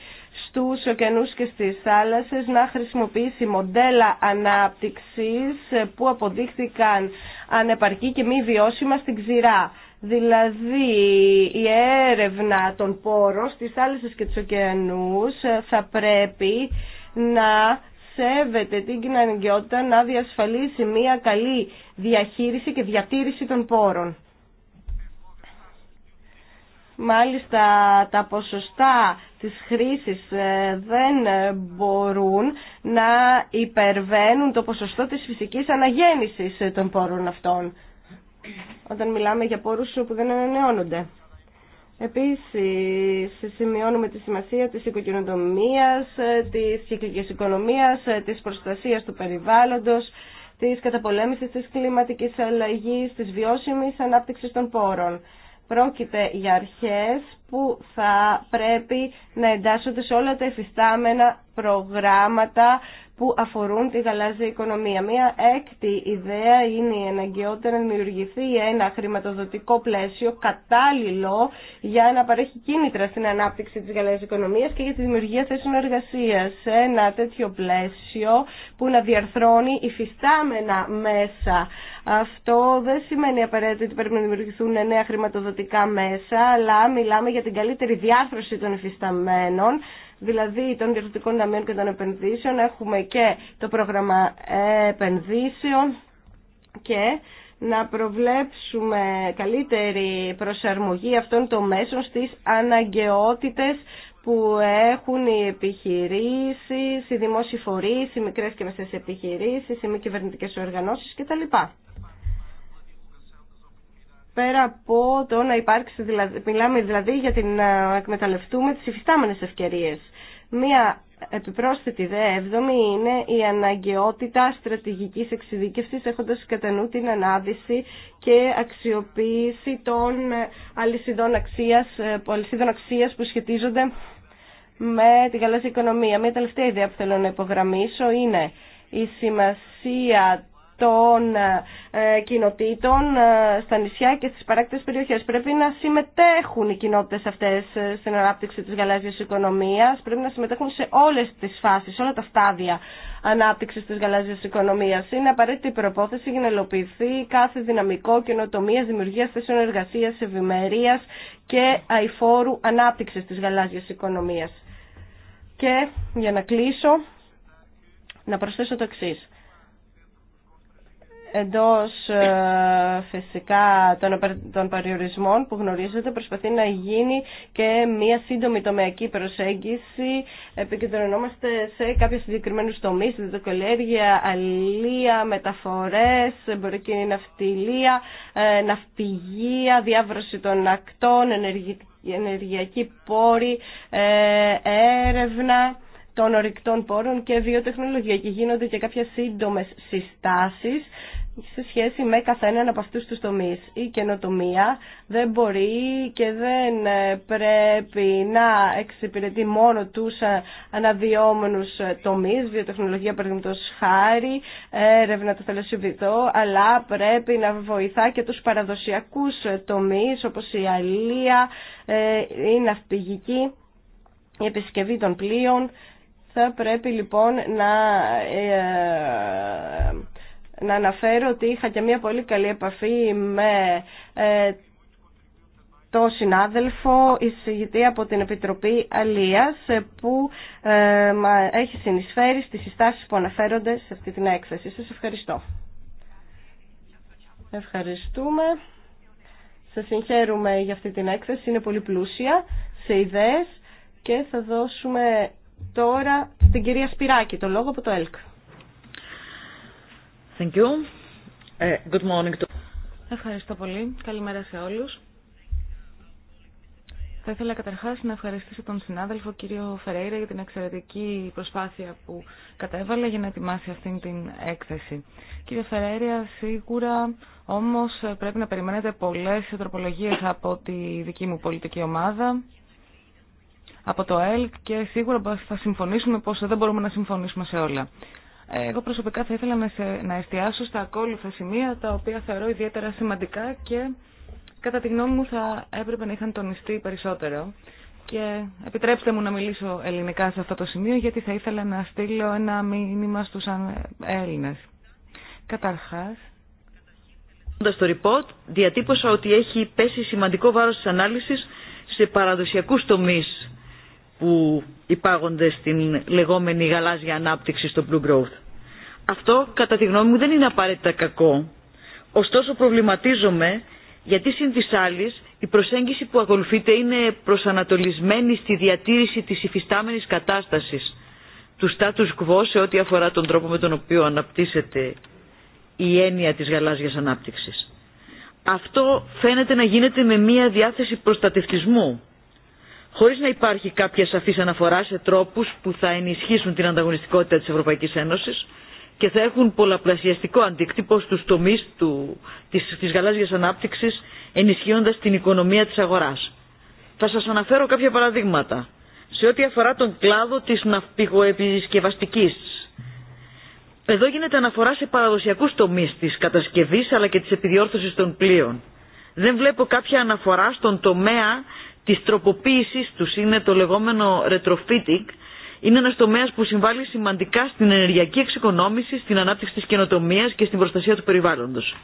[SPEAKER 3] στους ωκεανούς και στις θάλασσες να χρησιμοποιήσει μοντέλα ανάπτυξης που αποδείχθηκαν ανεπαρκή και μη βιώσιμα στην ξηρά. Δηλαδή η έρευνα των πόρων στις θάλασσες και τους ωκεανούς θα πρέπει να σέβεται την κοινωνικότητα να διασφαλίσει μια καλή διαχείριση και διατήρηση των πόρων. Μάλιστα τα ποσοστά της χρήσης ε, δεν μπορούν να υπερβαίνουν το ποσοστό της φυσικής αναγέννησης ε, των πόρων αυτών. Όταν μιλάμε για πόρους που δεν ανανεώνονται. Επίσης, σημειώνουμε τη σημασία της οικοκοινοτομίας, ε, της κυκλικής οικονομίας, της προστασίας του περιβάλλοντος, της καταπολέμησης της κλιματικής αλλαγής, της βιώσιμης ανάπτυξης των πόρων. Πρόκειται για αρχές που θα πρέπει να εντάσσονται σε όλα τα εφιστάμενα προγράμματα που αφορούν τη γαλάζια οικονομία. Μία έκτη ιδέα είναι η αναγκαιότητα να δημιουργηθεί ένα χρηματοδοτικό πλαίσιο κατάλληλο για να παρέχει κίνητρα στην ανάπτυξη της γαλάζιας οικονομίας και για τη δημιουργία θέσεων εργασίας. Ένα τέτοιο πλαίσιο που να διαρθρώνει υφιστάμενα μέσα. Αυτό δεν σημαίνει απαραίτητα ότι πρέπει να δημιουργηθούν νέα χρηματοδοτικά μέσα, αλλά μιλάμε για την καλύτερη διάρθρωση των υφισταμένων δηλαδή των διευθυντικών ταμείων και των επενδύσεων. Έχουμε και το πρόγραμμα επενδύσεων και να προβλέψουμε καλύτερη προσαρμογή αυτών των μέσων στις αναγκαιότητες που έχουν οι επιχειρήσεις, οι δημόσιοι φορείς, οι μικρές και μεσές επιχειρήσεις, οι μη κυβερνητικές οργανώσεις κτλ πέρα από το να υπάρξει, δηλαδή, μιλάμε δηλαδή για την, ε, να εκμεταλλευτούμε τις υφιστάμενες ευκαιρίες. Μία επιπρόσθετη δε έβδομη είναι η αναγκαιότητα στρατηγικής εξειδίκευσης έχοντας κατά νου την ανάδυση και αξιοποίηση των ε, αλυσίδων αξίας, ε, αλυσίδων αξίας που σχετίζονται με τη γαλάζια οικονομία. Μία τελευταία ιδέα που θέλω να υπογραμμίσω είναι η σημασία των ε, ε, κοινοτήτων ε, στα νησιά και στις παράκτητες περιοχές. Πρέπει να συμμετέχουν οι κοινότητες αυτές στην ανάπτυξη της γαλάζιας οικονομίας, πρέπει να συμμετέχουν σε όλες τις φάσεις, όλα τα στάδια ανάπτυξης της γαλάζιας οικονομίας. Είναι απαραίτητη η προπόθεση για να ελοπιθεί κάθε δυναμικό καινοτομία, δημιουργία θέσεων εργασία, ευημερία και αηφόρου ανάπτυξης της γαλάζιας οικονομίας. Και για να κλείσω, να προσθέσω το εξή εντός ε, φυσικά των περιορισμών που γνωρίζετε προσπαθεί να γίνει και μια σύντομη τομεακή προσέγγιση. Επικεντρωνόμαστε σε κάποιους συγκεκριμένους τομείς, διδοκολέργεια, αλία, μεταφορές, εμπορική ναυτιλία, ε, ναυπηγία, διάβρωση των ακτών, ενεργειακή πόρη, ε, έρευνα των ορυκτών πόρων και βιοτεχνολογία. Και γίνονται και κάποιες σύντομες συστάσεις σε σχέση με καθέναν από αυτούς τους τομείς. Η καινοτομία δεν μπορεί και δεν ε, πρέπει να εξυπηρετεί μόνο τους ε, αναδυόμενους ε, τομείς, βιοτεχνολογία παραδείγματος χάρη, έρευνα το θελασσιβητό, αλλά πρέπει να βοηθά και τους παραδοσιακούς τομείς όπως η αλία, η ναυπηγική, η επισκευή των πλοίων. Θα πρέπει λοιπόν να να αναφέρω ότι είχα και μια πολύ καλή επαφή με ε, το συνάδελφο εισηγητή από την Επιτροπή Αλίας ε, που ε, έχει συνεισφέρει στις συστάσεις που αναφέρονται σε αυτή την έκθεση. Σας ευχαριστώ. Ευχαριστούμε. Σας συγχαίρουμε για αυτή την έκθεση. Είναι πολύ πλούσια σε ιδέες και θα δώσουμε τώρα στην κυρία Σπυράκη το λόγο από το ΕΛΚ.
[SPEAKER 4] Ε,
[SPEAKER 2] Ευχαριστώ πολύ. Καλημέρα σε όλους. Θα ήθελα καταρχάς να ευχαριστήσω τον συνάδελφο κύριο Φερέιρα για την εξαιρετική προσπάθεια που κατέβαλε για να ετοιμάσει αυτήν την έκθεση. Κύριε Φερέιρα, σίγουρα όμως πρέπει να περιμένετε πολλές τροπολογίες από τη δική μου πολιτική ομάδα, από το ΕΛΚ και σίγουρα θα συμφωνήσουμε πως δεν μπορούμε να συμφωνήσουμε σε όλα. Εγώ προσωπικά θα ήθελα να, εστιάσω στα ακόλουθα σημεία τα οποία θεωρώ ιδιαίτερα σημαντικά και κατά τη γνώμη μου θα έπρεπε να είχαν τονιστεί περισσότερο. Και επιτρέψτε μου να μιλήσω ελληνικά σε αυτό το σημείο γιατί θα ήθελα να στείλω ένα μήνυμα στους
[SPEAKER 4] Έλληνες. Καταρχάς... το report διατύπωσα ότι έχει πέσει σημαντικό βάρος της ανάλυσης σε παραδοσιακούς τομείς που υπάγονται στην λεγόμενη γαλάζια ανάπτυξη στο Blue Growth. Αυτό κατά τη γνώμη μου δεν είναι απαραίτητα κακό. Ωστόσο προβληματίζομαι γιατί συν της άλλης, η προσέγγιση που ακολουθείται είναι προσανατολισμένη στη διατήρηση της υφιστάμενης κατάστασης του status quo σε ό,τι αφορά τον τρόπο με τον οποίο αναπτύσσεται η έννοια της γαλάζιας ανάπτυξης. Αυτό φαίνεται να γίνεται με μία διάθεση προστατευτισμού Χωρί να υπάρχει κάποια σαφή αναφορά σε τρόπου που θα ενισχύσουν την ανταγωνιστικότητα τη Ευρωπαϊκή Ένωση και θα έχουν πολλαπλασιαστικό αντίκτυπο στους τομείς του, της, της γαλάζιας ανάπτυξης ενισχύοντας την οικονομία της αγοράς. Θα σας αναφέρω κάποια παραδείγματα σε ό,τι αφορά τον κλάδο της ναυπηγοεπισκευαστικής. Εδώ γίνεται αναφορά σε παραδοσιακού τομείς της κατασκευής αλλά και της επιδιόρθωσης των πλοίων. Δεν βλέπω κάποια αναφορά στον τομέα της τροποποίησης τους είναι το λεγόμενο retrofitting, είναι ένας τομέας που συμβάλλει σημαντικά στην ενεργειακή εξοικονόμηση, στην ανάπτυξη της καινοτομία και στην προστασία του περιβάλλοντος.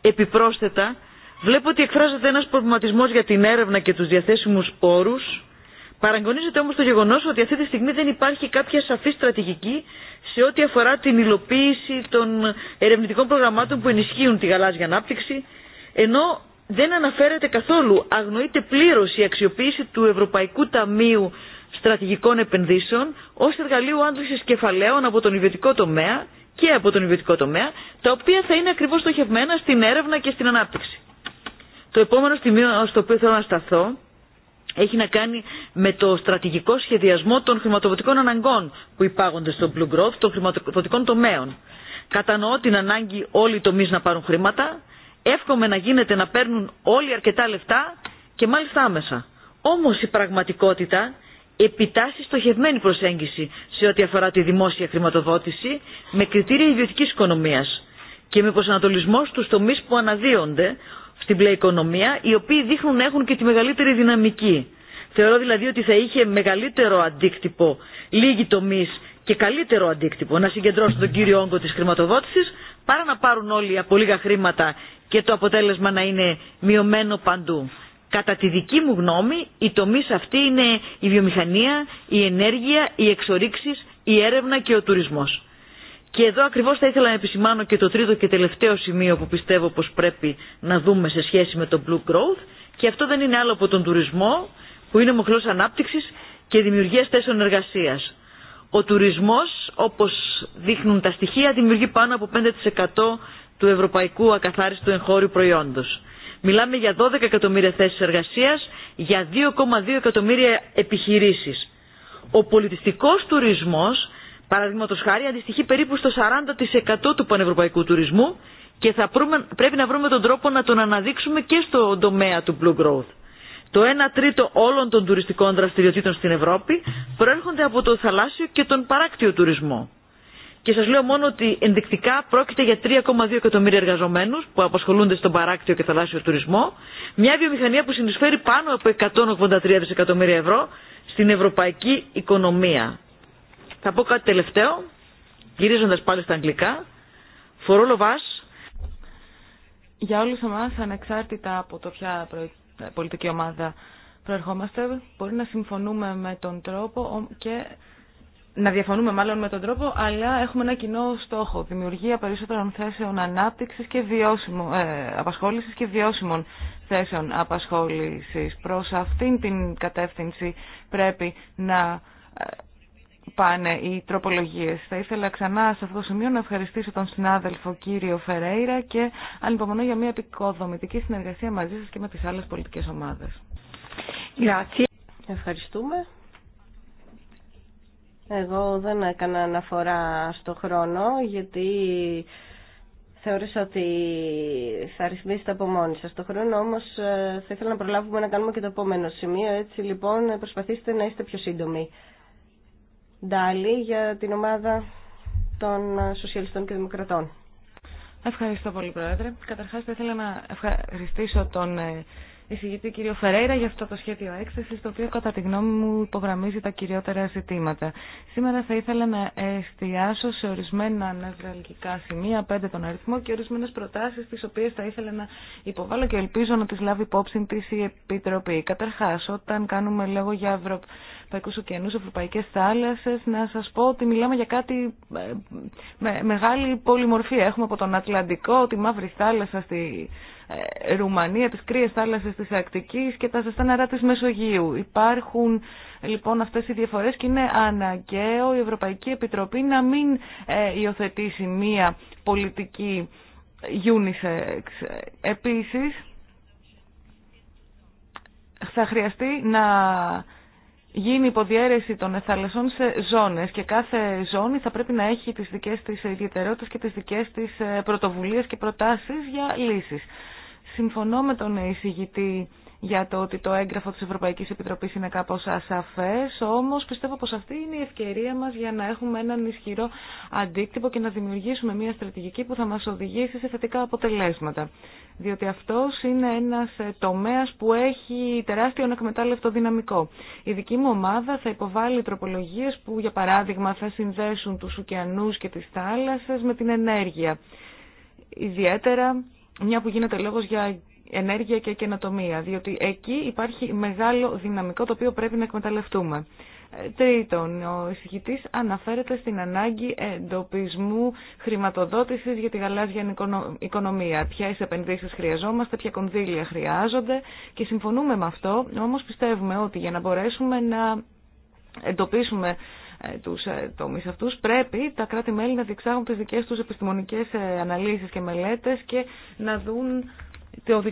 [SPEAKER 4] Επιπρόσθετα, βλέπω ότι εκφράζεται ένας προβληματισμό για την έρευνα και τους διαθέσιμους πόρους, Παραγωνίζεται όμως το γεγονός ότι αυτή τη στιγμή δεν υπάρχει κάποια σαφή στρατηγική σε ό,τι αφορά την υλοποίηση των ερευνητικών προγραμμάτων που ενισχύουν τη γαλάζια ανάπτυξη, ενώ δεν αναφέρεται καθόλου, αγνοείται πλήρω η αξιοποίηση του Ευρωπαϊκού Ταμείου Στρατηγικών Επενδύσεων ω εργαλείο άντληση κεφαλαίων από τον ιδιωτικό τομέα και από τον ιδιωτικό τομέα, τα οποία θα είναι ακριβώ στοχευμένα στην έρευνα και στην ανάπτυξη. Το επόμενο σημείο στο οποίο θέλω να σταθώ έχει να κάνει με το στρατηγικό σχεδιασμό των χρηματοδοτικών αναγκών που υπάγονται στο Blue Growth των χρηματοδοτικών τομέων. Κατανοώ την ανάγκη όλοι οι τομεί να πάρουν χρήματα, εύχομαι να γίνεται να παίρνουν όλοι αρκετά λεφτά και μάλιστα άμεσα. Όμως η πραγματικότητα επιτάσσει στοχευμένη προσέγγιση σε ό,τι αφορά τη δημόσια χρηματοδότηση με κριτήρια ιδιωτικής οικονομίας και με προσανατολισμό στους τομείς που αναδύονται στην πλέον οικονομία, οι οποίοι δείχνουν να έχουν και τη μεγαλύτερη δυναμική. Θεωρώ δηλαδή ότι θα είχε μεγαλύτερο αντίκτυπο λίγοι τομεί και καλύτερο αντίκτυπο να συγκεντρώσουν τον κύριο όγκο τη χρηματοδότηση παρά να πάρουν όλοι από λίγα χρήματα και το αποτέλεσμα να είναι μειωμένο παντού. Κατά τη δική μου γνώμη, οι τομεί αυτοί είναι η βιομηχανία, η ενέργεια, οι εξορίξει, η έρευνα και ο τουρισμό. Και εδώ ακριβώ θα ήθελα να επισημάνω και το τρίτο και τελευταίο σημείο που πιστεύω πω πρέπει να δούμε σε σχέση με το Blue Growth και αυτό δεν είναι άλλο από τον τουρισμό που είναι μοχλό ανάπτυξη και δημιουργία θέσεων εργασία. Ο τουρισμός, όπως δείχνουν τα στοιχεία, δημιουργεί πάνω από 5% του ευρωπαϊκού ακαθάριστου εγχώριου προϊόντος. Μιλάμε για 12 εκατομμύρια θέσεις εργασίας, για 2,2 εκατομμύρια επιχειρήσεις. Ο πολιτιστικός τουρισμός, παραδείγματο χάρη, αντιστοιχεί περίπου στο 40% του πανευρωπαϊκού τουρισμού και θα πρέπει να βρούμε τον τρόπο να τον αναδείξουμε και στον τομέα του Blue Growth. Το 1 τρίτο όλων των τουριστικών δραστηριοτήτων στην Ευρώπη προέρχονται από το θαλάσσιο και τον παράκτιο τουρισμό. Και σας λέω μόνο ότι ενδεικτικά πρόκειται για 3,2 εκατομμύρια εργαζομένους που απασχολούνται στον παράκτιο και θαλάσσιο τουρισμό, μια βιομηχανία που συνεισφέρει πάνω από 183 δισεκατομμύρια ευρώ στην ευρωπαϊκή οικονομία. Θα πω κάτι τελευταίο, γυρίζοντας πάλι στα αγγλικά. For all of us...
[SPEAKER 2] Για όλου εμά ανεξάρτητα από το ποια πολιτική ομάδα προερχόμαστε, μπορεί να συμφωνούμε με τον τρόπο και να διαφωνούμε μάλλον με τον τρόπο, αλλά έχουμε ένα κοινό στόχο. Δημιουργία περισσότερων θέσεων ανάπτυξη και βιώσιμο, ε, απασχόλησης και βιώσιμων θέσεων απασχόλησης. Προς αυτήν την κατεύθυνση πρέπει να ε, πάνε οι τροπολογίε. Θα ήθελα ξανά σε αυτό το σημείο να ευχαριστήσω τον συνάδελφο κύριο Φερέιρα και ανυπομονώ για μια επικοδομητική συνεργασία μαζί σας και με τις άλλες πολιτικές ομάδες. Ευχαριστούμε.
[SPEAKER 3] Εγώ δεν έκανα αναφορά στο χρόνο γιατί θεώρησα ότι θα ρυθμίσετε από μόνοι σας. Το χρόνο όμως ε, θα ήθελα να προλάβουμε να κάνουμε και το επόμενο σημείο. Έτσι λοιπόν προσπαθήστε να είστε πιο σύντομοι. Ντάλι για την ομάδα των
[SPEAKER 2] Σοσιαλιστών και Δημοκρατών. Ευχαριστώ πολύ, Πρόεδρε. Καταρχάς, θα ήθελα να ευχαριστήσω τον ε, εισηγητή κύριο Φερέιρα για αυτό το σχέδιο έκθεση, το οποίο κατά τη γνώμη μου υπογραμμίζει τα κυριότερα ζητήματα. Σήμερα θα ήθελα να εστιάσω σε ορισμένα νευραλγικά σημεία, πέντε τον αριθμό και ορισμένε προτάσει, τι οποίε θα ήθελα να υποβάλω και ελπίζω να τι λάβει υπόψη τη η Επιτροπή. Καταρχά, όταν κάνουμε λόγο για ευρωπαϊκού ωκεανού, ευρωπαϊκέ θάλασσε, να σα πω ότι μιλάμε για κάτι ε, με μεγάλη πολυμορφία. Έχουμε από τον Ατλαντικό, τη Μαύρη Θάλασσα στη ε, Ρουμανία, τις κρύες θάλασσες της Ακτικής και τα ζεστά νερά της Μεσογείου. Υπάρχουν λοιπόν αυτές οι διαφορές και είναι αναγκαίο η Ευρωπαϊκή Επιτροπή να μην ε, υιοθετήσει μία πολιτική unisex. Επίσης, θα χρειαστεί να γίνει υποδιέρεση των θαλασσών σε ζώνες και κάθε ζώνη θα πρέπει να έχει τις δικές της ιδιαιτερότητες και τις δικές της ε, πρωτοβουλίες και προτάσεις για λύσεις συμφωνώ με τον εισηγητή για το ότι το έγγραφο της Ευρωπαϊκής Επιτροπής είναι κάπως ασαφές, όμως πιστεύω πως αυτή είναι η ευκαιρία μας για να έχουμε έναν ισχυρό αντίκτυπο και να δημιουργήσουμε μια στρατηγική που θα μας οδηγήσει σε θετικά αποτελέσματα. Διότι αυτός είναι ένας ε, τομέας που έχει τεράστιο ανακμετάλλευτο δυναμικό. Η δική μου ομάδα θα υποβάλει τροπολογίες που για παράδειγμα θα συνδέσουν τους ωκεανούς και τις θάλασσες με την ενέργεια. Ιδιαίτερα μια που γίνεται λόγος για ενέργεια και καινοτομία, διότι εκεί υπάρχει μεγάλο δυναμικό το οποίο πρέπει να εκμεταλλευτούμε. Ε, τρίτον, ο εισηγητή αναφέρεται στην ανάγκη εντοπισμού χρηματοδότηση για τη γαλάζια οικονομία. Ποιε επενδύσει χρειαζόμαστε, ποια κονδύλια χρειάζονται και συμφωνούμε με αυτό, όμω πιστεύουμε ότι για να μπορέσουμε να εντοπίσουμε ε, τους ε, τομείς αυτούς, πρέπει τα κράτη-μέλη να διεξάγουν τις δικές τους επιστημονικές ε, αναλύσεις και μελέτες και να δουν το,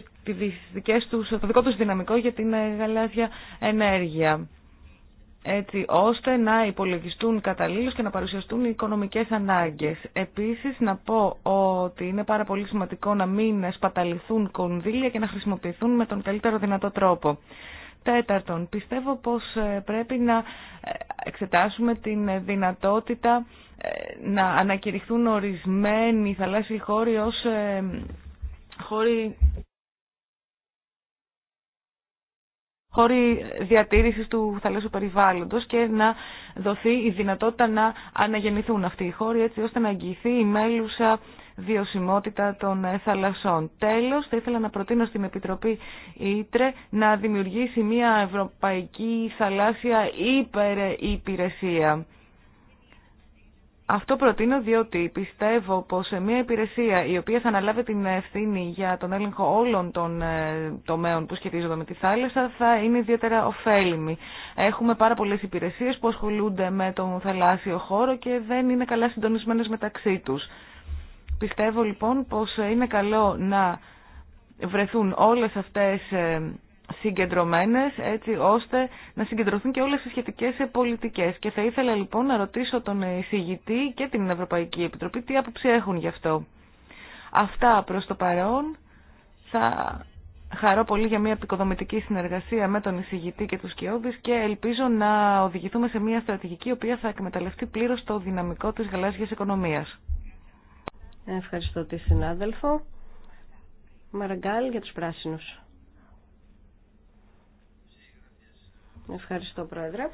[SPEAKER 2] δικές τους, το δικό τους δυναμικό για την γαλάζια ενέργεια έτσι ώστε να υπολογιστούν καταλήλως και να παρουσιαστούν οι οικονομικές ανάγκες. Επίσης να πω ότι είναι πάρα πολύ σημαντικό να μην σπαταληθούν κονδύλια και να χρησιμοποιηθούν με τον καλύτερο δυνατό τρόπο. Τέταρτον, πιστεύω πως ε, πρέπει να ε, εξετάσουμε την ε, δυνατότητα να ανακηρυχθούν ορισμένοι θαλάσσιοι χώροι ως χώροι χώροι διατήρησης του θαλάσσιου περιβάλλοντος και να δοθεί η δυνατότητα να αναγεννηθούν αυτοί οι χώροι έτσι ώστε να αγγιηθεί η μέλουσα βιωσιμότητα των ε, θαλασσών. Τέλος, θα ήθελα να προτείνω στην Επιτροπή Ήτρε να δημιουργήσει μια ευρωπαϊκή θαλάσσια υπερυπηρεσία. Αυτό προτείνω διότι πιστεύω πω σε μια υπηρεσία η οποία θα αναλάβει την ευθύνη για τον έλεγχο όλων των ε, τομέων που σχετίζονται με τη θάλασσα θα είναι ιδιαίτερα ωφέλιμη. Έχουμε πάρα πολλέ υπηρεσίες που ασχολούνται με τον θαλάσσιο χώρο και δεν είναι καλά συντονισμένες μεταξύ τους. Πιστεύω λοιπόν πως ε, είναι καλό να βρεθούν όλες αυτές ε, συγκεντρωμένες έτσι ώστε να συγκεντρωθούν και όλες οι σχετικές ε, πολιτικές. Και θα ήθελα λοιπόν να ρωτήσω τον εισηγητή και την Ευρωπαϊκή Επιτροπή τι άποψη έχουν γι' αυτό. Αυτά προς το παρόν θα χαρώ πολύ για μια επικοδομητική συνεργασία με τον εισηγητή και τους κοιόδης και ελπίζω να οδηγηθούμε σε μια στρατηγική η οποία θα εκμεταλλευτεί πλήρως το δυναμικό της γαλάζιας οικονομίας. Ευχαριστώ τη συνάδελφο. Μαραγκάλ για τους πράσινους.
[SPEAKER 3] Ευχαριστώ πρόεδρε.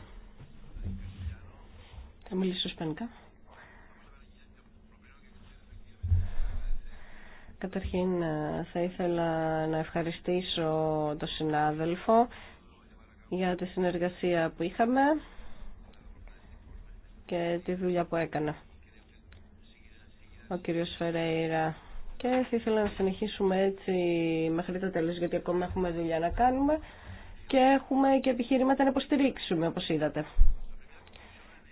[SPEAKER 3] Θα μιλήσω σπανικά. Καταρχήν θα ήθελα να ευχαριστήσω τον συνάδελφο για τη συνεργασία που είχαμε και τη δουλειά που έκανα ο κύριος Φερέιρα. Και θα ήθελα να συνεχίσουμε έτσι μέχρι το τέλος, γιατί ακόμα έχουμε δουλειά να κάνουμε και έχουμε και επιχειρήματα να υποστηρίξουμε, όπως είδατε.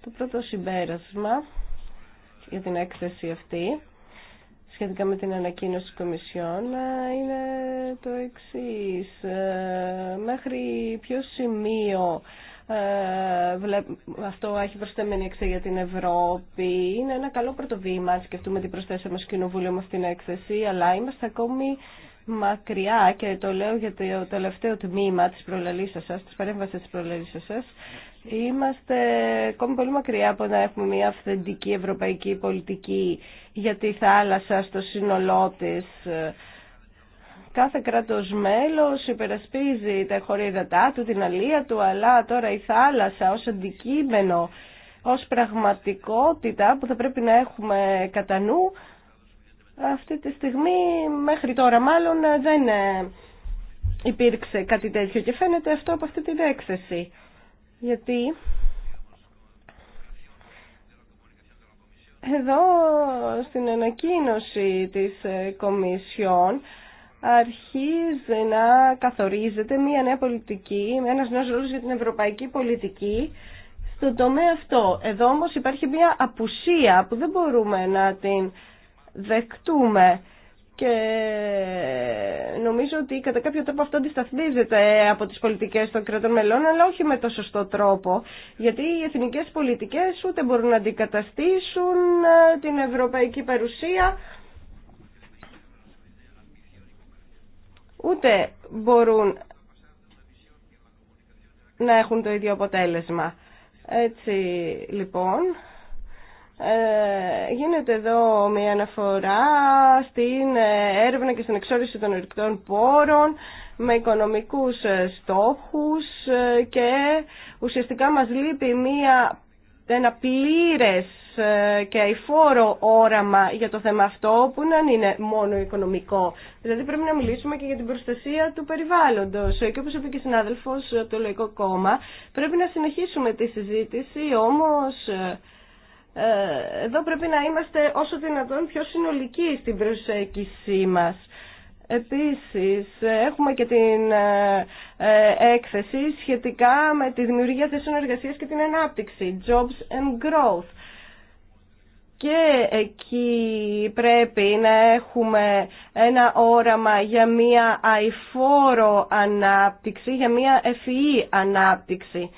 [SPEAKER 3] Το πρώτο συμπέρασμα για την έκθεση αυτή, σχετικά με την ανακοίνωση της Κομισιόν, είναι το εξής. Ε, μέχρι ποιο σημείο ε, αυτό έχει προσθέμενη αξία για την Ευρώπη. Είναι ένα καλό πρωτοβήμα, αν σκεφτούμε την προσθέσαμε στο κοινοβούλιο μας στην έκθεση, αλλά είμαστε ακόμη μακριά και το λέω για το τελευταίο τμήμα της προλαλήσεως σας, της παρέμβασης της προλαλήσεως σας, είμαστε ακόμη πολύ μακριά από να έχουμε μια αυθεντική ευρωπαϊκή πολιτική για τη θάλασσα στο σύνολό της, Κάθε κράτος μέλος υπερασπίζει τα χωρίδατά του, την αλία του, αλλά τώρα η θάλασσα ως αντικείμενο, ως πραγματικότητα που θα πρέπει να έχουμε κατά νου, αυτή τη στιγμή μέχρι τώρα μάλλον δεν ε, υπήρξε κάτι τέτοιο και φαίνεται αυτό από αυτή την έκθεση. Γιατί εδώ στην ανακοίνωση της ε, Κομισιόν αρχίζει να καθορίζεται μια νέα πολιτική, ένας νέος ρόλος για την ευρωπαϊκή πολιτική στον τομέα αυτό. Εδώ όμως υπάρχει μια απουσία που δεν μπορούμε να την δεκτούμε και νομίζω ότι κατά κάποιο τρόπο αυτό αντισταθμίζεται από τις πολιτικές των κρατών μελών αλλά όχι με το σωστό τρόπο γιατί οι εθνικές πολιτικές ούτε μπορούν να αντικαταστήσουν ε, την ευρωπαϊκή παρουσία ούτε μπορούν να έχουν το ίδιο αποτέλεσμα. Έτσι λοιπόν, ε, γίνεται εδώ μια αναφορά στην ε, έρευνα και στην εξόριση των ορυκτών πόρων με οικονομικούς ε, στόχους και ουσιαστικά μας λείπει μια, ένα πλήρες ε, και αηφόρο όραμα για το θέμα αυτό που να είναι μόνο οικονομικό. Δηλαδή πρέπει να μιλήσουμε και για την προστασία του περιβάλλοντος. Και όπως είπε και συνάδελφος το Λαϊκό Κόμμα, πρέπει να συνεχίσουμε τη συζήτηση, όμως ε, ε, εδώ πρέπει να είμαστε όσο δυνατόν πιο συνολικοί στην προσέγγιση μας. Επίσης, έχουμε και την έκθεση σχετικά με τη δημιουργία θέσεων εργασίας και την ανάπτυξη, jobs and growth και εκεί πρέπει να έχουμε ένα όραμα για μία αηφόρο ανάπτυξη, για μία ευφυή ανάπτυξη.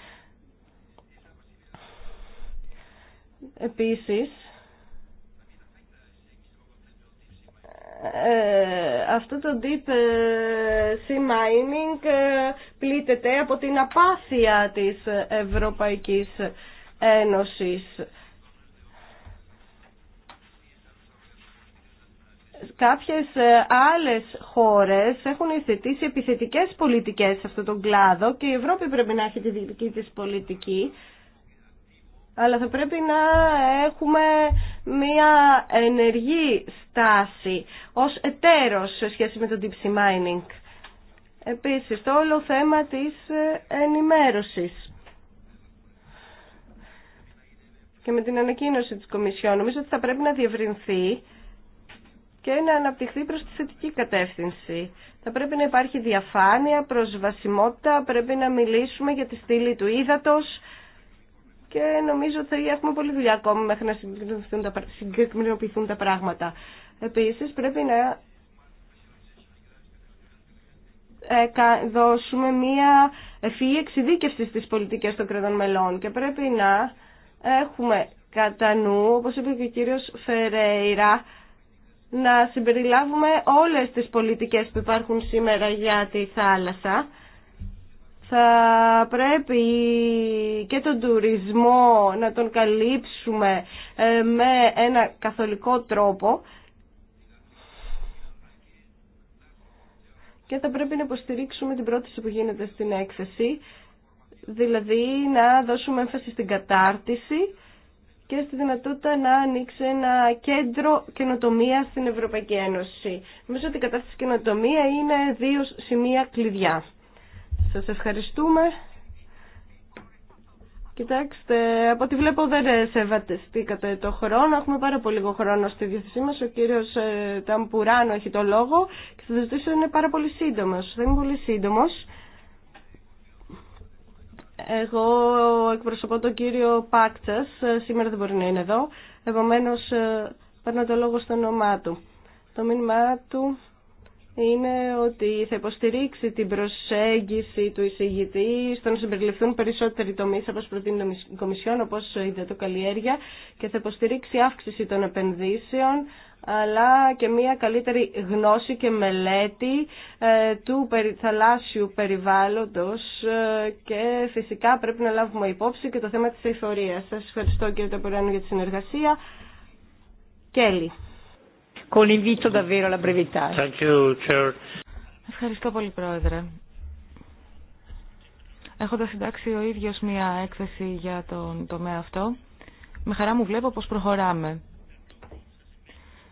[SPEAKER 2] Επίσης, ε, αυτό το deep ε,
[SPEAKER 3] sea mining ε, πλήττεται από την απάθεια της Ευρωπαϊκής Ένωσης. Κάποιες ε, άλλες χώρες έχουν υιοθετήσει επιθετικές πολιτικές σε αυτόν τον κλάδο και η Ευρώπη πρέπει να έχει τη δική της πολιτική αλλά θα πρέπει να έχουμε μια ενεργή στάση ως εταίρος σε σχέση με το deep sea mining. Επίσης, το όλο θέμα της ε, ενημέρωσης. Και με την ανακοίνωση της Κομισιόν, νομίζω ότι θα πρέπει να διευρυνθεί και να αναπτυχθεί προς τη θετική κατεύθυνση. Θα πρέπει να υπάρχει διαφάνεια, προσβασιμότητα, πρέπει να μιλήσουμε για τη στήλη του ύδατος και νομίζω ότι θα έχουμε πολλή δουλειά ακόμη μέχρι να συγκεκριμενοποιηθούν τα πράγματα. Επίσης πρέπει να ε, δώσουμε μία ευφυή εξειδίκευση στις πολιτικές των κρατών μελών και πρέπει να έχουμε κατά νου, όπως είπε και ο κύριος Φερέιρα, να συμπεριλάβουμε όλες τις πολιτικές που υπάρχουν σήμερα για τη θάλασσα. Θα πρέπει και τον τουρισμό να τον καλύψουμε ε, με ένα καθολικό τρόπο και θα πρέπει να υποστηρίξουμε την πρόταση που γίνεται στην έκθεση, δηλαδή να δώσουμε έμφαση στην κατάρτιση και στη δυνατότητα να ανοίξει ένα κέντρο καινοτομία στην Ευρωπαϊκή Ένωση. Νομίζω ότι η κατάσταση καινοτομία είναι δύο σημεία κλειδιά. Σας ευχαριστούμε. Κοιτάξτε, από ό,τι βλέπω δεν κατά το χρόνο. Έχουμε πάρα πολύ λίγο χρόνο στη διευθυνσή μας. Ο κύριος ε, Ταμπουράνο έχει το λόγο και θα ζητήσω είναι πάρα πολύ σύντομο. Δεν είναι πολύ σύντομος. Εγώ εκπροσωπώ τον κύριο Πάκτσας, σήμερα δεν μπορεί να είναι εδώ, επομένως ε, παίρνω το λόγο στο όνομά του. Το μήνυμά του είναι ότι θα υποστηρίξει την προσέγγιση του εισηγητή στο να συμπεριληφθούν περισσότεροι τομείς όπως προτείνει η Κομισιόν, όπως η Δετοκαλλιέργεια και θα υποστηρίξει αύξηση των επενδύσεων αλλά και μια καλύτερη γνώση και μελέτη ε, του θαλάσσιου περιβάλλοντος ε, και φυσικά πρέπει να λάβουμε υπόψη και το θέμα της εφορία. Σας ευχαριστώ κύριε Ταπουράνου για τη συνεργασία. Κέλλη
[SPEAKER 2] con davvero alla brevità. Ευχαριστώ πολύ, Πρόεδρε. Έχοντα συντάξει ο ίδιο μία έκθεση για τον τομέα αυτό, με χαρά μου βλέπω πω προχωράμε.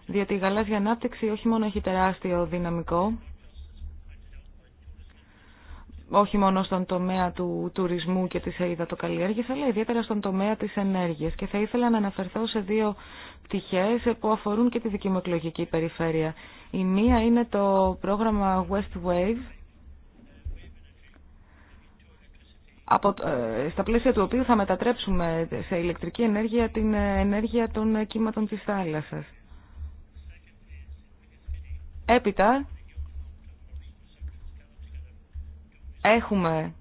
[SPEAKER 2] Διότι η γαλάζια ανάπτυξη όχι μόνο έχει τεράστιο δυναμικό, όχι μόνο στον τομέα του τουρισμού και της αιδατοκαλλιέργειας, αλλά ιδιαίτερα στον τομέα της ενέργειας. Και θα ήθελα να αναφερθώ σε δύο πτυχές που αφορούν και τη δική μου εκλογική περιφέρεια. Η μία είναι το πρόγραμμα West Wave, ε, στα πλαίσια του οποίου θα μετατρέψουμε σε ηλεκτρική ενέργεια την ενέργεια των κύματων της θάλασσας. Έπειτα, έχουμε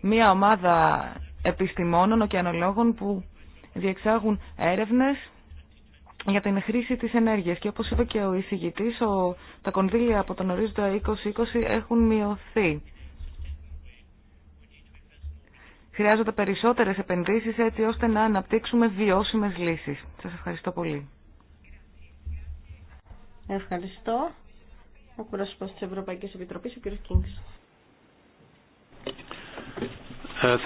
[SPEAKER 2] μία ομάδα επιστημόνων, ωκεανολόγων που διεξάγουν έρευνες για την χρήση της ενέργειας. Και όπως είπε και ο εισηγητής, ο, τα κονδύλια από τον ορίζοντα 2020 έχουν μειωθεί. Χρειάζονται περισσότερες επενδύσεις έτσι ώστε να αναπτύξουμε βιώσιμες λύσεις. Σας ευχαριστώ πολύ.
[SPEAKER 3] Ευχαριστώ. Ο κουρασπός της Ευρωπαϊκής Επιτροπής, ο κ. Κίνγκς.
[SPEAKER 1] Ε,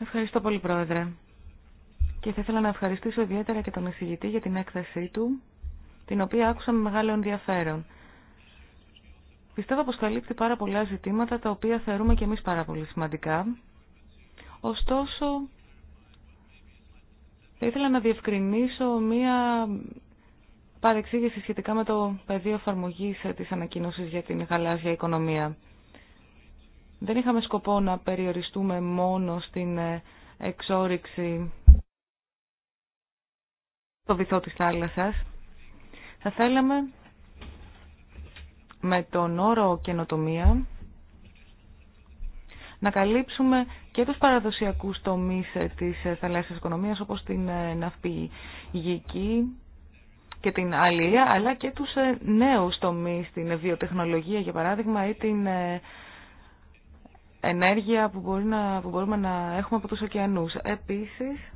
[SPEAKER 2] Ευχαριστώ πολύ, Πρόεδρε. Και θα ήθελα να ευχαριστήσω ιδιαίτερα και τον εισηγητή για την έκθεσή του, την οποία άκουσα με μεγάλο ενδιαφέρον. Πιστεύω πως καλύπτει πάρα πολλά ζητήματα, τα οποία θεωρούμε και εμείς πάρα πολύ σημαντικά. Ωστόσο, θα ήθελα να διευκρινίσω μία παρεξήγηση σχετικά με το πεδίο εφαρμογή ε, της ανακοίνωσης για την γαλάζια οικονομία. Δεν είχαμε σκοπό να περιοριστούμε μόνο στην ε, εξόριξη στο βυθό της θάλασσας. Θα θέλαμε με τον όρο καινοτομία να καλύψουμε και τους παραδοσιακούς τομείς ε, της ε, θαλάσσιας οικονομίας όπως την ναυπηγική και την αλληλεία αλλά και τους νέους τομείς, την βιοτεχνολογία για παράδειγμα ή την ενέργεια που, μπορεί να, που μπορούμε να έχουμε από τους ωκεανούς. Επίσης,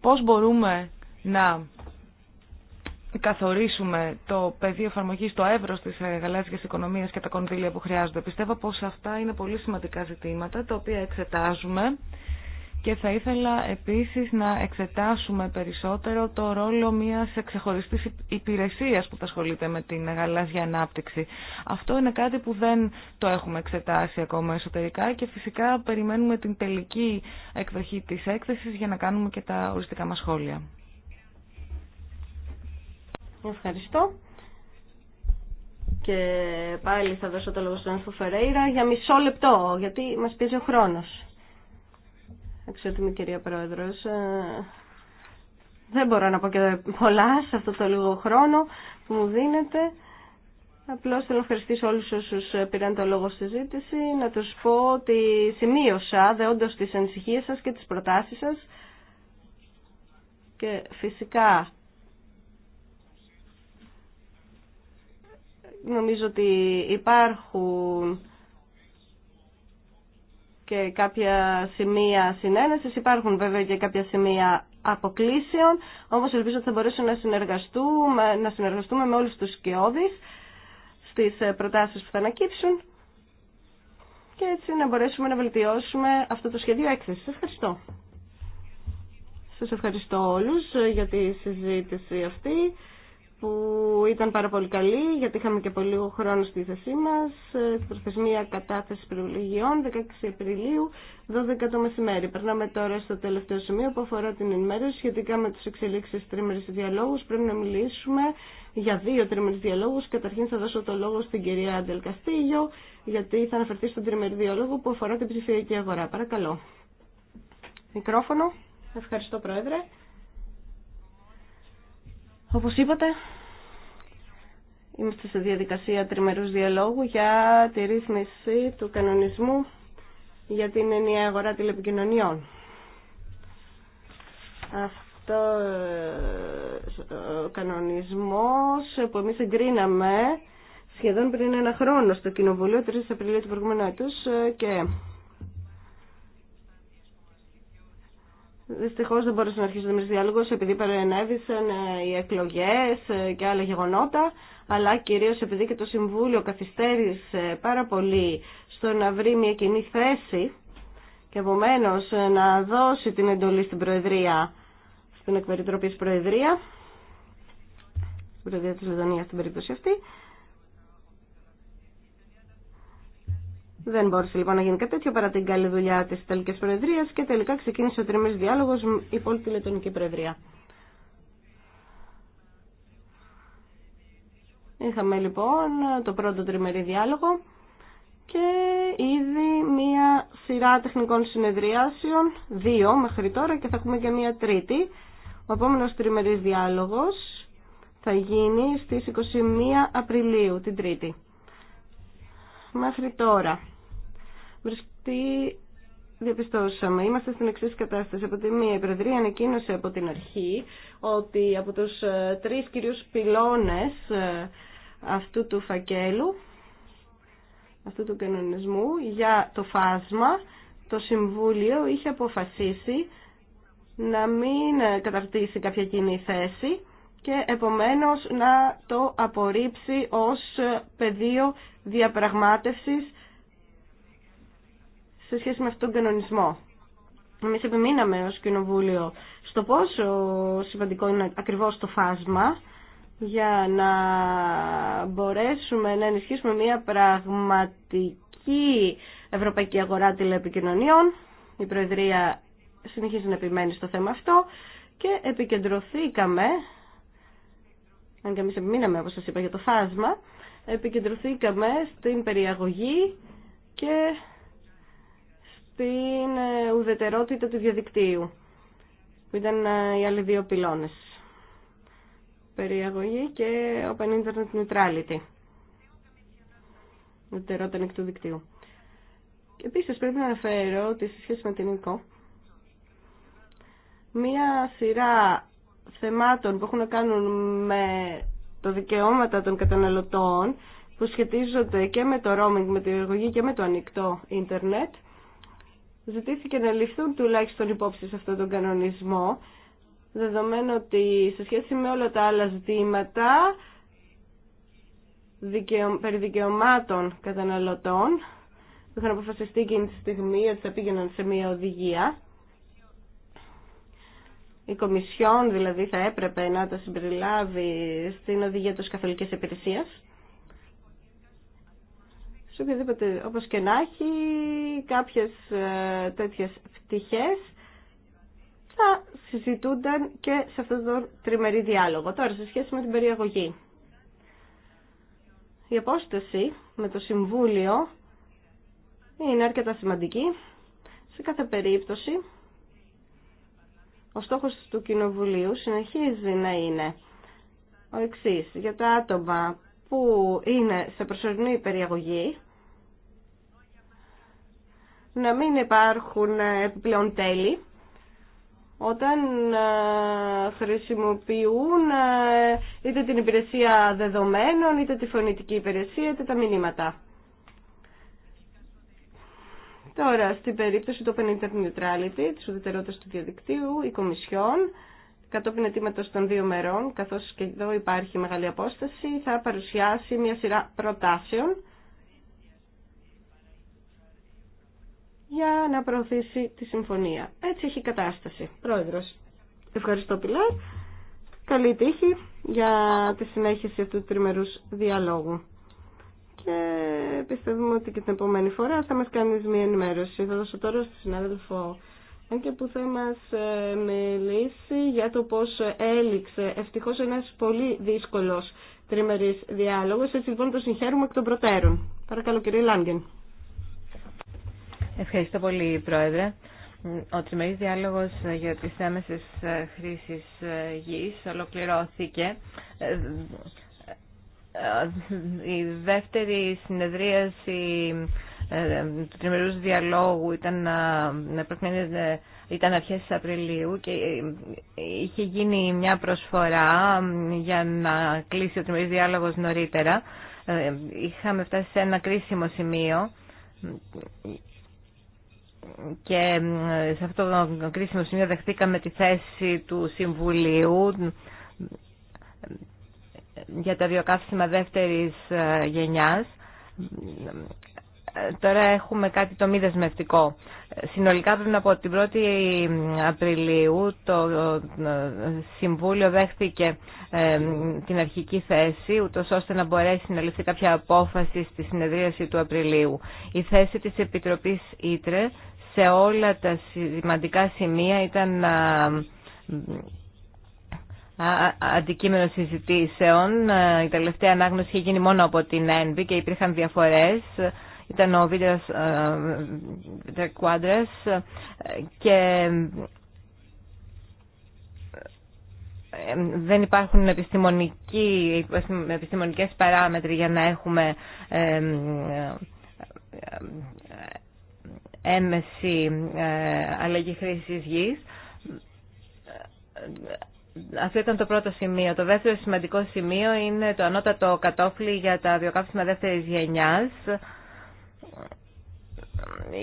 [SPEAKER 2] πώς μπορούμε να καθορίσουμε το πεδίο εφαρμογή, το έυρος της ε, γαλάζια οικονομίας και τα κονδύλια που χρειάζονται. Πιστεύω πως αυτά είναι πολύ σημαντικά ζητήματα τα οποία εξετάζουμε και θα ήθελα επίσης να εξετάσουμε περισσότερο το ρόλο μιας ξεχωριστής υπηρεσίας που θα ασχολείται με την γαλάζια ανάπτυξη. Αυτό είναι κάτι που δεν το έχουμε εξετάσει ακόμα εσωτερικά και φυσικά περιμένουμε την τελική εκδοχή της έκθεσης για να κάνουμε και τα οριστικά μας σχόλια. Ευχαριστώ.
[SPEAKER 3] Και πάλι θα δώσω το λόγο στον για μισό λεπτό, γιατί μας πήρε ο χρόνος εξαιρετική κυρία Πρόεδρος, ε, δεν μπορώ να πω και πολλά σε αυτό το λίγο χρόνο που μου δίνετε. Απλώς θέλω να ευχαριστήσω όλους όσους πήραν το λόγο στη ζήτηση, να τους πω ότι σημείωσα δεόντως τις ανησυχίες σας και τις προτάσεις σας και φυσικά νομίζω ότι υπάρχουν και κάποια σημεία συνένεσης, υπάρχουν βέβαια και κάποια σημεία αποκλήσεων, όμως ελπίζω ότι θα μπορέσουμε να συνεργαστούμε, να συνεργαστούμε με όλους τους σκιώδεις στις προτάσεις που θα ανακύψουν και έτσι να μπορέσουμε να βελτιώσουμε αυτό το σχέδιο έκθεσης. Ευχαριστώ. Σας ευχαριστώ όλους για τη συζήτηση αυτή που ήταν πάρα πολύ καλή, γιατί είχαμε και πολύ λίγο χρόνο στη θέση μα. Στην ε, προθεσμία κατάθεση προβληγιών, 16 Απριλίου, 12 το μεσημέρι. Περνάμε τώρα στο τελευταίο σημείο που αφορά την ενημέρωση σχετικά με τις εξελίξει τριμερής διαλόγου. Πρέπει να μιλήσουμε για δύο τρίμερε διαλόγου. Καταρχήν θα δώσω το λόγο στην κυρία Άντελ Καστίγιο, γιατί θα αναφερθεί στον τρίμερη διαλόγο που αφορά την ψηφιακή αγορά. Παρακαλώ. Μικρόφωνο. Ευχαριστώ, Πρόεδρε. Όπως είπατε, είμαστε σε διαδικασία τριμερούς διαλόγου για τη ρύθμιση του κανονισμού για την ενιαία αγορά τηλεπικοινωνιών. Αυτό ε, ο κανονισμός που εμείς εγκρίναμε σχεδόν πριν ένα χρόνο στο Κοινοβουλίο 3 Απριλίου του προηγούμενου έτους ε, και Δυστυχώ δεν μπορούσε να αρχίσει ο Δημήτρη διάλογο επειδή παρενέβησαν ε, οι εκλογέ ε, και άλλα γεγονότα, αλλά κυρίω επειδή και το Συμβούλιο καθυστέρησε πάρα πολύ στο να βρει μια κοινή θέση και επομένω ε, να δώσει την εντολή στην Προεδρία, στην εκμεριτροπή Προεδρία, στην Προεδρία τη Λετωνία στην περίπτωση αυτή. Δεν μπόρεσε λοιπόν να γίνει κάτι τέτοιο παρά την καλή δουλειά τη Ιταλική Προεδρία και τελικά ξεκίνησε ο τριμή διάλογο υπόλοιπη τη Λετωνική Προεδρία. Είχαμε λοιπόν το πρώτο τριμερή διάλογο και ήδη μία σειρά τεχνικών συνεδριάσεων, δύο μέχρι τώρα και θα έχουμε και μία τρίτη. Ο επόμενο τριμερής διάλογος θα γίνει στις 21 Απριλίου, την Τρίτη. Μέχρι τώρα Βρισκτή διαπιστώσαμε. Είμαστε στην εξή κατάσταση. Από τη μία, η Προεδρία ανακοίνωσε από την αρχή ότι
[SPEAKER 4] από τους ε, τρεις
[SPEAKER 3] κυρίους πυλώνες ε, αυτού του φακέλου, αυτού του κανονισμού, για το φάσμα, το Συμβούλιο είχε αποφασίσει να μην ε, καταρτήσει κάποια κοινή θέση και επομένως να το απορρίψει ως πεδίο διαπραγμάτευσης σε σχέση με αυτόν τον κανονισμό. Εμεί επιμείναμε ω Κοινοβούλιο στο πόσο σημαντικό είναι ακριβώς το φάσμα για να μπορέσουμε να ενισχύσουμε μια πραγματική ευρωπαϊκή αγορά Τηλεπικοινωνίων. Η Προεδρία συνεχίζει να επιμένει στο θέμα αυτό και επικεντρωθήκαμε, αν και εμείς επιμείναμε όπως σας είπα για το φάσμα, επικεντρωθήκαμε στην περιαγωγή και την ε, ουδετερότητα του διαδικτύου, που ήταν ε, οι άλλοι δύο πυλώνες. Περιαγωγή και Open Internet Neutrality. Ουδετερότητα ανοιχτού δικτύου. Επίσης πρέπει να αναφέρω ότι σε σχέση με την ΕΚΟ, μία σειρά θεμάτων που έχουν να κάνουν με τα δικαιώματα των καταναλωτών που σχετίζονται και με το roaming, με τη εργογή και με το ανοιχτό ίντερνετ ζητήθηκε να ληφθούν τουλάχιστον υπόψη σε αυτόν τον κανονισμό, δεδομένου ότι σε σχέση με όλα τα άλλα ζητήματα δικαιω... περί δικαιωμάτων καταναλωτών, που είχαν αποφασιστεί εκείνη τη στιγμή ότι θα πήγαιναν σε μια οδηγία, η Κομισιόν δηλαδή θα έπρεπε να τα συμπεριλάβει στην οδηγία της καθολικής υπηρεσίας σε οποιαδήποτε, όπως και να έχει, κάποιες ε, τέτοιες πτυχές θα συζητούνταν και σε αυτόν τον τριμερή διάλογο. Τώρα, σε σχέση με την περιαγωγή. Η απόσταση με το Συμβούλιο είναι αρκετά σημαντική. Σε κάθε περίπτωση, ο στόχος του Κοινοβουλίου συνεχίζει να είναι ο εξής. Για τα άτομα που είναι σε προσωρινή περιαγωγή να μην υπάρχουν επιπλέον τέλη όταν ε, χρησιμοποιούν ε, είτε την υπηρεσία δεδομένων, είτε τη φωνητική υπηρεσία, είτε τα μηνύματα. Τώρα, στην περίπτωση του Open Internet Neutrality, της ουδετερότητας του διαδικτύου, η Κομισιόν κατόπιν αιτήματος των δύο μερών, καθώς και εδώ υπάρχει μεγάλη απόσταση, θα παρουσιάσει μια σειρά προτάσεων για να προωθήσει τη συμφωνία. Έτσι έχει κατάσταση. Πρόεδρος, ευχαριστώ Πιλάρ. Καλή τύχη για τη συνέχιση αυτού του τριμερούς διαλόγου. Και πιστεύουμε ότι και την επόμενη φορά θα μας κάνεις μια ενημέρωση. Θα δώσω τώρα στο συνάδελφο ε, και που θα μας ε, μιλήσει για το πώς έληξε ευτυχώς ένας πολύ δύσκολος τριμερής διάλογος. Έτσι λοιπόν το συγχαίρουμε εκ των προτέρων. Παρακαλώ κύριε Λάγκεν. Ευχαριστώ πολύ Πρόεδρε. Ο τριμερής διάλογος για τις της ε, χρήσεις γης ολοκληρώθηκε. Η δεύτερη συνεδρίαση ε, του τριμερούς διαλόγου ήταν, ε, ε, ήταν αρχές της Απριλίου και είχε γίνει μια προσφορά για να κλείσει ο Τριμερούς διάλογος νωρίτερα. Είχαμε φτάσει σε ένα κρίσιμο σημείο και σε αυτό το κρίσιμο σημείο δεχτήκαμε τη θέση του Συμβουλίου για τα βιοκαύσιμα δεύτερης γενιάς Τώρα έχουμε κάτι το μη δεσμευτικό. Συνολικά πριν από την 1η Απριλίου το ε, Συμβούλιο δέχτηκε ε, την αρχική θέση ούτως ώστε να μπορέσει να ληφθεί κάποια απόφαση στη συνεδρίαση του Απριλίου. Η θέση της Επιτροπής Ήτρε σε όλα τα σημαντικά σημεία ήταν ε, αντικείμενο συζητήσεων. Η τελευταία ανάγνωση είχε γίνει μόνο από την ΕΝΒΙ και υπήρχαν διαφορές ήταν ο Βίλιος Τερκουάντρες ε, ε, και ε, δεν υπάρχουν επιστημονικές παράμετροι για να έχουμε έμεση αλλαγή χρήσης γης. Αυτό ήταν το πρώτο σημείο. Το δεύτερο σημαντικό σημείο είναι το ανώτατο κατόφλι για τα βιοκαύσιμα δεύτερης γενιάς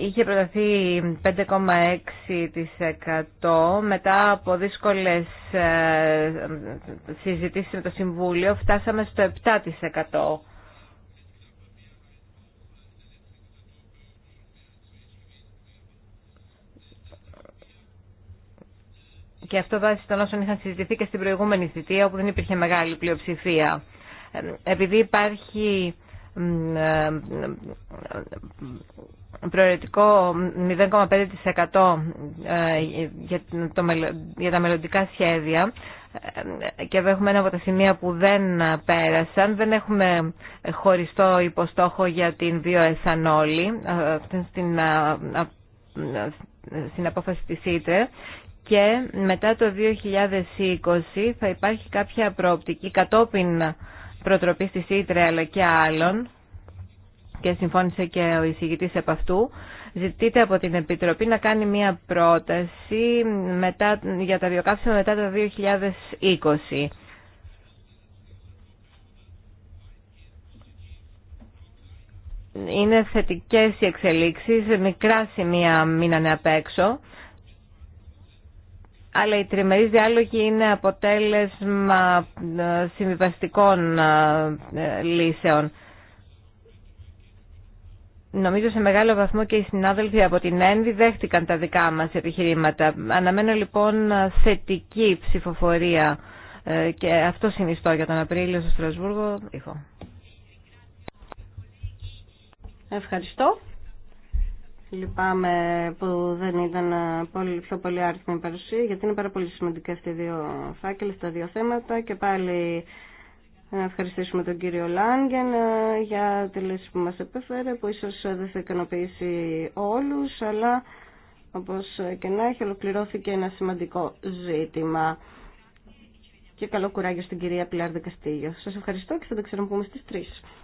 [SPEAKER 3] είχε προταθεί 5,6% μετά από δύσκολες ε, συζητήσεις με το Συμβούλιο φτάσαμε στο 7%. Και αυτό βάσει των όσων είχαν συζητηθεί και στην προηγούμενη θητεία όπου δεν υπήρχε μεγάλη πλειοψηφία. Ε, επειδή υπάρχει ε, ε, ε, προαιρετικό 0,5% για τα μελλοντικά σχέδια και εδώ έχουμε ένα από τα σημεία που δεν πέρασαν. Δεν έχουμε χωριστό υποστόχο για την βιοεθανόλη στην, στην απόφαση της και μετά το 2020 θα υπάρχει κάποια προοπτική κατόπιν Προτροπή της Ήτρε αλλά και άλλων και συμφώνησε και ο εισηγητής επ' αυτού, ζητείται από την Επιτροπή να κάνει μία πρόταση μετά, για τα βιοκάψιμα μετά το 2020. Είναι θετικές οι εξελίξεις, μικρά σημεία μείνανε απ' έξω αλλά οι τριμερείς διάλογοι είναι αποτέλεσμα ε, συμβιβαστικών ε, ε, λύσεων. Νομίζω σε μεγάλο βαθμό και οι συνάδελφοι από την ΕΝΔΙ δέχτηκαν τα δικά μας επιχειρήματα. Αναμένω λοιπόν θετική ψηφοφορία και αυτό συνιστώ για τον Απρίλιο στο Στρασβούργο. Ευχαριστώ. Λυπάμαι που δεν ήταν πολύ, πιο πολύ άριθμη η παρουσία, γιατί είναι πάρα πολύ σημαντικά αυτοί οι δύο φάκελοι, τα δύο θέματα και πάλι να ευχαριστήσουμε τον κύριο Λάγκεν ε, για τη λύση που μας επέφερε, που ίσως δεν θα ικανοποιήσει όλους, αλλά όπως και να έχει ολοκληρώθηκε ένα σημαντικό ζήτημα. Και καλό κουράγιο στην κυρία Πιλάρδη Καστίγιο. Σας ευχαριστώ και θα τα ξαναπούμε στις 3.